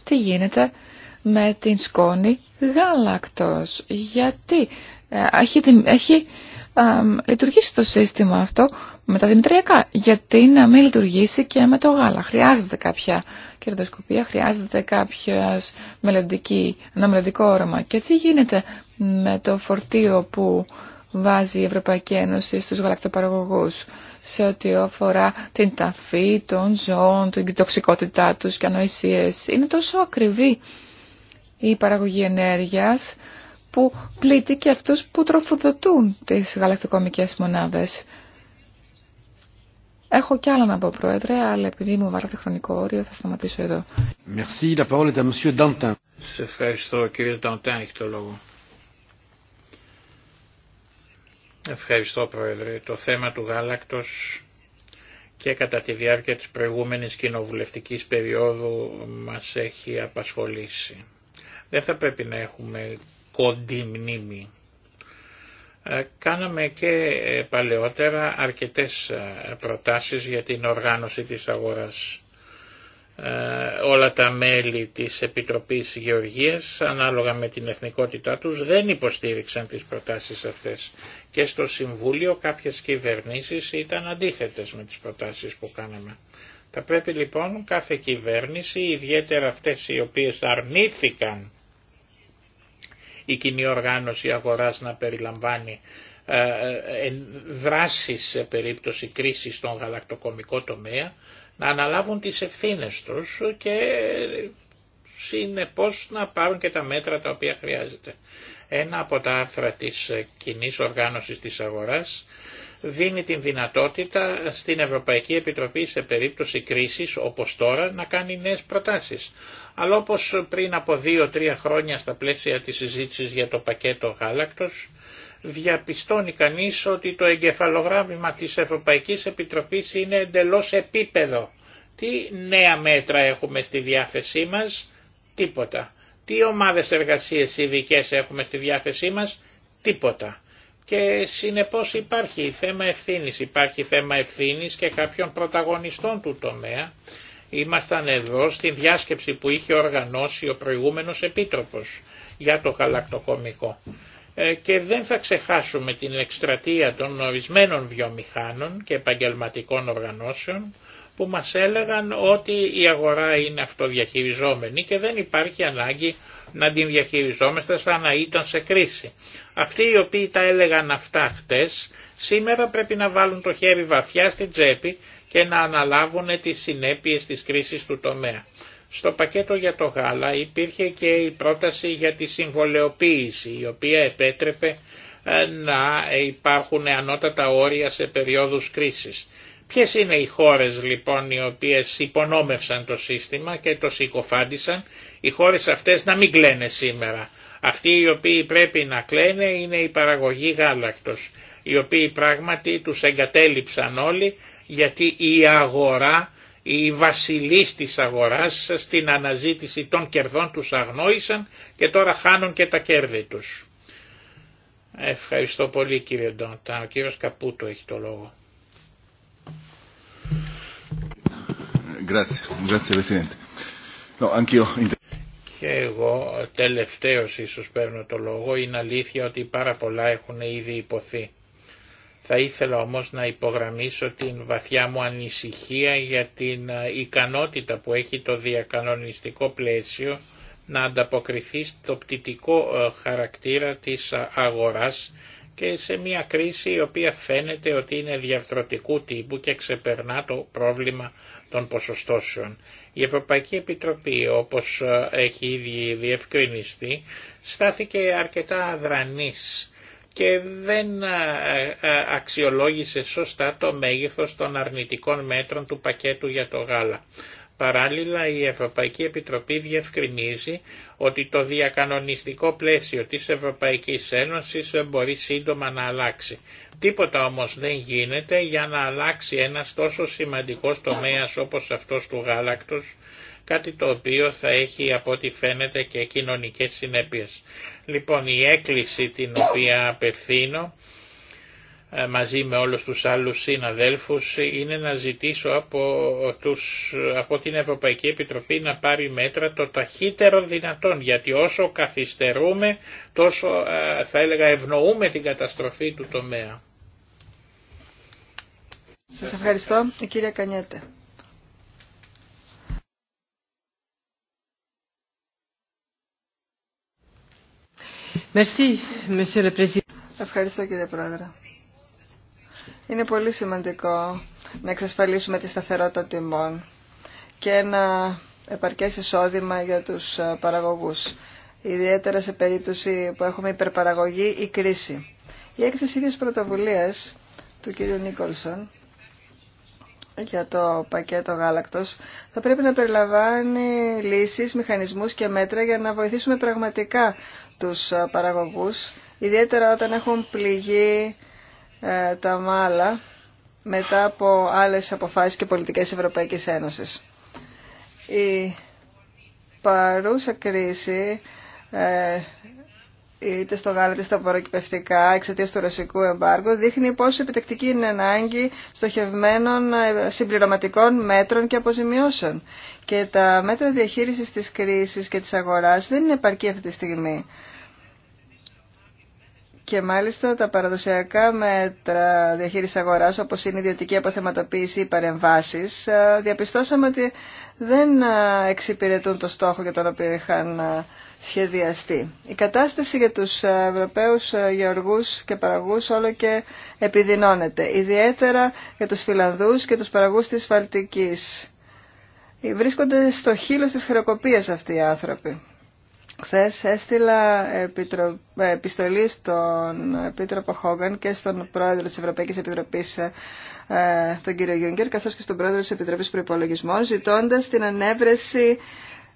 Τι γίνεται με την σκόνη γάλακτος. Γιατί ε, έχει, έχει λειτουργήσει το σύστημα αυτό με τα δημητριακά. Γιατί να μην λειτουργήσει και με το γάλα. Χρειάζεται κάποια κερδοσκοπία, χρειάζεται κάποιο μελλοντική, ένα μελλοντικό όρομα. Και τι γίνεται με το φορτίο που βάζει η Ευρωπαϊκή Ένωση στους γαλακτοπαραγωγούς σε ό,τι αφορά την ταφή των ζώων, την τοξικότητά τους και ανοησίες. Είναι τόσο ακριβή η παραγωγή ενέργειας που πλήττει και αυτούς που τροφοδοτούν τις γαλακτοκομικές μονάδες. Έχω κι άλλα να πω, Πρόεδρε, αλλά επειδή μου βάλατε χρονικό όριο θα σταματήσω εδώ. Merci, la parole à Monsieur Dantin. Σε ευχαριστώ, κύριε Dantin, έχει το λόγο. Ευχαριστώ, Πρόεδρε. Το θέμα του γάλακτος και κατά τη διάρκεια της προηγούμενης κοινοβουλευτικής περίοδου μας έχει απασχολήσει. Δεν θα πρέπει να έχουμε κοντή μνήμη. Ε, κάναμε και ε, παλαιότερα αρκετές ε, προτάσεις για την οργάνωση της αγοράς. Όλα τα μέλη της Επιτροπής Γεωργίας, ανάλογα με την εθνικότητά τους, δεν υποστήριξαν τις προτάσεις αυτές. Και στο Συμβούλιο κάποιες κυβερνήσεις ήταν αντίθετες με τις προτάσεις που κάναμε. Θα πρέπει λοιπόν κάθε κυβέρνηση, ιδιαίτερα αυτές οι οποίες αρνήθηκαν η κοινή οργάνωση αγοράς να περιλαμβάνει ε, ε, δράσεις σε περίπτωση κρίσης στον γαλακτοκομικό τομέα, να αναλάβουν τις ευθύνες τους και συνεπώς να πάρουν και τα μέτρα τα οποία χρειάζεται. Ένα από τα άρθρα της ε, κοινή οργάνωσης της αγοράς δίνει την δυνατότητα στην Ευρωπαϊκή Επιτροπή σε περίπτωση κρίσης όπως τώρα να κάνει νέες προτάσεις. Αλλά όπως πριν από δύο-τρία χρόνια στα πλαίσια της συζήτησης για το πακέτο γάλακτος, διαπιστώνει κανείς ότι το εγκεφαλογράμμα της Ευρωπαϊκής Επιτροπής είναι εντελώς επίπεδο. Τι νέα μέτρα έχουμε στη διάθεσή μας, τίποτα. Τι ομάδες εργασίες ειδικέ έχουμε στη διάθεσή μας, τίποτα και συνεπώς υπάρχει θέμα ευθύνης, υπάρχει θέμα ευθύνης και κάποιων πρωταγωνιστών του τομέα. Ήμασταν εδώ στην διάσκεψη που είχε οργανώσει ο προηγούμενος επίτροπος για το χαλακτοκομικό. Ε, και δεν θα ξεχάσουμε την εκστρατεία των ορισμένων βιομηχάνων και επαγγελματικών οργανώσεων που μας έλεγαν ότι η αγορά είναι αυτοδιαχειριζόμενη και δεν υπάρχει ανάγκη να την διαχειριζόμαστε σαν να ήταν σε κρίση. Αυτοί οι οποίοι τα έλεγαν αυτά χτες, σήμερα πρέπει να βάλουν το χέρι βαθιά στην τσέπη και να αναλάβουν τις συνέπειες της κρίσης του τομέα. Στο πακέτο για το γάλα υπήρχε και η πρόταση για τη συμβολεοποίηση, η οποία επέτρεπε ε, να υπάρχουν ανώτατα όρια σε περίοδους κρίσης. Ποιες είναι οι χώρες λοιπόν οι οποίες υπονόμευσαν το σύστημα και το συκοφάντησαν, οι χώρες αυτές να μην κλαίνε σήμερα. Αυτοί οι οποίοι πρέπει να κλαίνε είναι η παραγωγή γάλακτος, οι οποίοι πράγματι τους εγκατέλειψαν όλοι γιατί η αγορά, η βασιλείς της αγοράς στην αναζήτηση των κερδών τους αγνόησαν και τώρα χάνουν και τα κέρδη τους. Ευχαριστώ πολύ κύριε Ντόντα. Ο κύριος Καπούτο έχει το λόγο. Και εγώ τελευταίος ίσως παίρνω το λόγο. Είναι αλήθεια ότι πάρα πολλά έχουν ήδη υποθεί. Θα ήθελα όμως να υπογραμμίσω την βαθιά μου ανησυχία για την ε, ικανότητα που έχει το διακανονιστικό πλαίσιο να ανταποκριθεί στο πτυτικό ε, χαρακτήρα της ε, αγοράς και σε μια κρίση η οποία φαίνεται ότι είναι διαρθρωτικού τύπου και ξεπερνά το πρόβλημα των ποσοστώσεων. Η Ευρωπαϊκή Επιτροπή όπως ε, έχει ήδη διευκρινιστεί στάθηκε αρκετά αδρανής και δεν ε, ε, αξιολόγησε σωστά το μέγεθος των αρνητικών μέτρων του πακέτου για το γάλα. Παράλληλα η Ευρωπαϊκή Επιτροπή διευκρινίζει ότι το διακανονιστικό πλαίσιο της Ευρωπαϊκής Ένωσης μπορεί σύντομα να αλλάξει. Τίποτα όμως δεν γίνεται για να αλλάξει ένας τόσο σημαντικός τομέας όπως αυτός του γάλακτος, κάτι το οποίο θα έχει από ό,τι φαίνεται και κοινωνικές συνέπειες. Λοιπόν η έκκληση την οποία απευθύνω ε, μαζί με όλους τους άλλους συναδέλφους είναι να ζητήσω από, τους, από την Ευρωπαϊκή Επιτροπή να πάρει μέτρα το ταχύτερο δυνατόν γιατί όσο καθυστερούμε τόσο ε, θα έλεγα ευνοούμε την καταστροφή του τομέα. Σας ευχαριστώ η κυρία Κανιέτε. Merci, Monsieur le Président. Ευχαριστώ κύριε Πρόεδρε. Είναι πολύ σημαντικό να εξασφαλίσουμε τη σταθερότητα τιμών και ένα επαρκές εισόδημα για τους ε, παραγωγούς, ιδιαίτερα σε περίπτωση που έχουμε υπερπαραγωγή ή κρίση. Η έκθεση ίδιας πρωτοβουλίας του κ. Νίκολσον για το πακέτο γάλακτος θα πρέπει να περιλαμβάνει λύσεις, μηχανισμούς και μέτρα για να βοηθήσουμε πραγματικά τους ε, παραγωγούς, ιδιαίτερα όταν έχουν πληγεί ε, τα μάλα μετά από άλλες αποφάσεις και πολιτικές Ευρωπαϊκής Ένωσης. Η παρούσα κρίση ε, είτε στο γάλα είτε στα απορροκυπευτικά εξαιτία του ρωσικού εμπάργου δείχνει πόσο επιτεκτική είναι ανάγκη στοχευμένων ε, συμπληρωματικών μέτρων και αποζημιώσεων. Και τα μέτρα διαχείρισης της κρίσης και της αγοράς δεν είναι επαρκή αυτή τη στιγμή. Και μάλιστα τα παραδοσιακά μέτρα διαχείρισης αγοράς, όπως είναι η ιδιωτική αποθεματοποίηση ή παρεμβάσεις, ε, διαπιστώσαμε ότι δεν ε, εξυπηρετούν το στόχο για τον οποίο είχαν ε, σχεδιαστεί. Η κατάσταση για τους Ευρωπαίους γεωργούς και παραγούς όλο και επιδεινώνεται, ιδιαίτερα για τους Φιλανδούς και τους παραγούς της Βαλτικής. Βρίσκονται στο χείλος της χρεοκοπίας αυτοί οι άνθρωποι. Χθε έστειλα ε, επιστολή στον Επίτροπο Χόγκαν και στον Πρόεδρο της Ευρωπαϊκής Επιτροπής, ε, τον κύριο Γιούγκερ, καθώς και στον Πρόεδρο της Επιτροπής Προϋπολογισμών, ζητώντας την ανέβρεση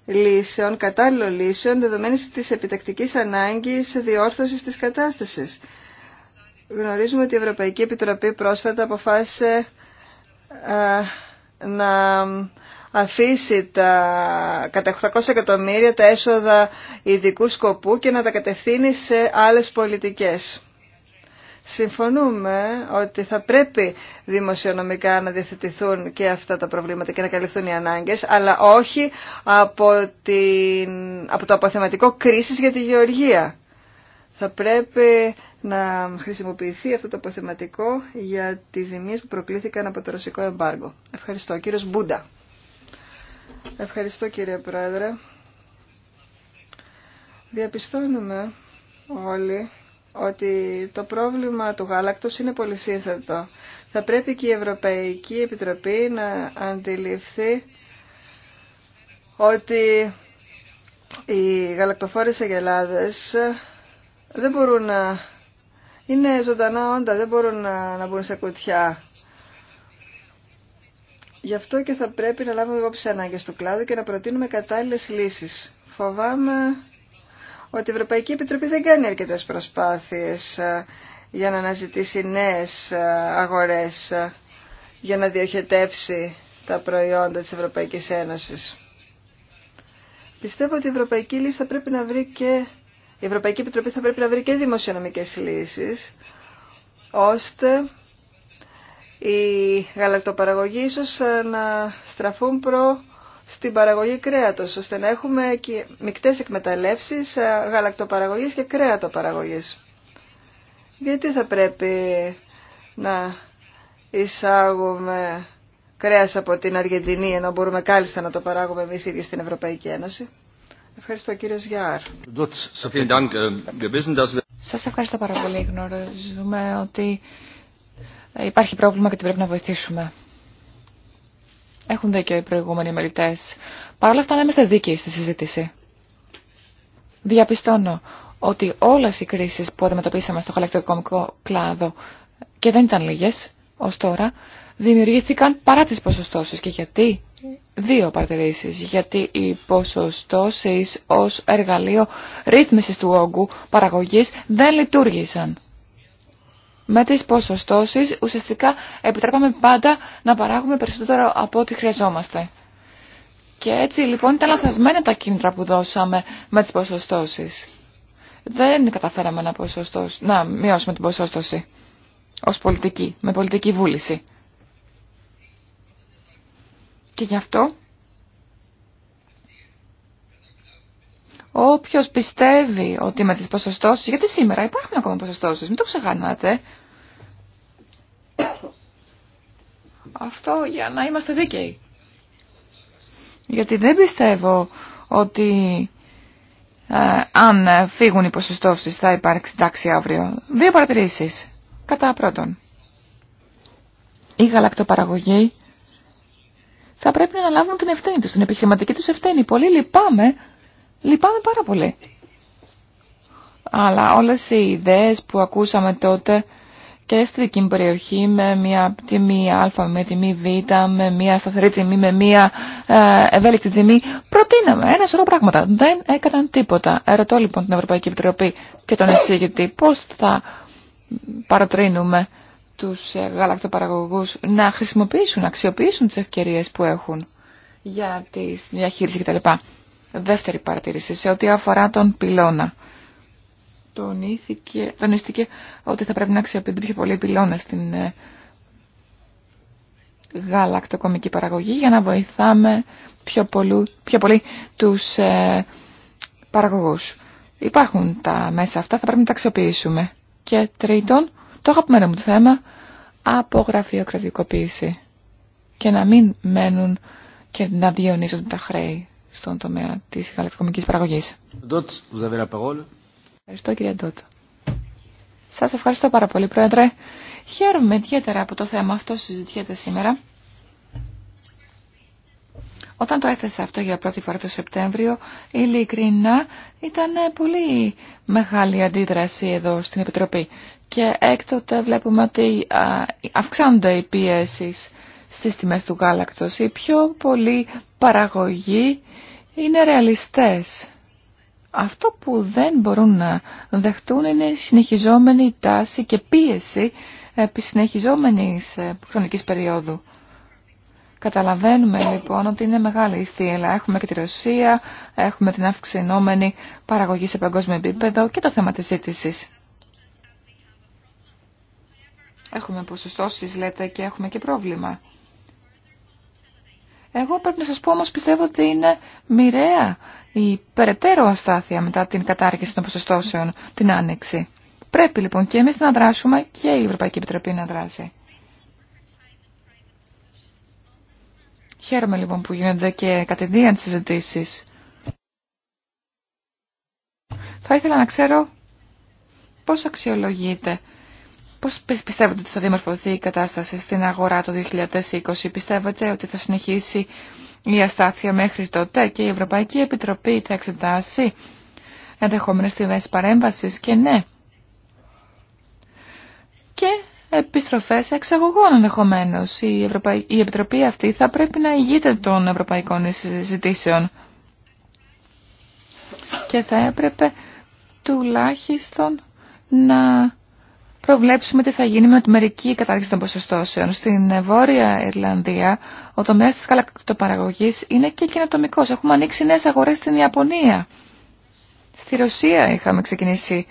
λύσεων, κατάλληλων λύσεων, δεδομένης της επιτακτικής ανάγκης διόρθωσης της κατάστασης. Γνωρίζουμε ότι η Ευρωπαϊκή Επιτροπή πρόσφατα αποφάσισε ε, να αφήσει τα κατά 800 εκατομμύρια τα έσοδα ειδικού σκοπού και να τα κατευθύνει σε άλλες πολιτικές. Συμφωνούμε ότι θα πρέπει δημοσιονομικά να διαθετηθούν και αυτά τα προβλήματα και να καλυφθούν οι ανάγκες, αλλά όχι από, από το αποθεματικό κρίσης για τη γεωργία. Θα πρέπει να χρησιμοποιηθεί αυτό το αποθεματικό για τις ζημίες που προκλήθηκαν από το ρωσικό εμπάργο. Ευχαριστώ. Κύριος Μπούντα. Ευχαριστώ κύριε Πρόεδρε. Διαπιστώνουμε όλοι ότι το πρόβλημα του γάλακτος είναι πολύ Θα πρέπει και η Ευρωπαϊκή Επιτροπή να αντιληφθεί ότι οι γαλακτοφόρες αγελάδες δεν μπορούν να... Είναι ζωντανά όντα, δεν μπορούν να, να μπουν σε κουτιά. Γι' αυτό και θα πρέπει να λάβουμε υπόψη ανάγκε του κλάδου και να προτείνουμε κατάλληλες λύσεις. Φοβάμαι ότι η Ευρωπαϊκή Επιτροπή δεν κάνει αρκετές προσπάθειες ε, για να αναζητήσει νέες ε, αγορές ε, για να διοχετεύσει τα προϊόντα της Ευρωπαϊκής Ένωσης. Πιστεύω ότι η Ευρωπαϊκή, λύση θα πρέπει να βρει και... η Ευρωπαϊκή Επιτροπή θα πρέπει να βρει και δημοσιονομικές λύσεις, ώστε οι γαλακτοπαραγωγοί ίσως ε, να στραφούν προ στην παραγωγή κρέατος, ώστε να έχουμε και μικτές εκμεταλλεύσεις ε, γαλακτοπαραγωγής και κρέατοπαραγωγής. Γιατί θα πρέπει να εισάγουμε κρέας από την Αργεντινή, ενώ μπορούμε κάλλιστα να το παράγουμε εμείς ίδιοι στην Ευρωπαϊκή Ένωση. Ευχαριστώ κύριος Γιάρ. Äh, Σας ευχαριστώ πάρα πολύ. Γνωρίζουμε ότι υπάρχει πρόβλημα και την πρέπει να βοηθήσουμε. Έχουν δίκιο οι προηγούμενοι μελητέ. Παρ' όλα αυτά να είμαστε δίκαιοι στη συζήτηση. Διαπιστώνω ότι όλες οι κρίσεις που αντιμετωπίσαμε στο χαλακτοκομικό κλάδο και δεν ήταν λίγε, ω τώρα, δημιουργήθηκαν παρά τι ποσοστώσεις. Και γιατί? Δύο παρατηρήσει, Γιατί οι ποσοστώσεις ω εργαλείο ρύθμιση του όγκου παραγωγή δεν λειτουργήσαν με τις ποσοστώσεις ουσιαστικά επιτρέπαμε πάντα να παράγουμε περισσότερο από ό,τι χρειαζόμαστε. Και έτσι λοιπόν ήταν λαθασμένα τα κίνητρα που δώσαμε με τις ποσοστώσεις. Δεν καταφέραμε να, να μειώσουμε την ποσόστοση ως πολιτική, με πολιτική βούληση. Και γι' αυτό Όποιο πιστεύει ότι με τι ποσοστώσει. γιατί σήμερα υπάρχουν ακόμα ποσοστώσει, μην το ξεχνάτε. Αυτό για να είμαστε δίκαιοι. Γιατί δεν πιστεύω ότι ε, αν φύγουν οι ποσοστώσει θα υπάρξει τάξη αύριο. Δύο παρατηρήσει. Κατά πρώτον, η γαλακτοπαραγωγή θα πρέπει να λάβουν την ευθύνη του. την επιχειρηματική του ευθύνη. Πολύ λυπάμαι Λυπάμαι πάρα πολύ. Αλλά όλες οι ιδέες που ακούσαμε τότε και στη δική μου περιοχή με μια τιμή α, με τιμή β, με μια σταθερή τιμή, με μια ε, ευέλικτη τιμή, προτείναμε ένα σωρό πράγματα. Δεν έκαναν τίποτα. Ερωτώ λοιπόν την Ευρωπαϊκή Επιτροπή και τον εισηγητή πώς θα παροτρύνουμε τους γαλακτοπαραγωγούς να χρησιμοποιήσουν, να αξιοποιήσουν τις ευκαιρίες που έχουν για τη διαχείριση κτλ. Δεύτερη παρατήρηση σε ό,τι αφορά τον πυλώνα. τονίστηκε ότι θα πρέπει να αξιοποιούνται πιο πολλοί πυλώνες στην ε, γαλακτοκομική παραγωγή για να βοηθάμε πιο, πολλού, πιο πολύ τους ε, παραγωγούς. Υπάρχουν τα μέσα αυτά, θα πρέπει να τα αξιοποιήσουμε. Και τρίτον, το αγαπημένο μου το θέμα, κρατικοποίηση Και να μην μένουν και να διαιωνίζονται τα χρέη στον τομέα τη γαλακτοκομικής παραγωγή. Ευχαριστώ κύριε Ντότ. Σας ευχαριστώ πάρα πολύ Πρόεδρε. Χαίρομαι ιδιαίτερα από το θέμα αυτό που συζητιέται σήμερα. Όταν το έθεσα αυτό για πρώτη φορά το Σεπτέμβριο, ειλικρινά ήταν πολύ μεγάλη αντίδραση εδώ στην Επιτροπή. Και έκτοτε βλέπουμε ότι αυξάνονται οι πιέσεις στις τιμές του γάλακτος. Η πιο πολύ παραγωγή είναι ρεαλιστές. Αυτό που δεν μπορούν να δεχτούν είναι η συνεχιζόμενη τάση και πίεση επί συνεχιζόμενης ε, χρονικής περίοδου. Καταλαβαίνουμε λοιπόν ότι είναι μεγάλη η θύελα. Έχουμε και τη Ρωσία, έχουμε την αυξηνόμενη παραγωγή σε παγκόσμιο επίπεδο και το θέμα της ζήτησης. Έχουμε ποσοστώσεις λέτε και έχουμε και πρόβλημα. Εγώ πρέπει να σας πω όμως πιστεύω ότι είναι μοιραία η περαιτέρω αστάθεια μετά την κατάργηση των ποσοστώσεων την άνοιξη. Πρέπει λοιπόν και εμείς να δράσουμε και η Ευρωπαϊκή Επιτροπή να δράσει. Χαίρομαι λοιπόν που γίνονται και κατεδίαν συζητήσει. Θα ήθελα να ξέρω πώς αξιολογείται Πώς πιστεύετε ότι θα διαμορφωθεί η κατάσταση στην αγορά το 2020, πιστεύετε ότι θα συνεχίσει η αστάθεια μέχρι τότε και η Ευρωπαϊκή Επιτροπή θα εξετάσει ενδεχόμενες τιμές παρέμβασης και ναι. Και επιστροφές εξαγωγών ενδεχομένω. Η, Ευρωπαϊ... η Επιτροπή αυτή θα πρέπει να ηγείται των ευρωπαϊκών συζητήσεων. Και θα έπρεπε τουλάχιστον να προβλέψουμε τι θα γίνει με τη μερική κατάργηση των ποσοστώσεων. Στην Βόρεια Ιρλανδία ο τομέα τη καλακτοπαραγωγή είναι και καινοτομικό. Έχουμε ανοίξει νέες αγορές στην Ιαπωνία. Στη Ρωσία είχαμε ξεκινήσει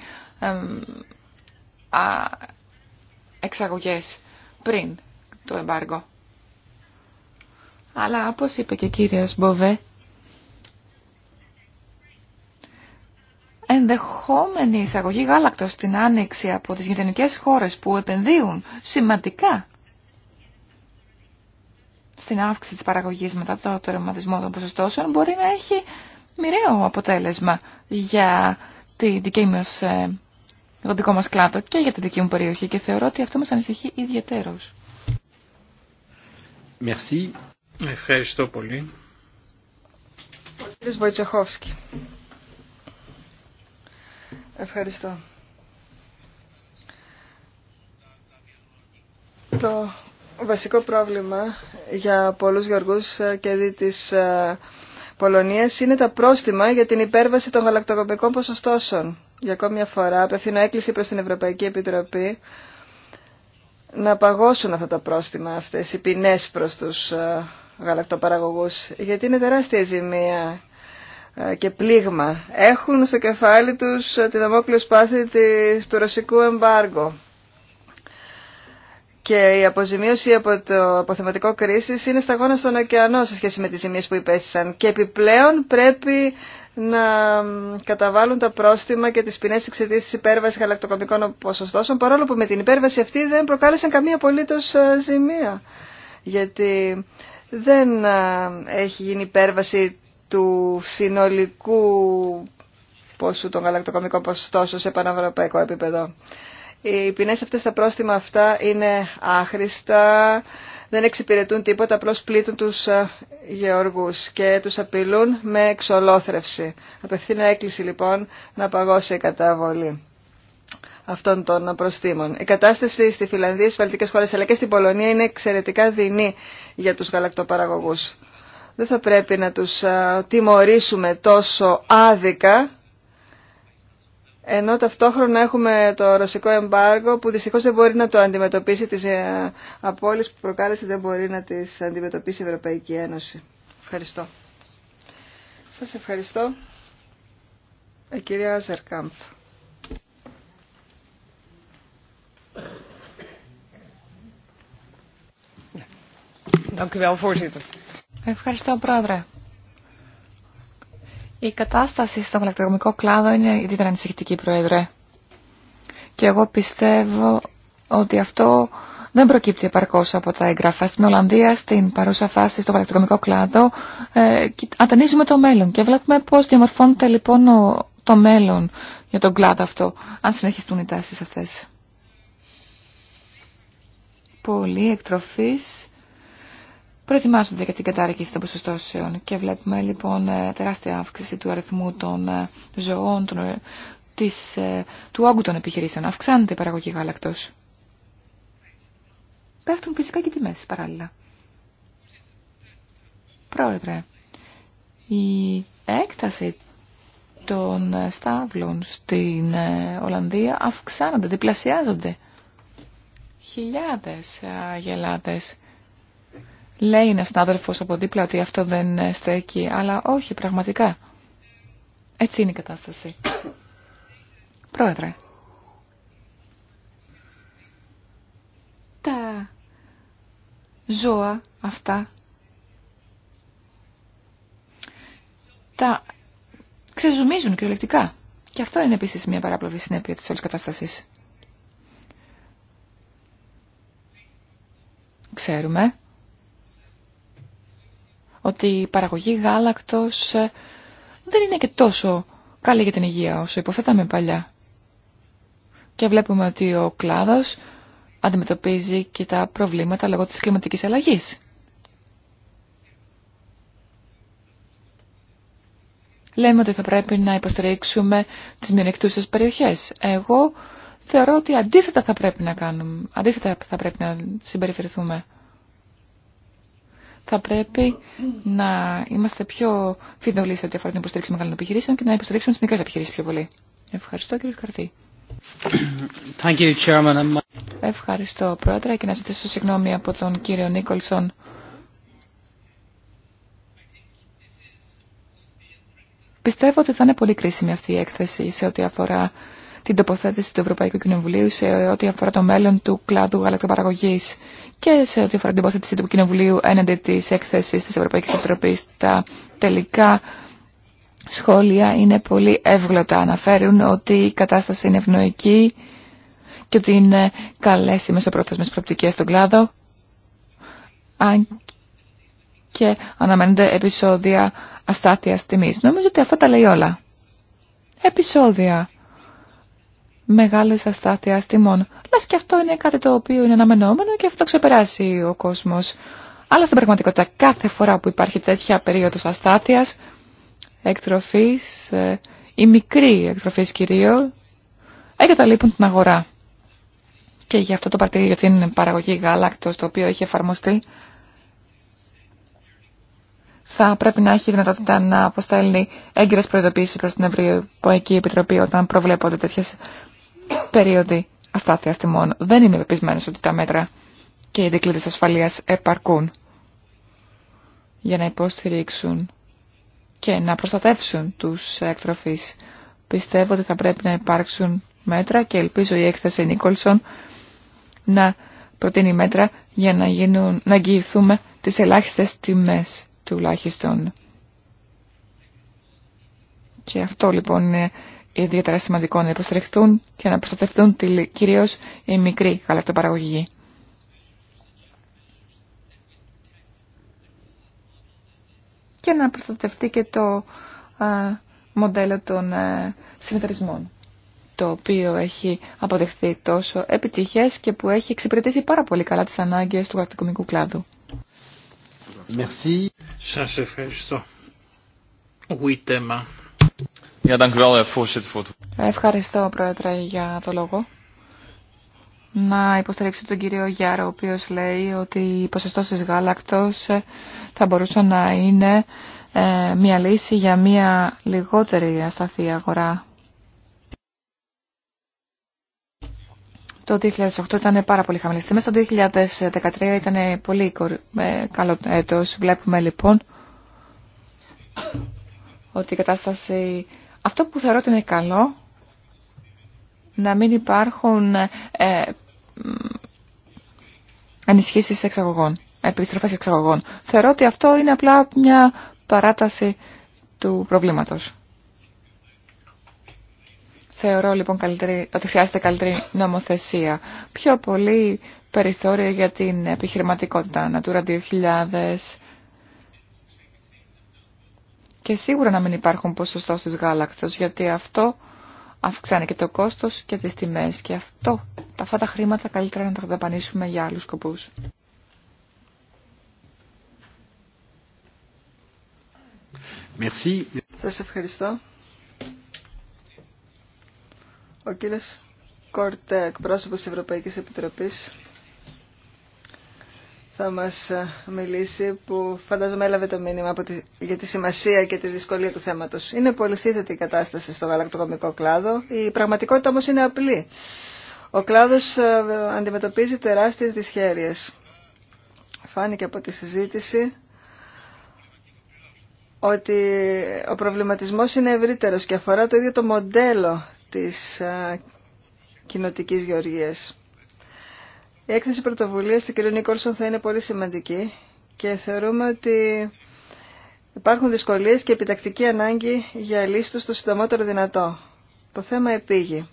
εξαγωγέ πριν το εμπάργο. Αλλά όπως είπε και ο κύριος Μποβέ, ενδεχόμενη εισαγωγή γάλακτος στην άνοιξη από τις γειτονικές χώρες που επενδύουν σημαντικά στην αύξηση της παραγωγής μετά το τερματισμό των ποσοστώσεων μπορεί να έχει μοιραίο αποτέλεσμα για τη δική μας, ε, το δικό μας κλάδο και για τη δική μου περιοχή και θεωρώ ότι αυτό μας ανησυχεί ιδιαιτέρως. Ευχαριστώ πολύ. Ευχαριστώ. Το βασικό πρόβλημα για πολλούς γεωργούς και δι της ε, Πολωνίας είναι τα πρόστιμα για την υπέρβαση των γαλακτοκομικών ποσοστώσεων. Για ακόμη μια φορά απευθύνω έκκληση προς την Ευρωπαϊκή Επιτροπή να παγώσουν αυτά τα πρόστιμα, αυτές οι ποινές προς τους ε, γαλακτοπαραγωγούς, γιατί είναι τεράστια ζημία ε, και πλήγμα. Έχουν στο κεφάλι τους ε, τη δαμόκλειο σπάθη της, του ρωσικού εμπάργου. Και η αποζημίωση από το αποθεματικό κρίση είναι σταγόνα στον ωκεανό σε σχέση με τις ζημίες που υπέστησαν. Και επιπλέον πρέπει να καταβάλουν τα πρόστιμα και τις ποινές εξαιτίας της υπέρβασης γαλακτοκομικών ποσοστώσεων, παρόλο που με την υπέρβαση αυτή δεν προκάλεσαν καμία απολύτως ε, ζημία. Γιατί δεν έχει γίνει υπέρβαση του συνολικού ποσού των γαλακτοκομικών ποσοστώσεων σε πανευρωπαϊκό επίπεδο. Οι ποινέ αυτέ τα πρόστιμα αυτά είναι άχρηστα, δεν εξυπηρετούν τίποτα, απλώ πλήττουν του ε, γεωργού και του απειλούν με εξολόθρευση. Απευθύνω έκκληση λοιπόν να παγώσει η καταβολή αυτών των προστήμων. Η κατάσταση στη Φιλανδία, στι βαλτικέ χώρε αλλά και στην Πολωνία είναι εξαιρετικά δεινή για του γαλακτοπαραγωγού δεν θα πρέπει να τους τιμωρήσουμε τόσο άδικα ενώ ταυτόχρονα έχουμε το ρωσικό εμπάργο που δυστυχώς δεν μπορεί να το αντιμετωπίσει τις ε, απώλειες που προκάλεσε δεν μπορεί να τις αντιμετωπίσει η Ευρωπαϊκή Ένωση. Ευχαριστώ. Σας ευχαριστώ. Η ε, κυρία Ζερκάμπ. Dank Ευχαριστώ, Πρόεδρε. Η κατάσταση στον γαλακτοκομικό κλάδο είναι ιδιαίτερα ανησυχητική, Πρόεδρε. Και εγώ πιστεύω ότι αυτό δεν προκύπτει επαρκώ από τα εγγραφά. Στην Ολλανδία, στην παρούσα φάση, στο γαλακτοκομικό κλάδο, ε, το μέλλον και βλέπουμε πώ διαμορφώνεται λοιπόν το μέλλον για τον κλάδο αυτό, αν συνεχιστούν οι τάσει αυτέ. Πολύ εκτροφής προετοιμάζονται για την κατάργηση των ποσοστώσεων και βλέπουμε λοιπόν ε, τεράστια αύξηση του αριθμού των ε, ζωών, των, ε, του όγκου των επιχειρήσεων. Αυξάνεται η παραγωγή γάλακτος. Πέφτουν φυσικά και τιμές παράλληλα. Πρόεδρε, η έκταση των στάβλων στην Ολλανδία αυξάνονται, διπλασιάζονται. Χιλιάδες αγελάδες Λέει ένα συνάδελφο από δίπλα ότι αυτό δεν στέκει, αλλά όχι πραγματικά. Έτσι είναι η κατάσταση. Πρόεδρε. Τα ζώα αυτά τα ξεζουμίζουν κυριολεκτικά. Και αυτό είναι επίσης μια παράπλευρη συνέπεια της όλης κατάστασης. Ξέρουμε ότι η παραγωγή γάλακτος ε, δεν είναι και τόσο καλή για την υγεία όσο υποθέταμε παλιά. Και βλέπουμε ότι ο κλάδος αντιμετωπίζει και τα προβλήματα λόγω της κλιματικής αλλαγής. Λέμε ότι θα πρέπει να υποστηρίξουμε τις μειονεκτούσες περιοχές. Εγώ θεωρώ ότι αντίθετα θα πρέπει να κάνουμε, αντίθετα θα πρέπει να συμπεριφερθούμε θα πρέπει να είμαστε πιο φιδωλοί σε ό,τι αφορά την υποστήριξη μεγάλων επιχειρήσεων και να υποστηρίξουμε τι μικρέ επιχειρήσει πιο πολύ. Ευχαριστώ κύριε Καρτή. Ευχαριστώ πρόεδρε και να ζητήσω συγγνώμη από τον κύριο Νίκολσον. Πιστεύω ότι θα είναι πολύ κρίσιμη αυτή η έκθεση σε ό,τι αφορά την τοποθέτηση του Ευρωπαϊκού Κοινοβουλίου σε ό,τι αφορά το μέλλον του κλάδου γαλακτοπαραγωγής και σε ό,τι αφορά την τοποθέτηση του Κοινοβουλίου έναντι τη έκθεση τη Ευρωπαϊκή Επιτροπής. Τα τελικά σχόλια είναι πολύ εύγλωτα. Αναφέρουν ότι η κατάσταση είναι ευνοϊκή και ότι είναι καλέ οι μεσοπρόθεσμες προπτικές στον κλάδο. Αν και αναμένονται επεισόδια αστάθειας τιμής. Νομίζω ότι αυτά τα λέει όλα. Επεισόδια μεγάλες αστάθειες τιμών. Λες και αυτό είναι κάτι το οποίο είναι αναμενόμενο και αυτό ξεπεράσει ο κόσμος. Αλλά στην πραγματικότητα κάθε φορά που υπάρχει τέτοια περίοδος αστάθειας, εκτροφής, η ε, μικρή εκτροφής κυρίω, εγκαταλείπουν την αγορά. Και γι' αυτό το παρτίδι για την παραγωγή γάλακτος, το οποίο έχει εφαρμοστεί, θα πρέπει να έχει δυνατότητα να αποστέλνει έγκυρες προειδοποίησεις προς την Ευρωπαϊκή Επιτροπή όταν προβλέπονται τέτοιες περίοδοι αστάθειας τιμών. Δεν είμαι πεπισμένο ότι τα μέτρα και οι δικλείδε ασφαλεία επαρκούν για να υποστηρίξουν και να προστατεύσουν τους εκτροφείς. Πιστεύω ότι θα πρέπει να υπάρξουν μέτρα και ελπίζω η έκθεση Νίκολσον να προτείνει μέτρα για να, γίνουν, να εγγυηθούμε τις ελάχιστες τιμές τουλάχιστον. Και αυτό λοιπόν είναι ιδιαίτερα σημαντικό να υποστηριχθούν και να προστατευτούν κυρίω οι μικροί γαλακτοπαραγωγοί. Και να προστατευτεί και το μοντέλο των ε, συνεταιρισμών το οποίο έχει αποδεχθεί τόσο επιτυχές και που έχει εξυπηρετήσει πάρα πολύ καλά τις ανάγκες του γαλακτοκομικού κλάδου. Merci. ευχαριστώ. Eh, Ευχαριστώ, Πρόεδρε, για το λόγο. Να υποστηρίξω τον κύριο Γιάρο ο οποίος λέει ότι ποσοστό της γάλακτος ε, θα μπορούσε να είναι ε, μια λύση για μια λιγότερη ασταθή αγορά. Το 2008 ήταν πάρα πολύ χαμηλή τιμή. το 2013 ήταν πολύ ε, καλό έτος. Βλέπουμε λοιπόν ότι η κατάσταση αυτό που θεωρώ ότι είναι καλό, να μην υπάρχουν ε, εξαγωγών, επιστροφές εξαγωγών. Θεωρώ ότι αυτό είναι απλά μια παράταση του προβλήματος. Θεωρώ λοιπόν καλύτερη, ότι χρειάζεται καλύτερη νομοθεσία. Πιο πολύ περιθώριο για την επιχειρηματικότητα, Natura 2000, και σίγουρα να μην υπάρχουν ποσοστό της γάλακτος, γιατί αυτό αυξάνει και το κόστος και τις τιμές και αυτό, αυτά τα χρήματα καλύτερα να τα δαπανίσουμε για άλλους σκοπούς. Merci. Σας ευχαριστώ. Ο κύριος Κορτεκ, εκπρόσωπος της Ευρωπαϊκής Επιτροπής θα μας ε, μιλήσει που φαντάζομαι έλαβε το μήνυμα από τη, για τη σημασία και τη δυσκολία του θέματος. Είναι πολυσύνθετη η κατάσταση στο γαλακτοκομικό κλάδο. Η πραγματικότητα όμως είναι απλή. Ο κλάδος ε, αντιμετωπίζει τεράστιες δυσχέρειες. Φάνηκε από τη συζήτηση ότι ο προβληματισμός είναι ευρύτερος και αφορά το ίδιο το μοντέλο της ε, κοινοτικής γεωργίας. Η έκθεση πρωτοβουλία του κ. Νίκολσον θα είναι πολύ σημαντική και θεωρούμε ότι υπάρχουν δυσκολίες και επιτακτική ανάγκη για λύση του στο συντομότερο δυνατό. Το θέμα επίγει.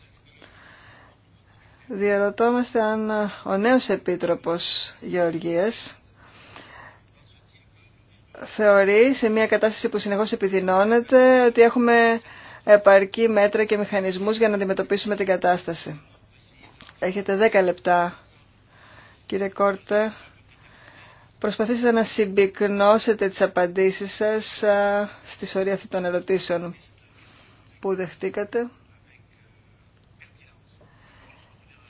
Διαρωτόμαστε αν ο νέος Επίτροπος Γεωργίας θεωρεί σε μια κατάσταση που συνεχώς επιδεινώνεται ότι έχουμε επαρκή μέτρα και μηχανισμούς για να αντιμετωπίσουμε την κατάσταση. Έχετε 10 λεπτά Κύριε Κόρτα, προσπαθήστε να συμπυκνώσετε τις απαντήσεις σας στη σωρία αυτή των ερωτήσεων που δεχτήκατε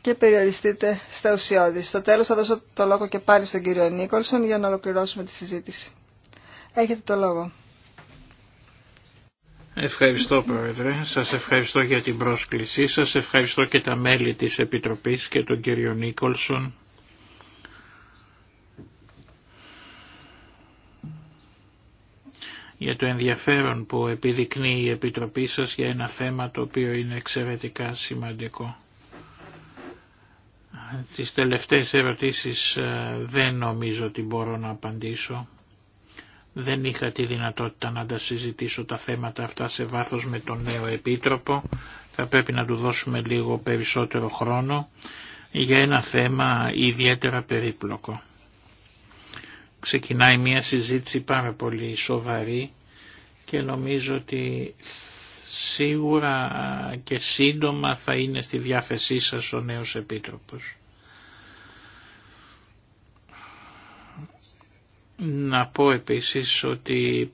και περιοριστείτε στα ουσιώδη. Στο τέλος θα δώσω το λόγο και πάλι στον κύριο Νίκολσον για να ολοκληρώσουμε τη συζήτηση. Έχετε το λόγο. Ευχαριστώ Πρόεδρε, σας ευχαριστώ για την πρόσκλησή σας, ευχαριστώ και τα μέλη της Επιτροπής και τον κύριο Νίκολσον για το ενδιαφέρον που επιδεικνύει η Επιτροπή σας για ένα θέμα το οποίο είναι εξαιρετικά σημαντικό. Τις τελευταίες ερωτήσεις ε, δεν νομίζω ότι μπορώ να απαντήσω. Δεν είχα τη δυνατότητα να τα συζητήσω τα θέματα αυτά σε βάθος με τον νέο Επίτροπο. Θα πρέπει να του δώσουμε λίγο περισσότερο χρόνο για ένα θέμα ιδιαίτερα περίπλοκο ξεκινάει μια συζήτηση πάρα πολύ σοβαρή και νομίζω ότι σίγουρα και σύντομα θα είναι στη διάθεσή σας ο νέος Επίτροπος. Να πω επίσης ότι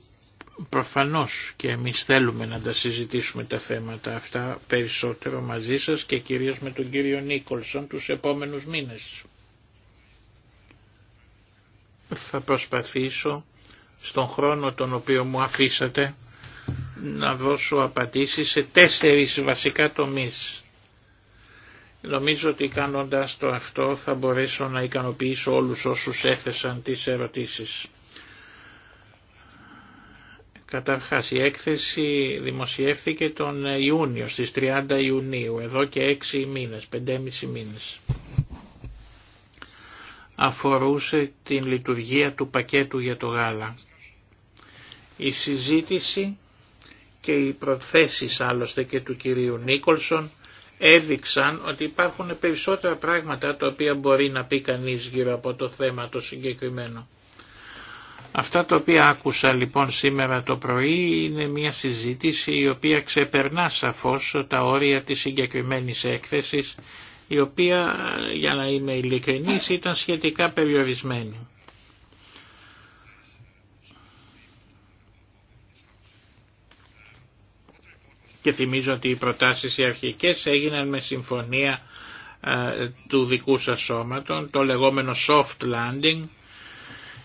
προφανώς και εμείς θέλουμε να τα συζητήσουμε τα θέματα αυτά περισσότερο μαζί σας και κυρίως με τον κύριο Νίκολσον τους επόμενους μήνες θα προσπαθήσω στον χρόνο τον οποίο μου αφήσατε να δώσω απαντήσεις σε τέσσερις βασικά τομείς. Νομίζω ότι κάνοντας το αυτό θα μπορέσω να ικανοποιήσω όλους όσους έθεσαν τις ερωτήσεις. Καταρχάς η έκθεση δημοσιεύθηκε τον Ιούνιο, στις 30 Ιουνίου, εδώ και 6 μήνες, 5,5 μήνες αφορούσε την λειτουργία του πακέτου για το γάλα. Η συζήτηση και οι προθέσεις άλλωστε και του κυρίου Νίκολσον έδειξαν ότι υπάρχουν περισσότερα πράγματα τα οποία μπορεί να πει κανείς γύρω από το θέμα το συγκεκριμένο. Αυτά τα οποία άκουσα λοιπόν σήμερα το πρωί είναι μια συζήτηση η οποία ξεπερνά σαφώς τα όρια της συγκεκριμένης έκθεσης η οποία, για να είμαι ειλικρινής, ήταν σχετικά περιορισμένη. Και θυμίζω ότι οι προτάσεις οι αρχικές έγιναν με συμφωνία ε, του δικού σας σώματος, το λεγόμενο soft landing,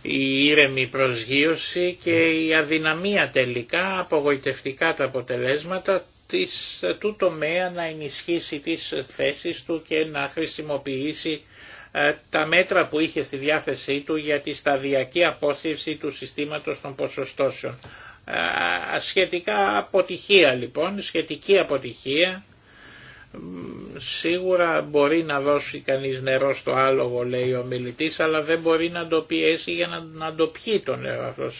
η ήρεμη προσγείωση και η αδυναμία τελικά, απογοητευτικά τα αποτελέσματα της, ε, του τομέα να ενισχύσει τις θέσεις του και να χρησιμοποιήσει ε, τα μέτρα που είχε στη διάθεσή του για τη σταδιακή απόσυρση του συστήματος των ποσοστώσεων. Σχετικά αποτυχία λοιπόν, σχετική αποτυχία, σίγουρα μπορεί να δώσει κανείς νερό στο άλογο λέει ο μιλητής, αλλά δεν μπορεί να το πιέσει για να, να το πιει το νερό αυτό.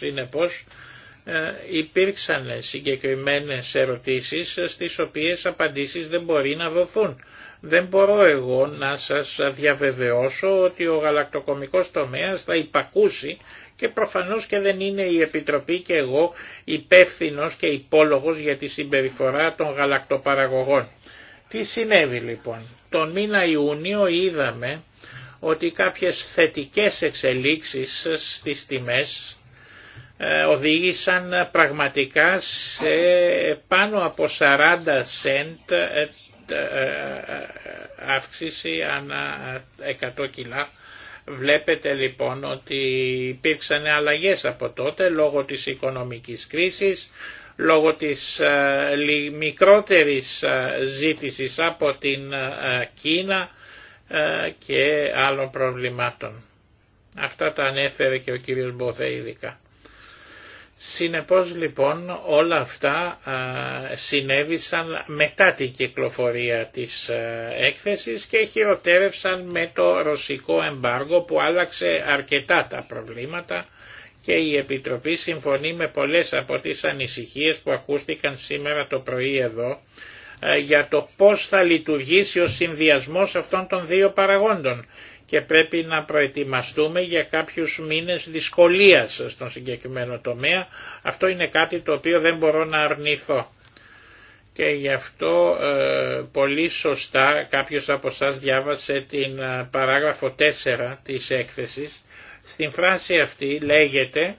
Ε, υπήρξαν συγκεκριμένες ερωτήσεις στις οποίες απαντήσεις δεν μπορεί να δοθούν. Δεν μπορώ εγώ να σας διαβεβαιώσω ότι ο γαλακτοκομικός τομέας θα υπακούσει και προφανώς και δεν είναι η Επιτροπή και εγώ υπεύθυνο και υπόλογος για τη συμπεριφορά των γαλακτοπαραγωγών. Τι συνέβη λοιπόν. Τον μήνα Ιούνιο είδαμε ότι κάποιες θετικές εξελίξεις στις τιμές ε, οδήγησαν πραγματικά σε πάνω από 40 σέντ ε, ε, αύξηση ανά 100 κιλά. Βλέπετε λοιπόν ότι υπήρξαν αλλαγές από τότε λόγω της οικονομικής κρίσης, λόγω της μικρότερης ζήτησης από την Κίνα και άλλων προβλημάτων. Αυτά τα ανέφερε και ο κύριος Μποθέ Συνεπώς λοιπόν όλα αυτά συνέβησαν μετά την κυκλοφορία της έκθεσης και χειροτέρευσαν με το ρωσικό εμπάργο που άλλαξε αρκετά τα προβλήματα και η Επιτροπή συμφωνεί με πολλές από τις ανησυχίες που ακούστηκαν σήμερα το πρωί εδώ για το πώς θα λειτουργήσει ο συνδυασμός αυτών των δύο παραγόντων και πρέπει να προετοιμαστούμε για κάποιους μήνες δυσκολίας στον συγκεκριμένο τομέα. Αυτό είναι κάτι το οποίο δεν μπορώ να αρνηθώ. Και γι' αυτό ε, πολύ σωστά κάποιος από εσά διάβασε την ε, παράγραφο 4 της έκθεσης. Στην φράση αυτή λέγεται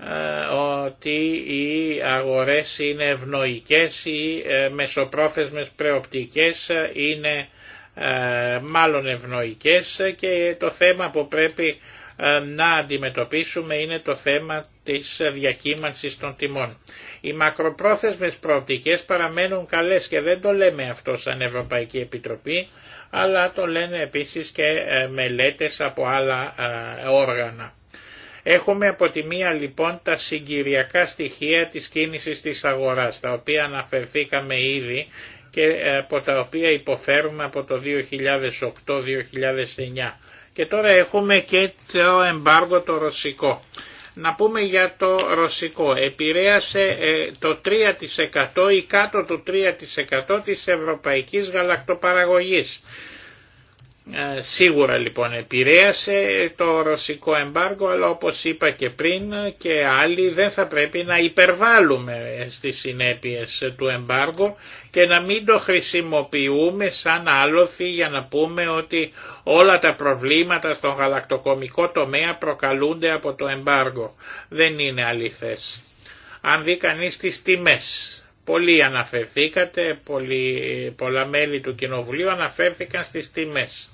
ε, ότι οι αγορές είναι ευνοϊκές, οι ε, μεσοπρόθεσμες πρεοπτικές είναι ε, μάλλον ευνοϊκές και το θέμα που πρέπει ε, να αντιμετωπίσουμε είναι το θέμα της διακύμανσης των τιμών. Οι μακροπρόθεσμες προοπτικές παραμένουν καλές και δεν το λέμε αυτό σαν Ευρωπαϊκή Επιτροπή, αλλά το λένε επίσης και ε, μελέτες από άλλα όργανα. Έχουμε από τη μία λοιπόν τα συγκυριακά στοιχεία της κίνησης της αγοράς, τα οποία αναφερθήκαμε ήδη και ε, από τα οποία υποφέρουμε από το 2008-2009. Και τώρα έχουμε και το εμπάργο το ρωσικό. Να πούμε για το ρωσικό. Επηρέασε ε, το 3% ή κάτω του 3% της ευρωπαϊκής γαλακτοπαραγωγής. Ε, σίγουρα λοιπόν επηρέασε το ρωσικό εμπάργο αλλά όπως είπα και πριν και άλλοι δεν θα πρέπει να υπερβάλλουμε στις συνέπειες του εμπάργου και να μην το χρησιμοποιούμε σαν άλοθη για να πούμε ότι όλα τα προβλήματα στον γαλακτοκομικό τομέα προκαλούνται από το εμπάργο. Δεν είναι αληθές. Αν δει κανείς τις τιμές Πολλοί αναφερθήκατε, πολλά μέλη του Κοινοβουλίου αναφέρθηκαν στις τιμές.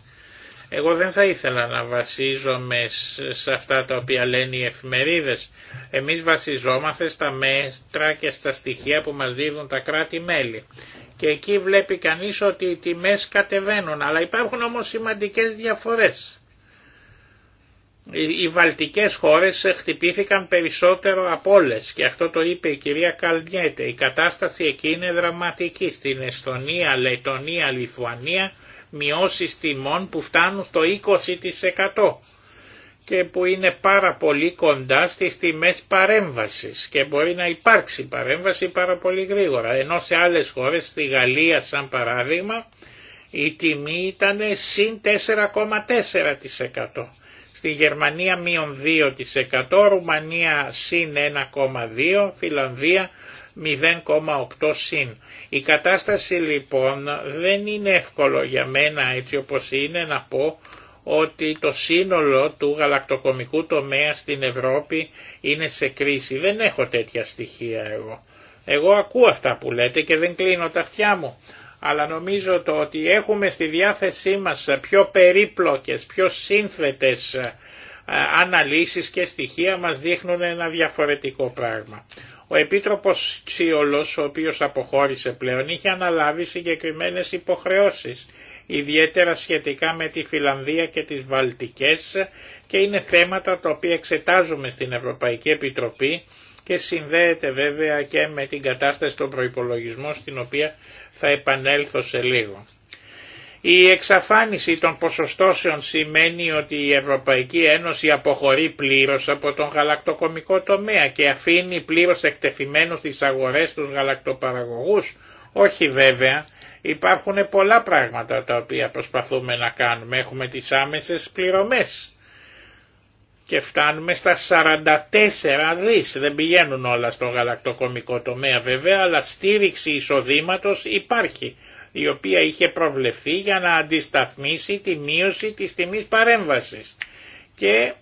Εγώ δεν θα ήθελα να βασίζομαι σε αυτά τα οποία λένε οι εφημερίδες. Εμείς βασιζόμαστε στα μέτρα και στα στοιχεία που μας δίδουν τα κράτη-μέλη. Και εκεί βλέπει κανείς ότι οι τιμές κατεβαίνουν, αλλά υπάρχουν όμως σημαντικές διαφορές οι βαλτικές χώρες χτυπήθηκαν περισσότερο από όλες και αυτό το είπε η κυρία Καλνιέτε. Η κατάσταση εκεί είναι δραματική. Στην Εστονία, Λετωνία, Λιθουανία μειώσεις τιμών που φτάνουν στο 20% και που είναι πάρα πολύ κοντά στις τιμές παρέμβασης και μπορεί να υπάρξει παρέμβαση πάρα πολύ γρήγορα. Ενώ σε άλλες χώρες, στη Γαλλία σαν παράδειγμα, η τιμή ήταν συν 4,4% στη Γερμανία μείον 2%, Ρουμανία συν 1,2%, Φιλανδία 0,8 συν. Η κατάσταση λοιπόν δεν είναι εύκολο για μένα έτσι όπως είναι να πω ότι το σύνολο του γαλακτοκομικού τομέα στην Ευρώπη είναι σε κρίση. Δεν έχω τέτοια στοιχεία εγώ. Εγώ ακούω αυτά που λέτε και δεν κλείνω τα αυτιά μου αλλά νομίζω το ότι έχουμε στη διάθεσή μας πιο περίπλοκες, πιο σύνθετες ε, αναλύσεις και στοιχεία μας δείχνουν ένα διαφορετικό πράγμα. Ο Επίτροπος Τσίολος, ο οποίος αποχώρησε πλέον, είχε αναλάβει συγκεκριμένες υποχρεώσεις, ιδιαίτερα σχετικά με τη Φιλανδία και τις Βαλτικές και είναι θέματα τα οποία εξετάζουμε στην Ευρωπαϊκή Επιτροπή και συνδέεται βέβαια και με την κατάσταση των προϋπολογισμών στην οποία θα επανέλθω σε λίγο. Η εξαφάνιση των ποσοστώσεων σημαίνει ότι η Ευρωπαϊκή Ένωση αποχωρεί πλήρως από τον γαλακτοκομικό τομέα και αφήνει πλήρως εκτεθειμένους τις αγορές τους γαλακτοπαραγωγούς. Όχι βέβαια, υπάρχουν πολλά πράγματα τα οποία προσπαθούμε να κάνουμε. Έχουμε τις άμεσες πληρωμές και φτάνουμε στα 44 δις. Δεν πηγαίνουν όλα στο γαλακτοκομικό τομέα βέβαια, αλλά στήριξη εισοδήματος υπάρχει, η οποία είχε προβλεφθεί για να αντισταθμίσει τη μείωση της τιμής παρέμβασης. Και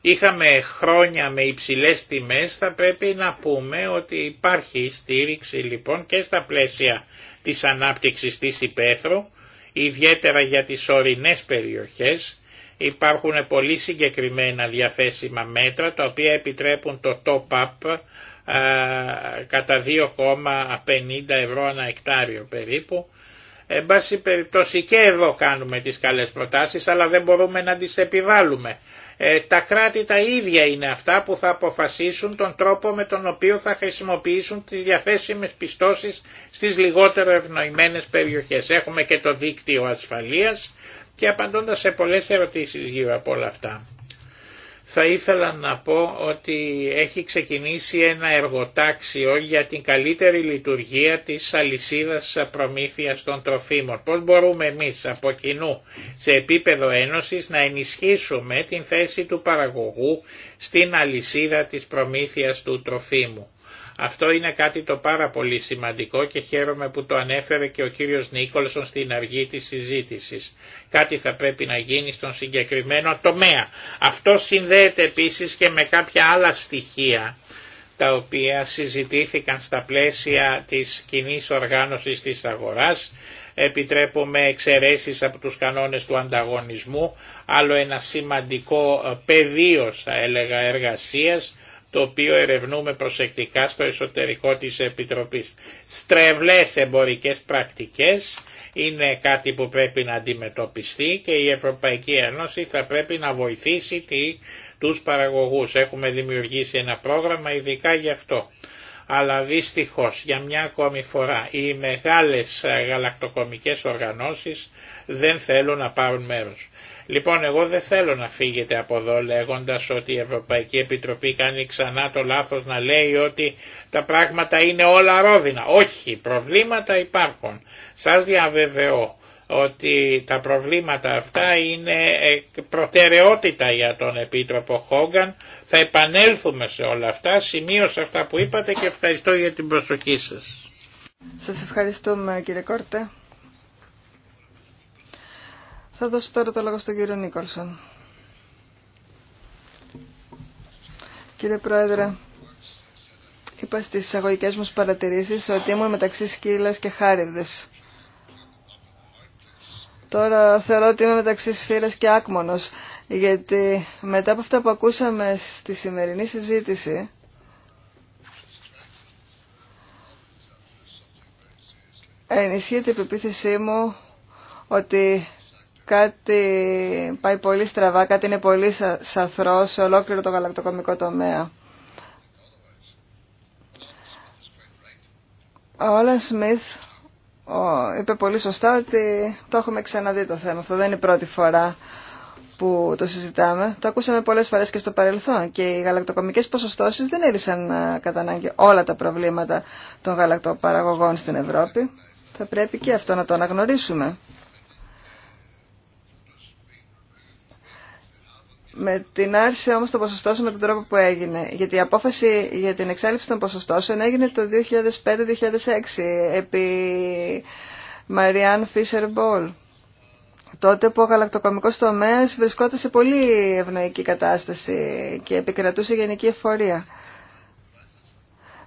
είχαμε χρόνια με υψηλές τιμές, θα πρέπει να πούμε ότι υπάρχει στήριξη λοιπόν και στα πλαίσια της ανάπτυξης της υπαίθρου, ιδιαίτερα για τις ορεινές περιοχές, Υπάρχουν πολύ συγκεκριμένα διαθέσιμα μέτρα τα οποία επιτρέπουν το top-up κατά 2,50 ευρώ ανά εκτάριο περίπου. Εν πάση περιπτώσει και εδώ κάνουμε τις καλές προτάσεις αλλά δεν μπορούμε να τις επιβάλλουμε. Ε, τα κράτη τα ίδια είναι αυτά που θα αποφασίσουν τον τρόπο με τον οποίο θα χρησιμοποιήσουν τις διαθέσιμες πιστώσεις στις λιγότερο ευνοημένες περιοχές. Έχουμε και το δίκτυο ασφαλείας και απαντώντας σε πολλές ερωτήσεις γύρω από όλα αυτά. Θα ήθελα να πω ότι έχει ξεκινήσει ένα εργοτάξιο για την καλύτερη λειτουργία της αλυσίδας προμήθειας των τροφίμων. Πώς μπορούμε εμείς από κοινού σε επίπεδο ένωσης να ενισχύσουμε την θέση του παραγωγού στην αλυσίδα της προμήθειας του τροφίμου. Αυτό είναι κάτι το πάρα πολύ σημαντικό και χαίρομαι που το ανέφερε και ο κύριος Νίκολσον στην αργή της συζήτησης. Κάτι θα πρέπει να γίνει στον συγκεκριμένο τομέα. Αυτό συνδέεται επίσης και με κάποια άλλα στοιχεία τα οποία συζητήθηκαν στα πλαίσια της κοινή οργάνωσης της αγοράς, επιτρέπουμε εξαιρέσεις από τους κανόνες του ανταγωνισμού, άλλο ένα σημαντικό πεδίο, θα έλεγα, εργασίας, το οποίο ερευνούμε προσεκτικά στο εσωτερικό της Επιτροπής. Στρεβλές εμπορικές πρακτικές είναι κάτι που πρέπει να αντιμετωπιστεί και η Ευρωπαϊκή Ένωση θα πρέπει να βοηθήσει τη, τους παραγωγούς. Έχουμε δημιουργήσει ένα πρόγραμμα ειδικά γι' αυτό. Αλλά δυστυχώς για μια ακόμη φορά οι μεγάλες γαλακτοκομικές οργανώσεις δεν θέλουν να πάρουν μέρος. Λοιπόν, εγώ δεν θέλω να φύγετε από εδώ λέγοντας ότι η Ευρωπαϊκή Επιτροπή κάνει ξανά το λάθος να λέει ότι τα πράγματα είναι όλα ρόδινα. Όχι, προβλήματα υπάρχουν. Σας διαβεβαιώ ότι τα προβλήματα αυτά είναι ε, προτεραιότητα για τον Επίτροπο Χόγκαν. Θα επανέλθουμε σε όλα αυτά. Σημείωσα αυτά που είπατε και ευχαριστώ για την προσοχή σας. Σας ευχαριστούμε κύριε Κόρτε. Θα δώσω τώρα το λόγο στον κύριο Νίκολσον. Κύριε Πρόεδρε, είπα στις εισαγωγικέ μου παρατηρήσεις ότι ήμουν μεταξύ σκύλας και χάριδες. Τώρα θεωρώ ότι είμαι μεταξύ σφύρας και άκμονος, γιατί μετά από αυτά που ακούσαμε στη σημερινή συζήτηση, ενισχύεται η πεποίθησή μου ότι κάτι πάει πολύ στραβά, κάτι είναι πολύ σαθρό σε ολόκληρο το γαλακτοκομικό τομέα. Ο Όλεν Σμιθ είπε πολύ σωστά ότι το έχουμε ξαναδεί το θέμα. Αυτό δεν είναι η πρώτη φορά που το συζητάμε. Το ακούσαμε πολλές φορές και στο παρελθόν και οι γαλακτοκομικές ποσοστώσεις δεν έλυσαν ε, κατά ανάγκη όλα τα προβλήματα των γαλακτοπαραγωγών στην Ευρώπη. Θα πρέπει και αυτό να το αναγνωρίσουμε. Με την άρση όμως των ποσοστώσεων με τον τρόπο που έγινε. Γιατί η απόφαση για την εξάλληψη των ποσοστώσεων έγινε το 2005-2006 επί Μαριάν Φίσερ Μπολ. Τότε που ο γαλακτοκομικός τομέας βρισκόταν σε πολύ ευνοϊκή κατάσταση και επικρατούσε γενική εφορία.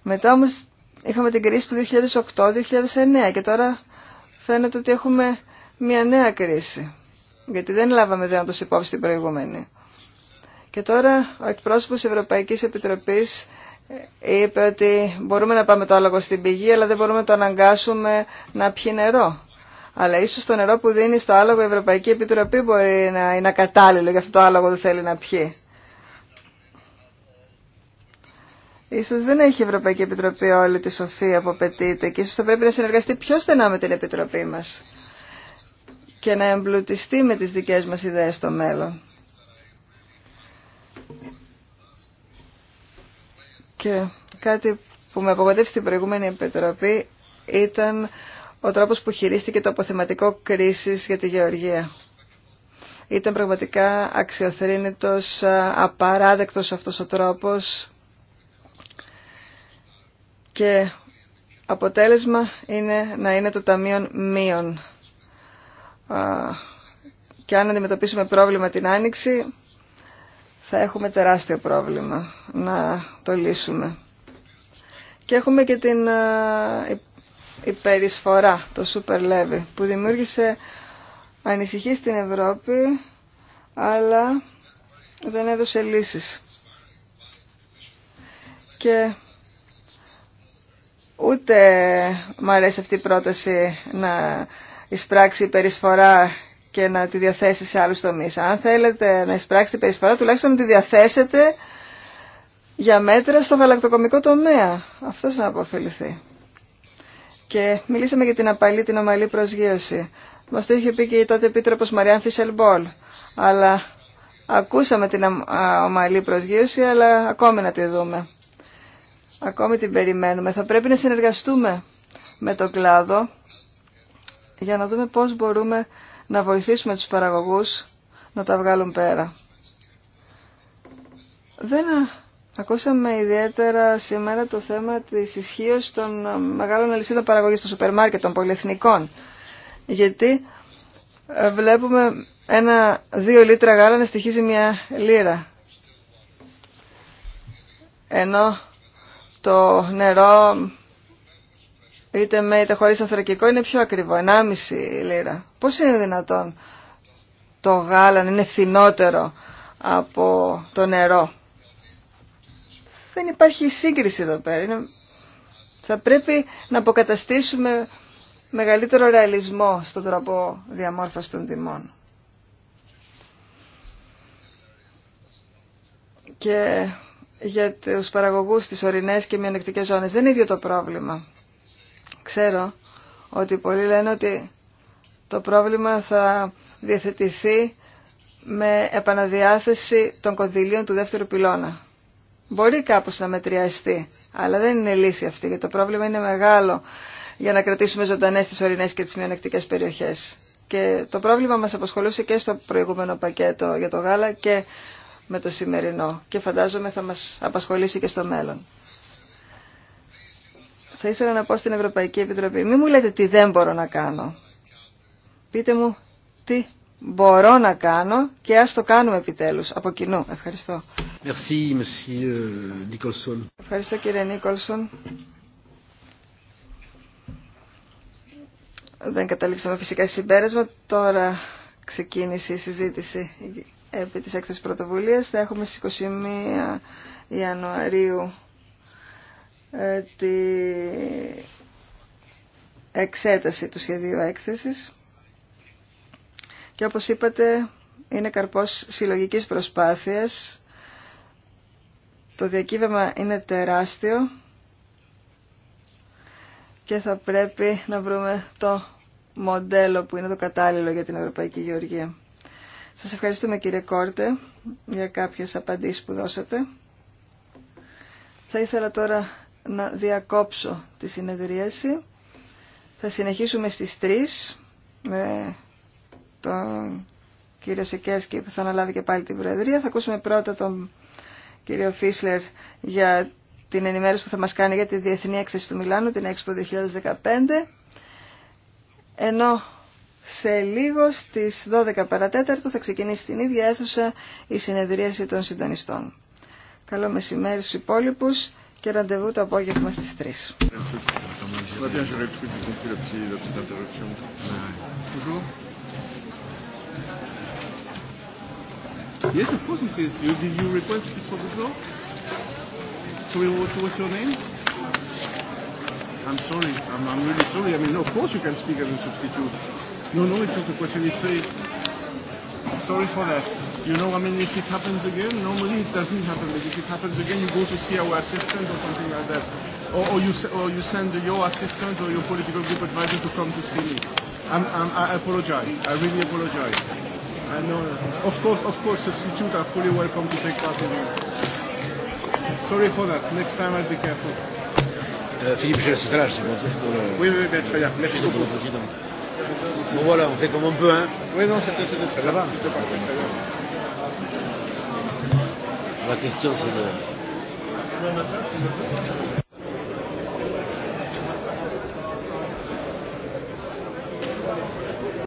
Μετά όμως είχαμε την κρίση του 2008-2009 και τώρα φαίνεται ότι έχουμε μια νέα κρίση. Γιατί δεν λάβαμε δέοντος υπόψη την προηγούμενη. Και τώρα ο εκπρόσωπος Ευρωπαϊκής Επιτροπής είπε ότι μπορούμε να πάμε το άλογο στην πηγή, αλλά δεν μπορούμε να το αναγκάσουμε να πιει νερό. Αλλά ίσως το νερό που δίνει στο άλογο η Ευρωπαϊκή Επιτροπή μπορεί να είναι ακατάλληλο, για αυτό το άλογο δεν θέλει να πιει. Ίσως δεν έχει η Ευρωπαϊκή Επιτροπή όλη τη σοφία που απαιτείται και ίσως θα πρέπει να συνεργαστεί πιο στενά με την Επιτροπή μας και να εμπλουτιστεί με τις δικές μας ιδέες στο μέλλον. Και κάτι που με απογοητεύσει την προηγούμενη επιτροπή ήταν ο τρόπος που χειρίστηκε το αποθεματικό κρίση για τη Γεωργία. Ήταν πραγματικά αξιοθρύνητος, απαράδεκτος αυτός ο τρόπος και αποτέλεσμα είναι να είναι το Ταμείο Μείων. Και αν αντιμετωπίσουμε πρόβλημα την Άνοιξη, θα έχουμε τεράστιο πρόβλημα να το λύσουμε. Και έχουμε και την ε, υπερισφορά, το super levy, που δημιούργησε ανησυχή στην Ευρώπη, αλλά δεν έδωσε λύσεις. Και ούτε μου αρέσει αυτή η πρόταση να εισπράξει υπερισφορά και να τη διαθέσει σε άλλους τομείς. Αν θέλετε να εισπράξετε περισφορά, τουλάχιστον να τη διαθέσετε για μέτρα στο γαλακτοκομικό τομέα. Αυτός να αποφεληθεί. Και μιλήσαμε για την απαλή, την ομαλή προσγείωση. Μας το είχε πει και η τότε επίτροπος Μαριάν Φισελμπόλ. Αλλά ακούσαμε την ομαλή προσγείωση, αλλά ακόμη να τη δούμε. Ακόμη την περιμένουμε. Θα πρέπει να συνεργαστούμε με τον κλάδο για να δούμε πώς μπορούμε να βοηθήσουμε τους παραγωγούς να τα βγάλουν πέρα. Δεν ακούσαμε ιδιαίτερα σήμερα το θέμα της ισχύω των ε, μεγάλων αλυσίδων παραγωγής των σούπερ μάρκετ, των πολυεθνικών. Γιατί ε, βλέπουμε ένα δύο λίτρα γάλα να στοιχίζει μια λίρα. Ενώ το νερό είτε με είτε χωρίς ανθρακικό είναι πιο ακριβό, 1,5 λίρα. Πώς είναι δυνατόν το γάλα να είναι φθηνότερο από το νερό. Δεν υπάρχει σύγκριση εδώ πέρα. Θα πρέπει να αποκαταστήσουμε μεγαλύτερο ρεαλισμό στον τρόπο διαμόρφωση των τιμών. Και για τους παραγωγούς στις ορεινές και μειονεκτικές ζώνες δεν είναι ίδιο το πρόβλημα. Ξέρω ότι πολλοί λένε ότι το πρόβλημα θα διαθετηθεί με επαναδιάθεση των κονδυλίων του δεύτερου πυλώνα. Μπορεί κάπως να μετριαστεί, αλλά δεν είναι λύση αυτή, γιατί το πρόβλημα είναι μεγάλο για να κρατήσουμε ζωντανές τις ορεινές και τις μειονεκτικές περιοχές. Και το πρόβλημα μας απασχολούσε και στο προηγούμενο πακέτο για το γάλα και με το σημερινό και φαντάζομαι θα μας απασχολήσει και στο μέλλον θα ήθελα να πω στην Ευρωπαϊκή Επιτροπή. Μην μου λέτε τι δεν μπορώ να κάνω. Πείτε μου τι μπορώ να κάνω και ας το κάνουμε επιτέλους από κοινού. Ευχαριστώ. Merci, Ευχαριστώ κύριε Νίκολσον. Δεν καταλήξαμε φυσικά συμπέρασμα. Τώρα ξεκίνησε η συζήτηση επί της έκθεσης πρωτοβουλίας. Θα έχουμε στις 21 Ιανουαρίου ε, τη εξέταση του σχεδίου έκθεσης και όπως είπατε είναι καρπός συλλογικής προσπάθειας. Το διακύβευμα είναι τεράστιο και θα πρέπει να βρούμε το μοντέλο που είναι το κατάλληλο για την Ευρωπαϊκή Γεωργία. Σας ευχαριστούμε κύριε Κόρτε για κάποιες απαντήσεις που δώσατε. Θα ήθελα τώρα να διακόψω τη συνεδρίαση. Θα συνεχίσουμε στις 3 με τον κύριο Σεκέσκη που θα αναλάβει και πάλι την Προεδρία. Θα ακούσουμε πρώτα τον κύριο Φίσλερ για την ενημέρωση που θα μας κάνει για τη Διεθνή Έκθεση του Μιλάνου, την Expo 2015. Ενώ σε λίγο στις 12 παρατέταρτο θα ξεκινήσει την ίδια αίθουσα η συνεδρίαση των συντονιστών. Καλό μεσημέρι στους υπόλοιπους και ραντεβού το απόγευμα στις 3. Yes, of course it is. You, did you request it for the floor? So what's, what's your name? I'm sorry. I'm, I'm really sorry. I mean, of course you can speak as a substitute. No, no, it's not a question. It's a... Sorry for that. You know, I mean, if it happens again, normally it doesn't happen. But if it happens again, you go to see our assistant or something like that. Or, or, you, or you send your assistant or your political group advisor to come to see me. I'm, I'm, I apologize. I really apologize. I know. Of course, of course, substitute are fully welcome to take part in it. Sorry for that. Next time I'll be careful. Philippe, je laisse là, je pour le... Oui, oui, bien, très bien. Merci beaucoup. Bon, voilà, on fait comme on peut, hein. Oui, non, c'était très bien. Ça va. La question c'est de...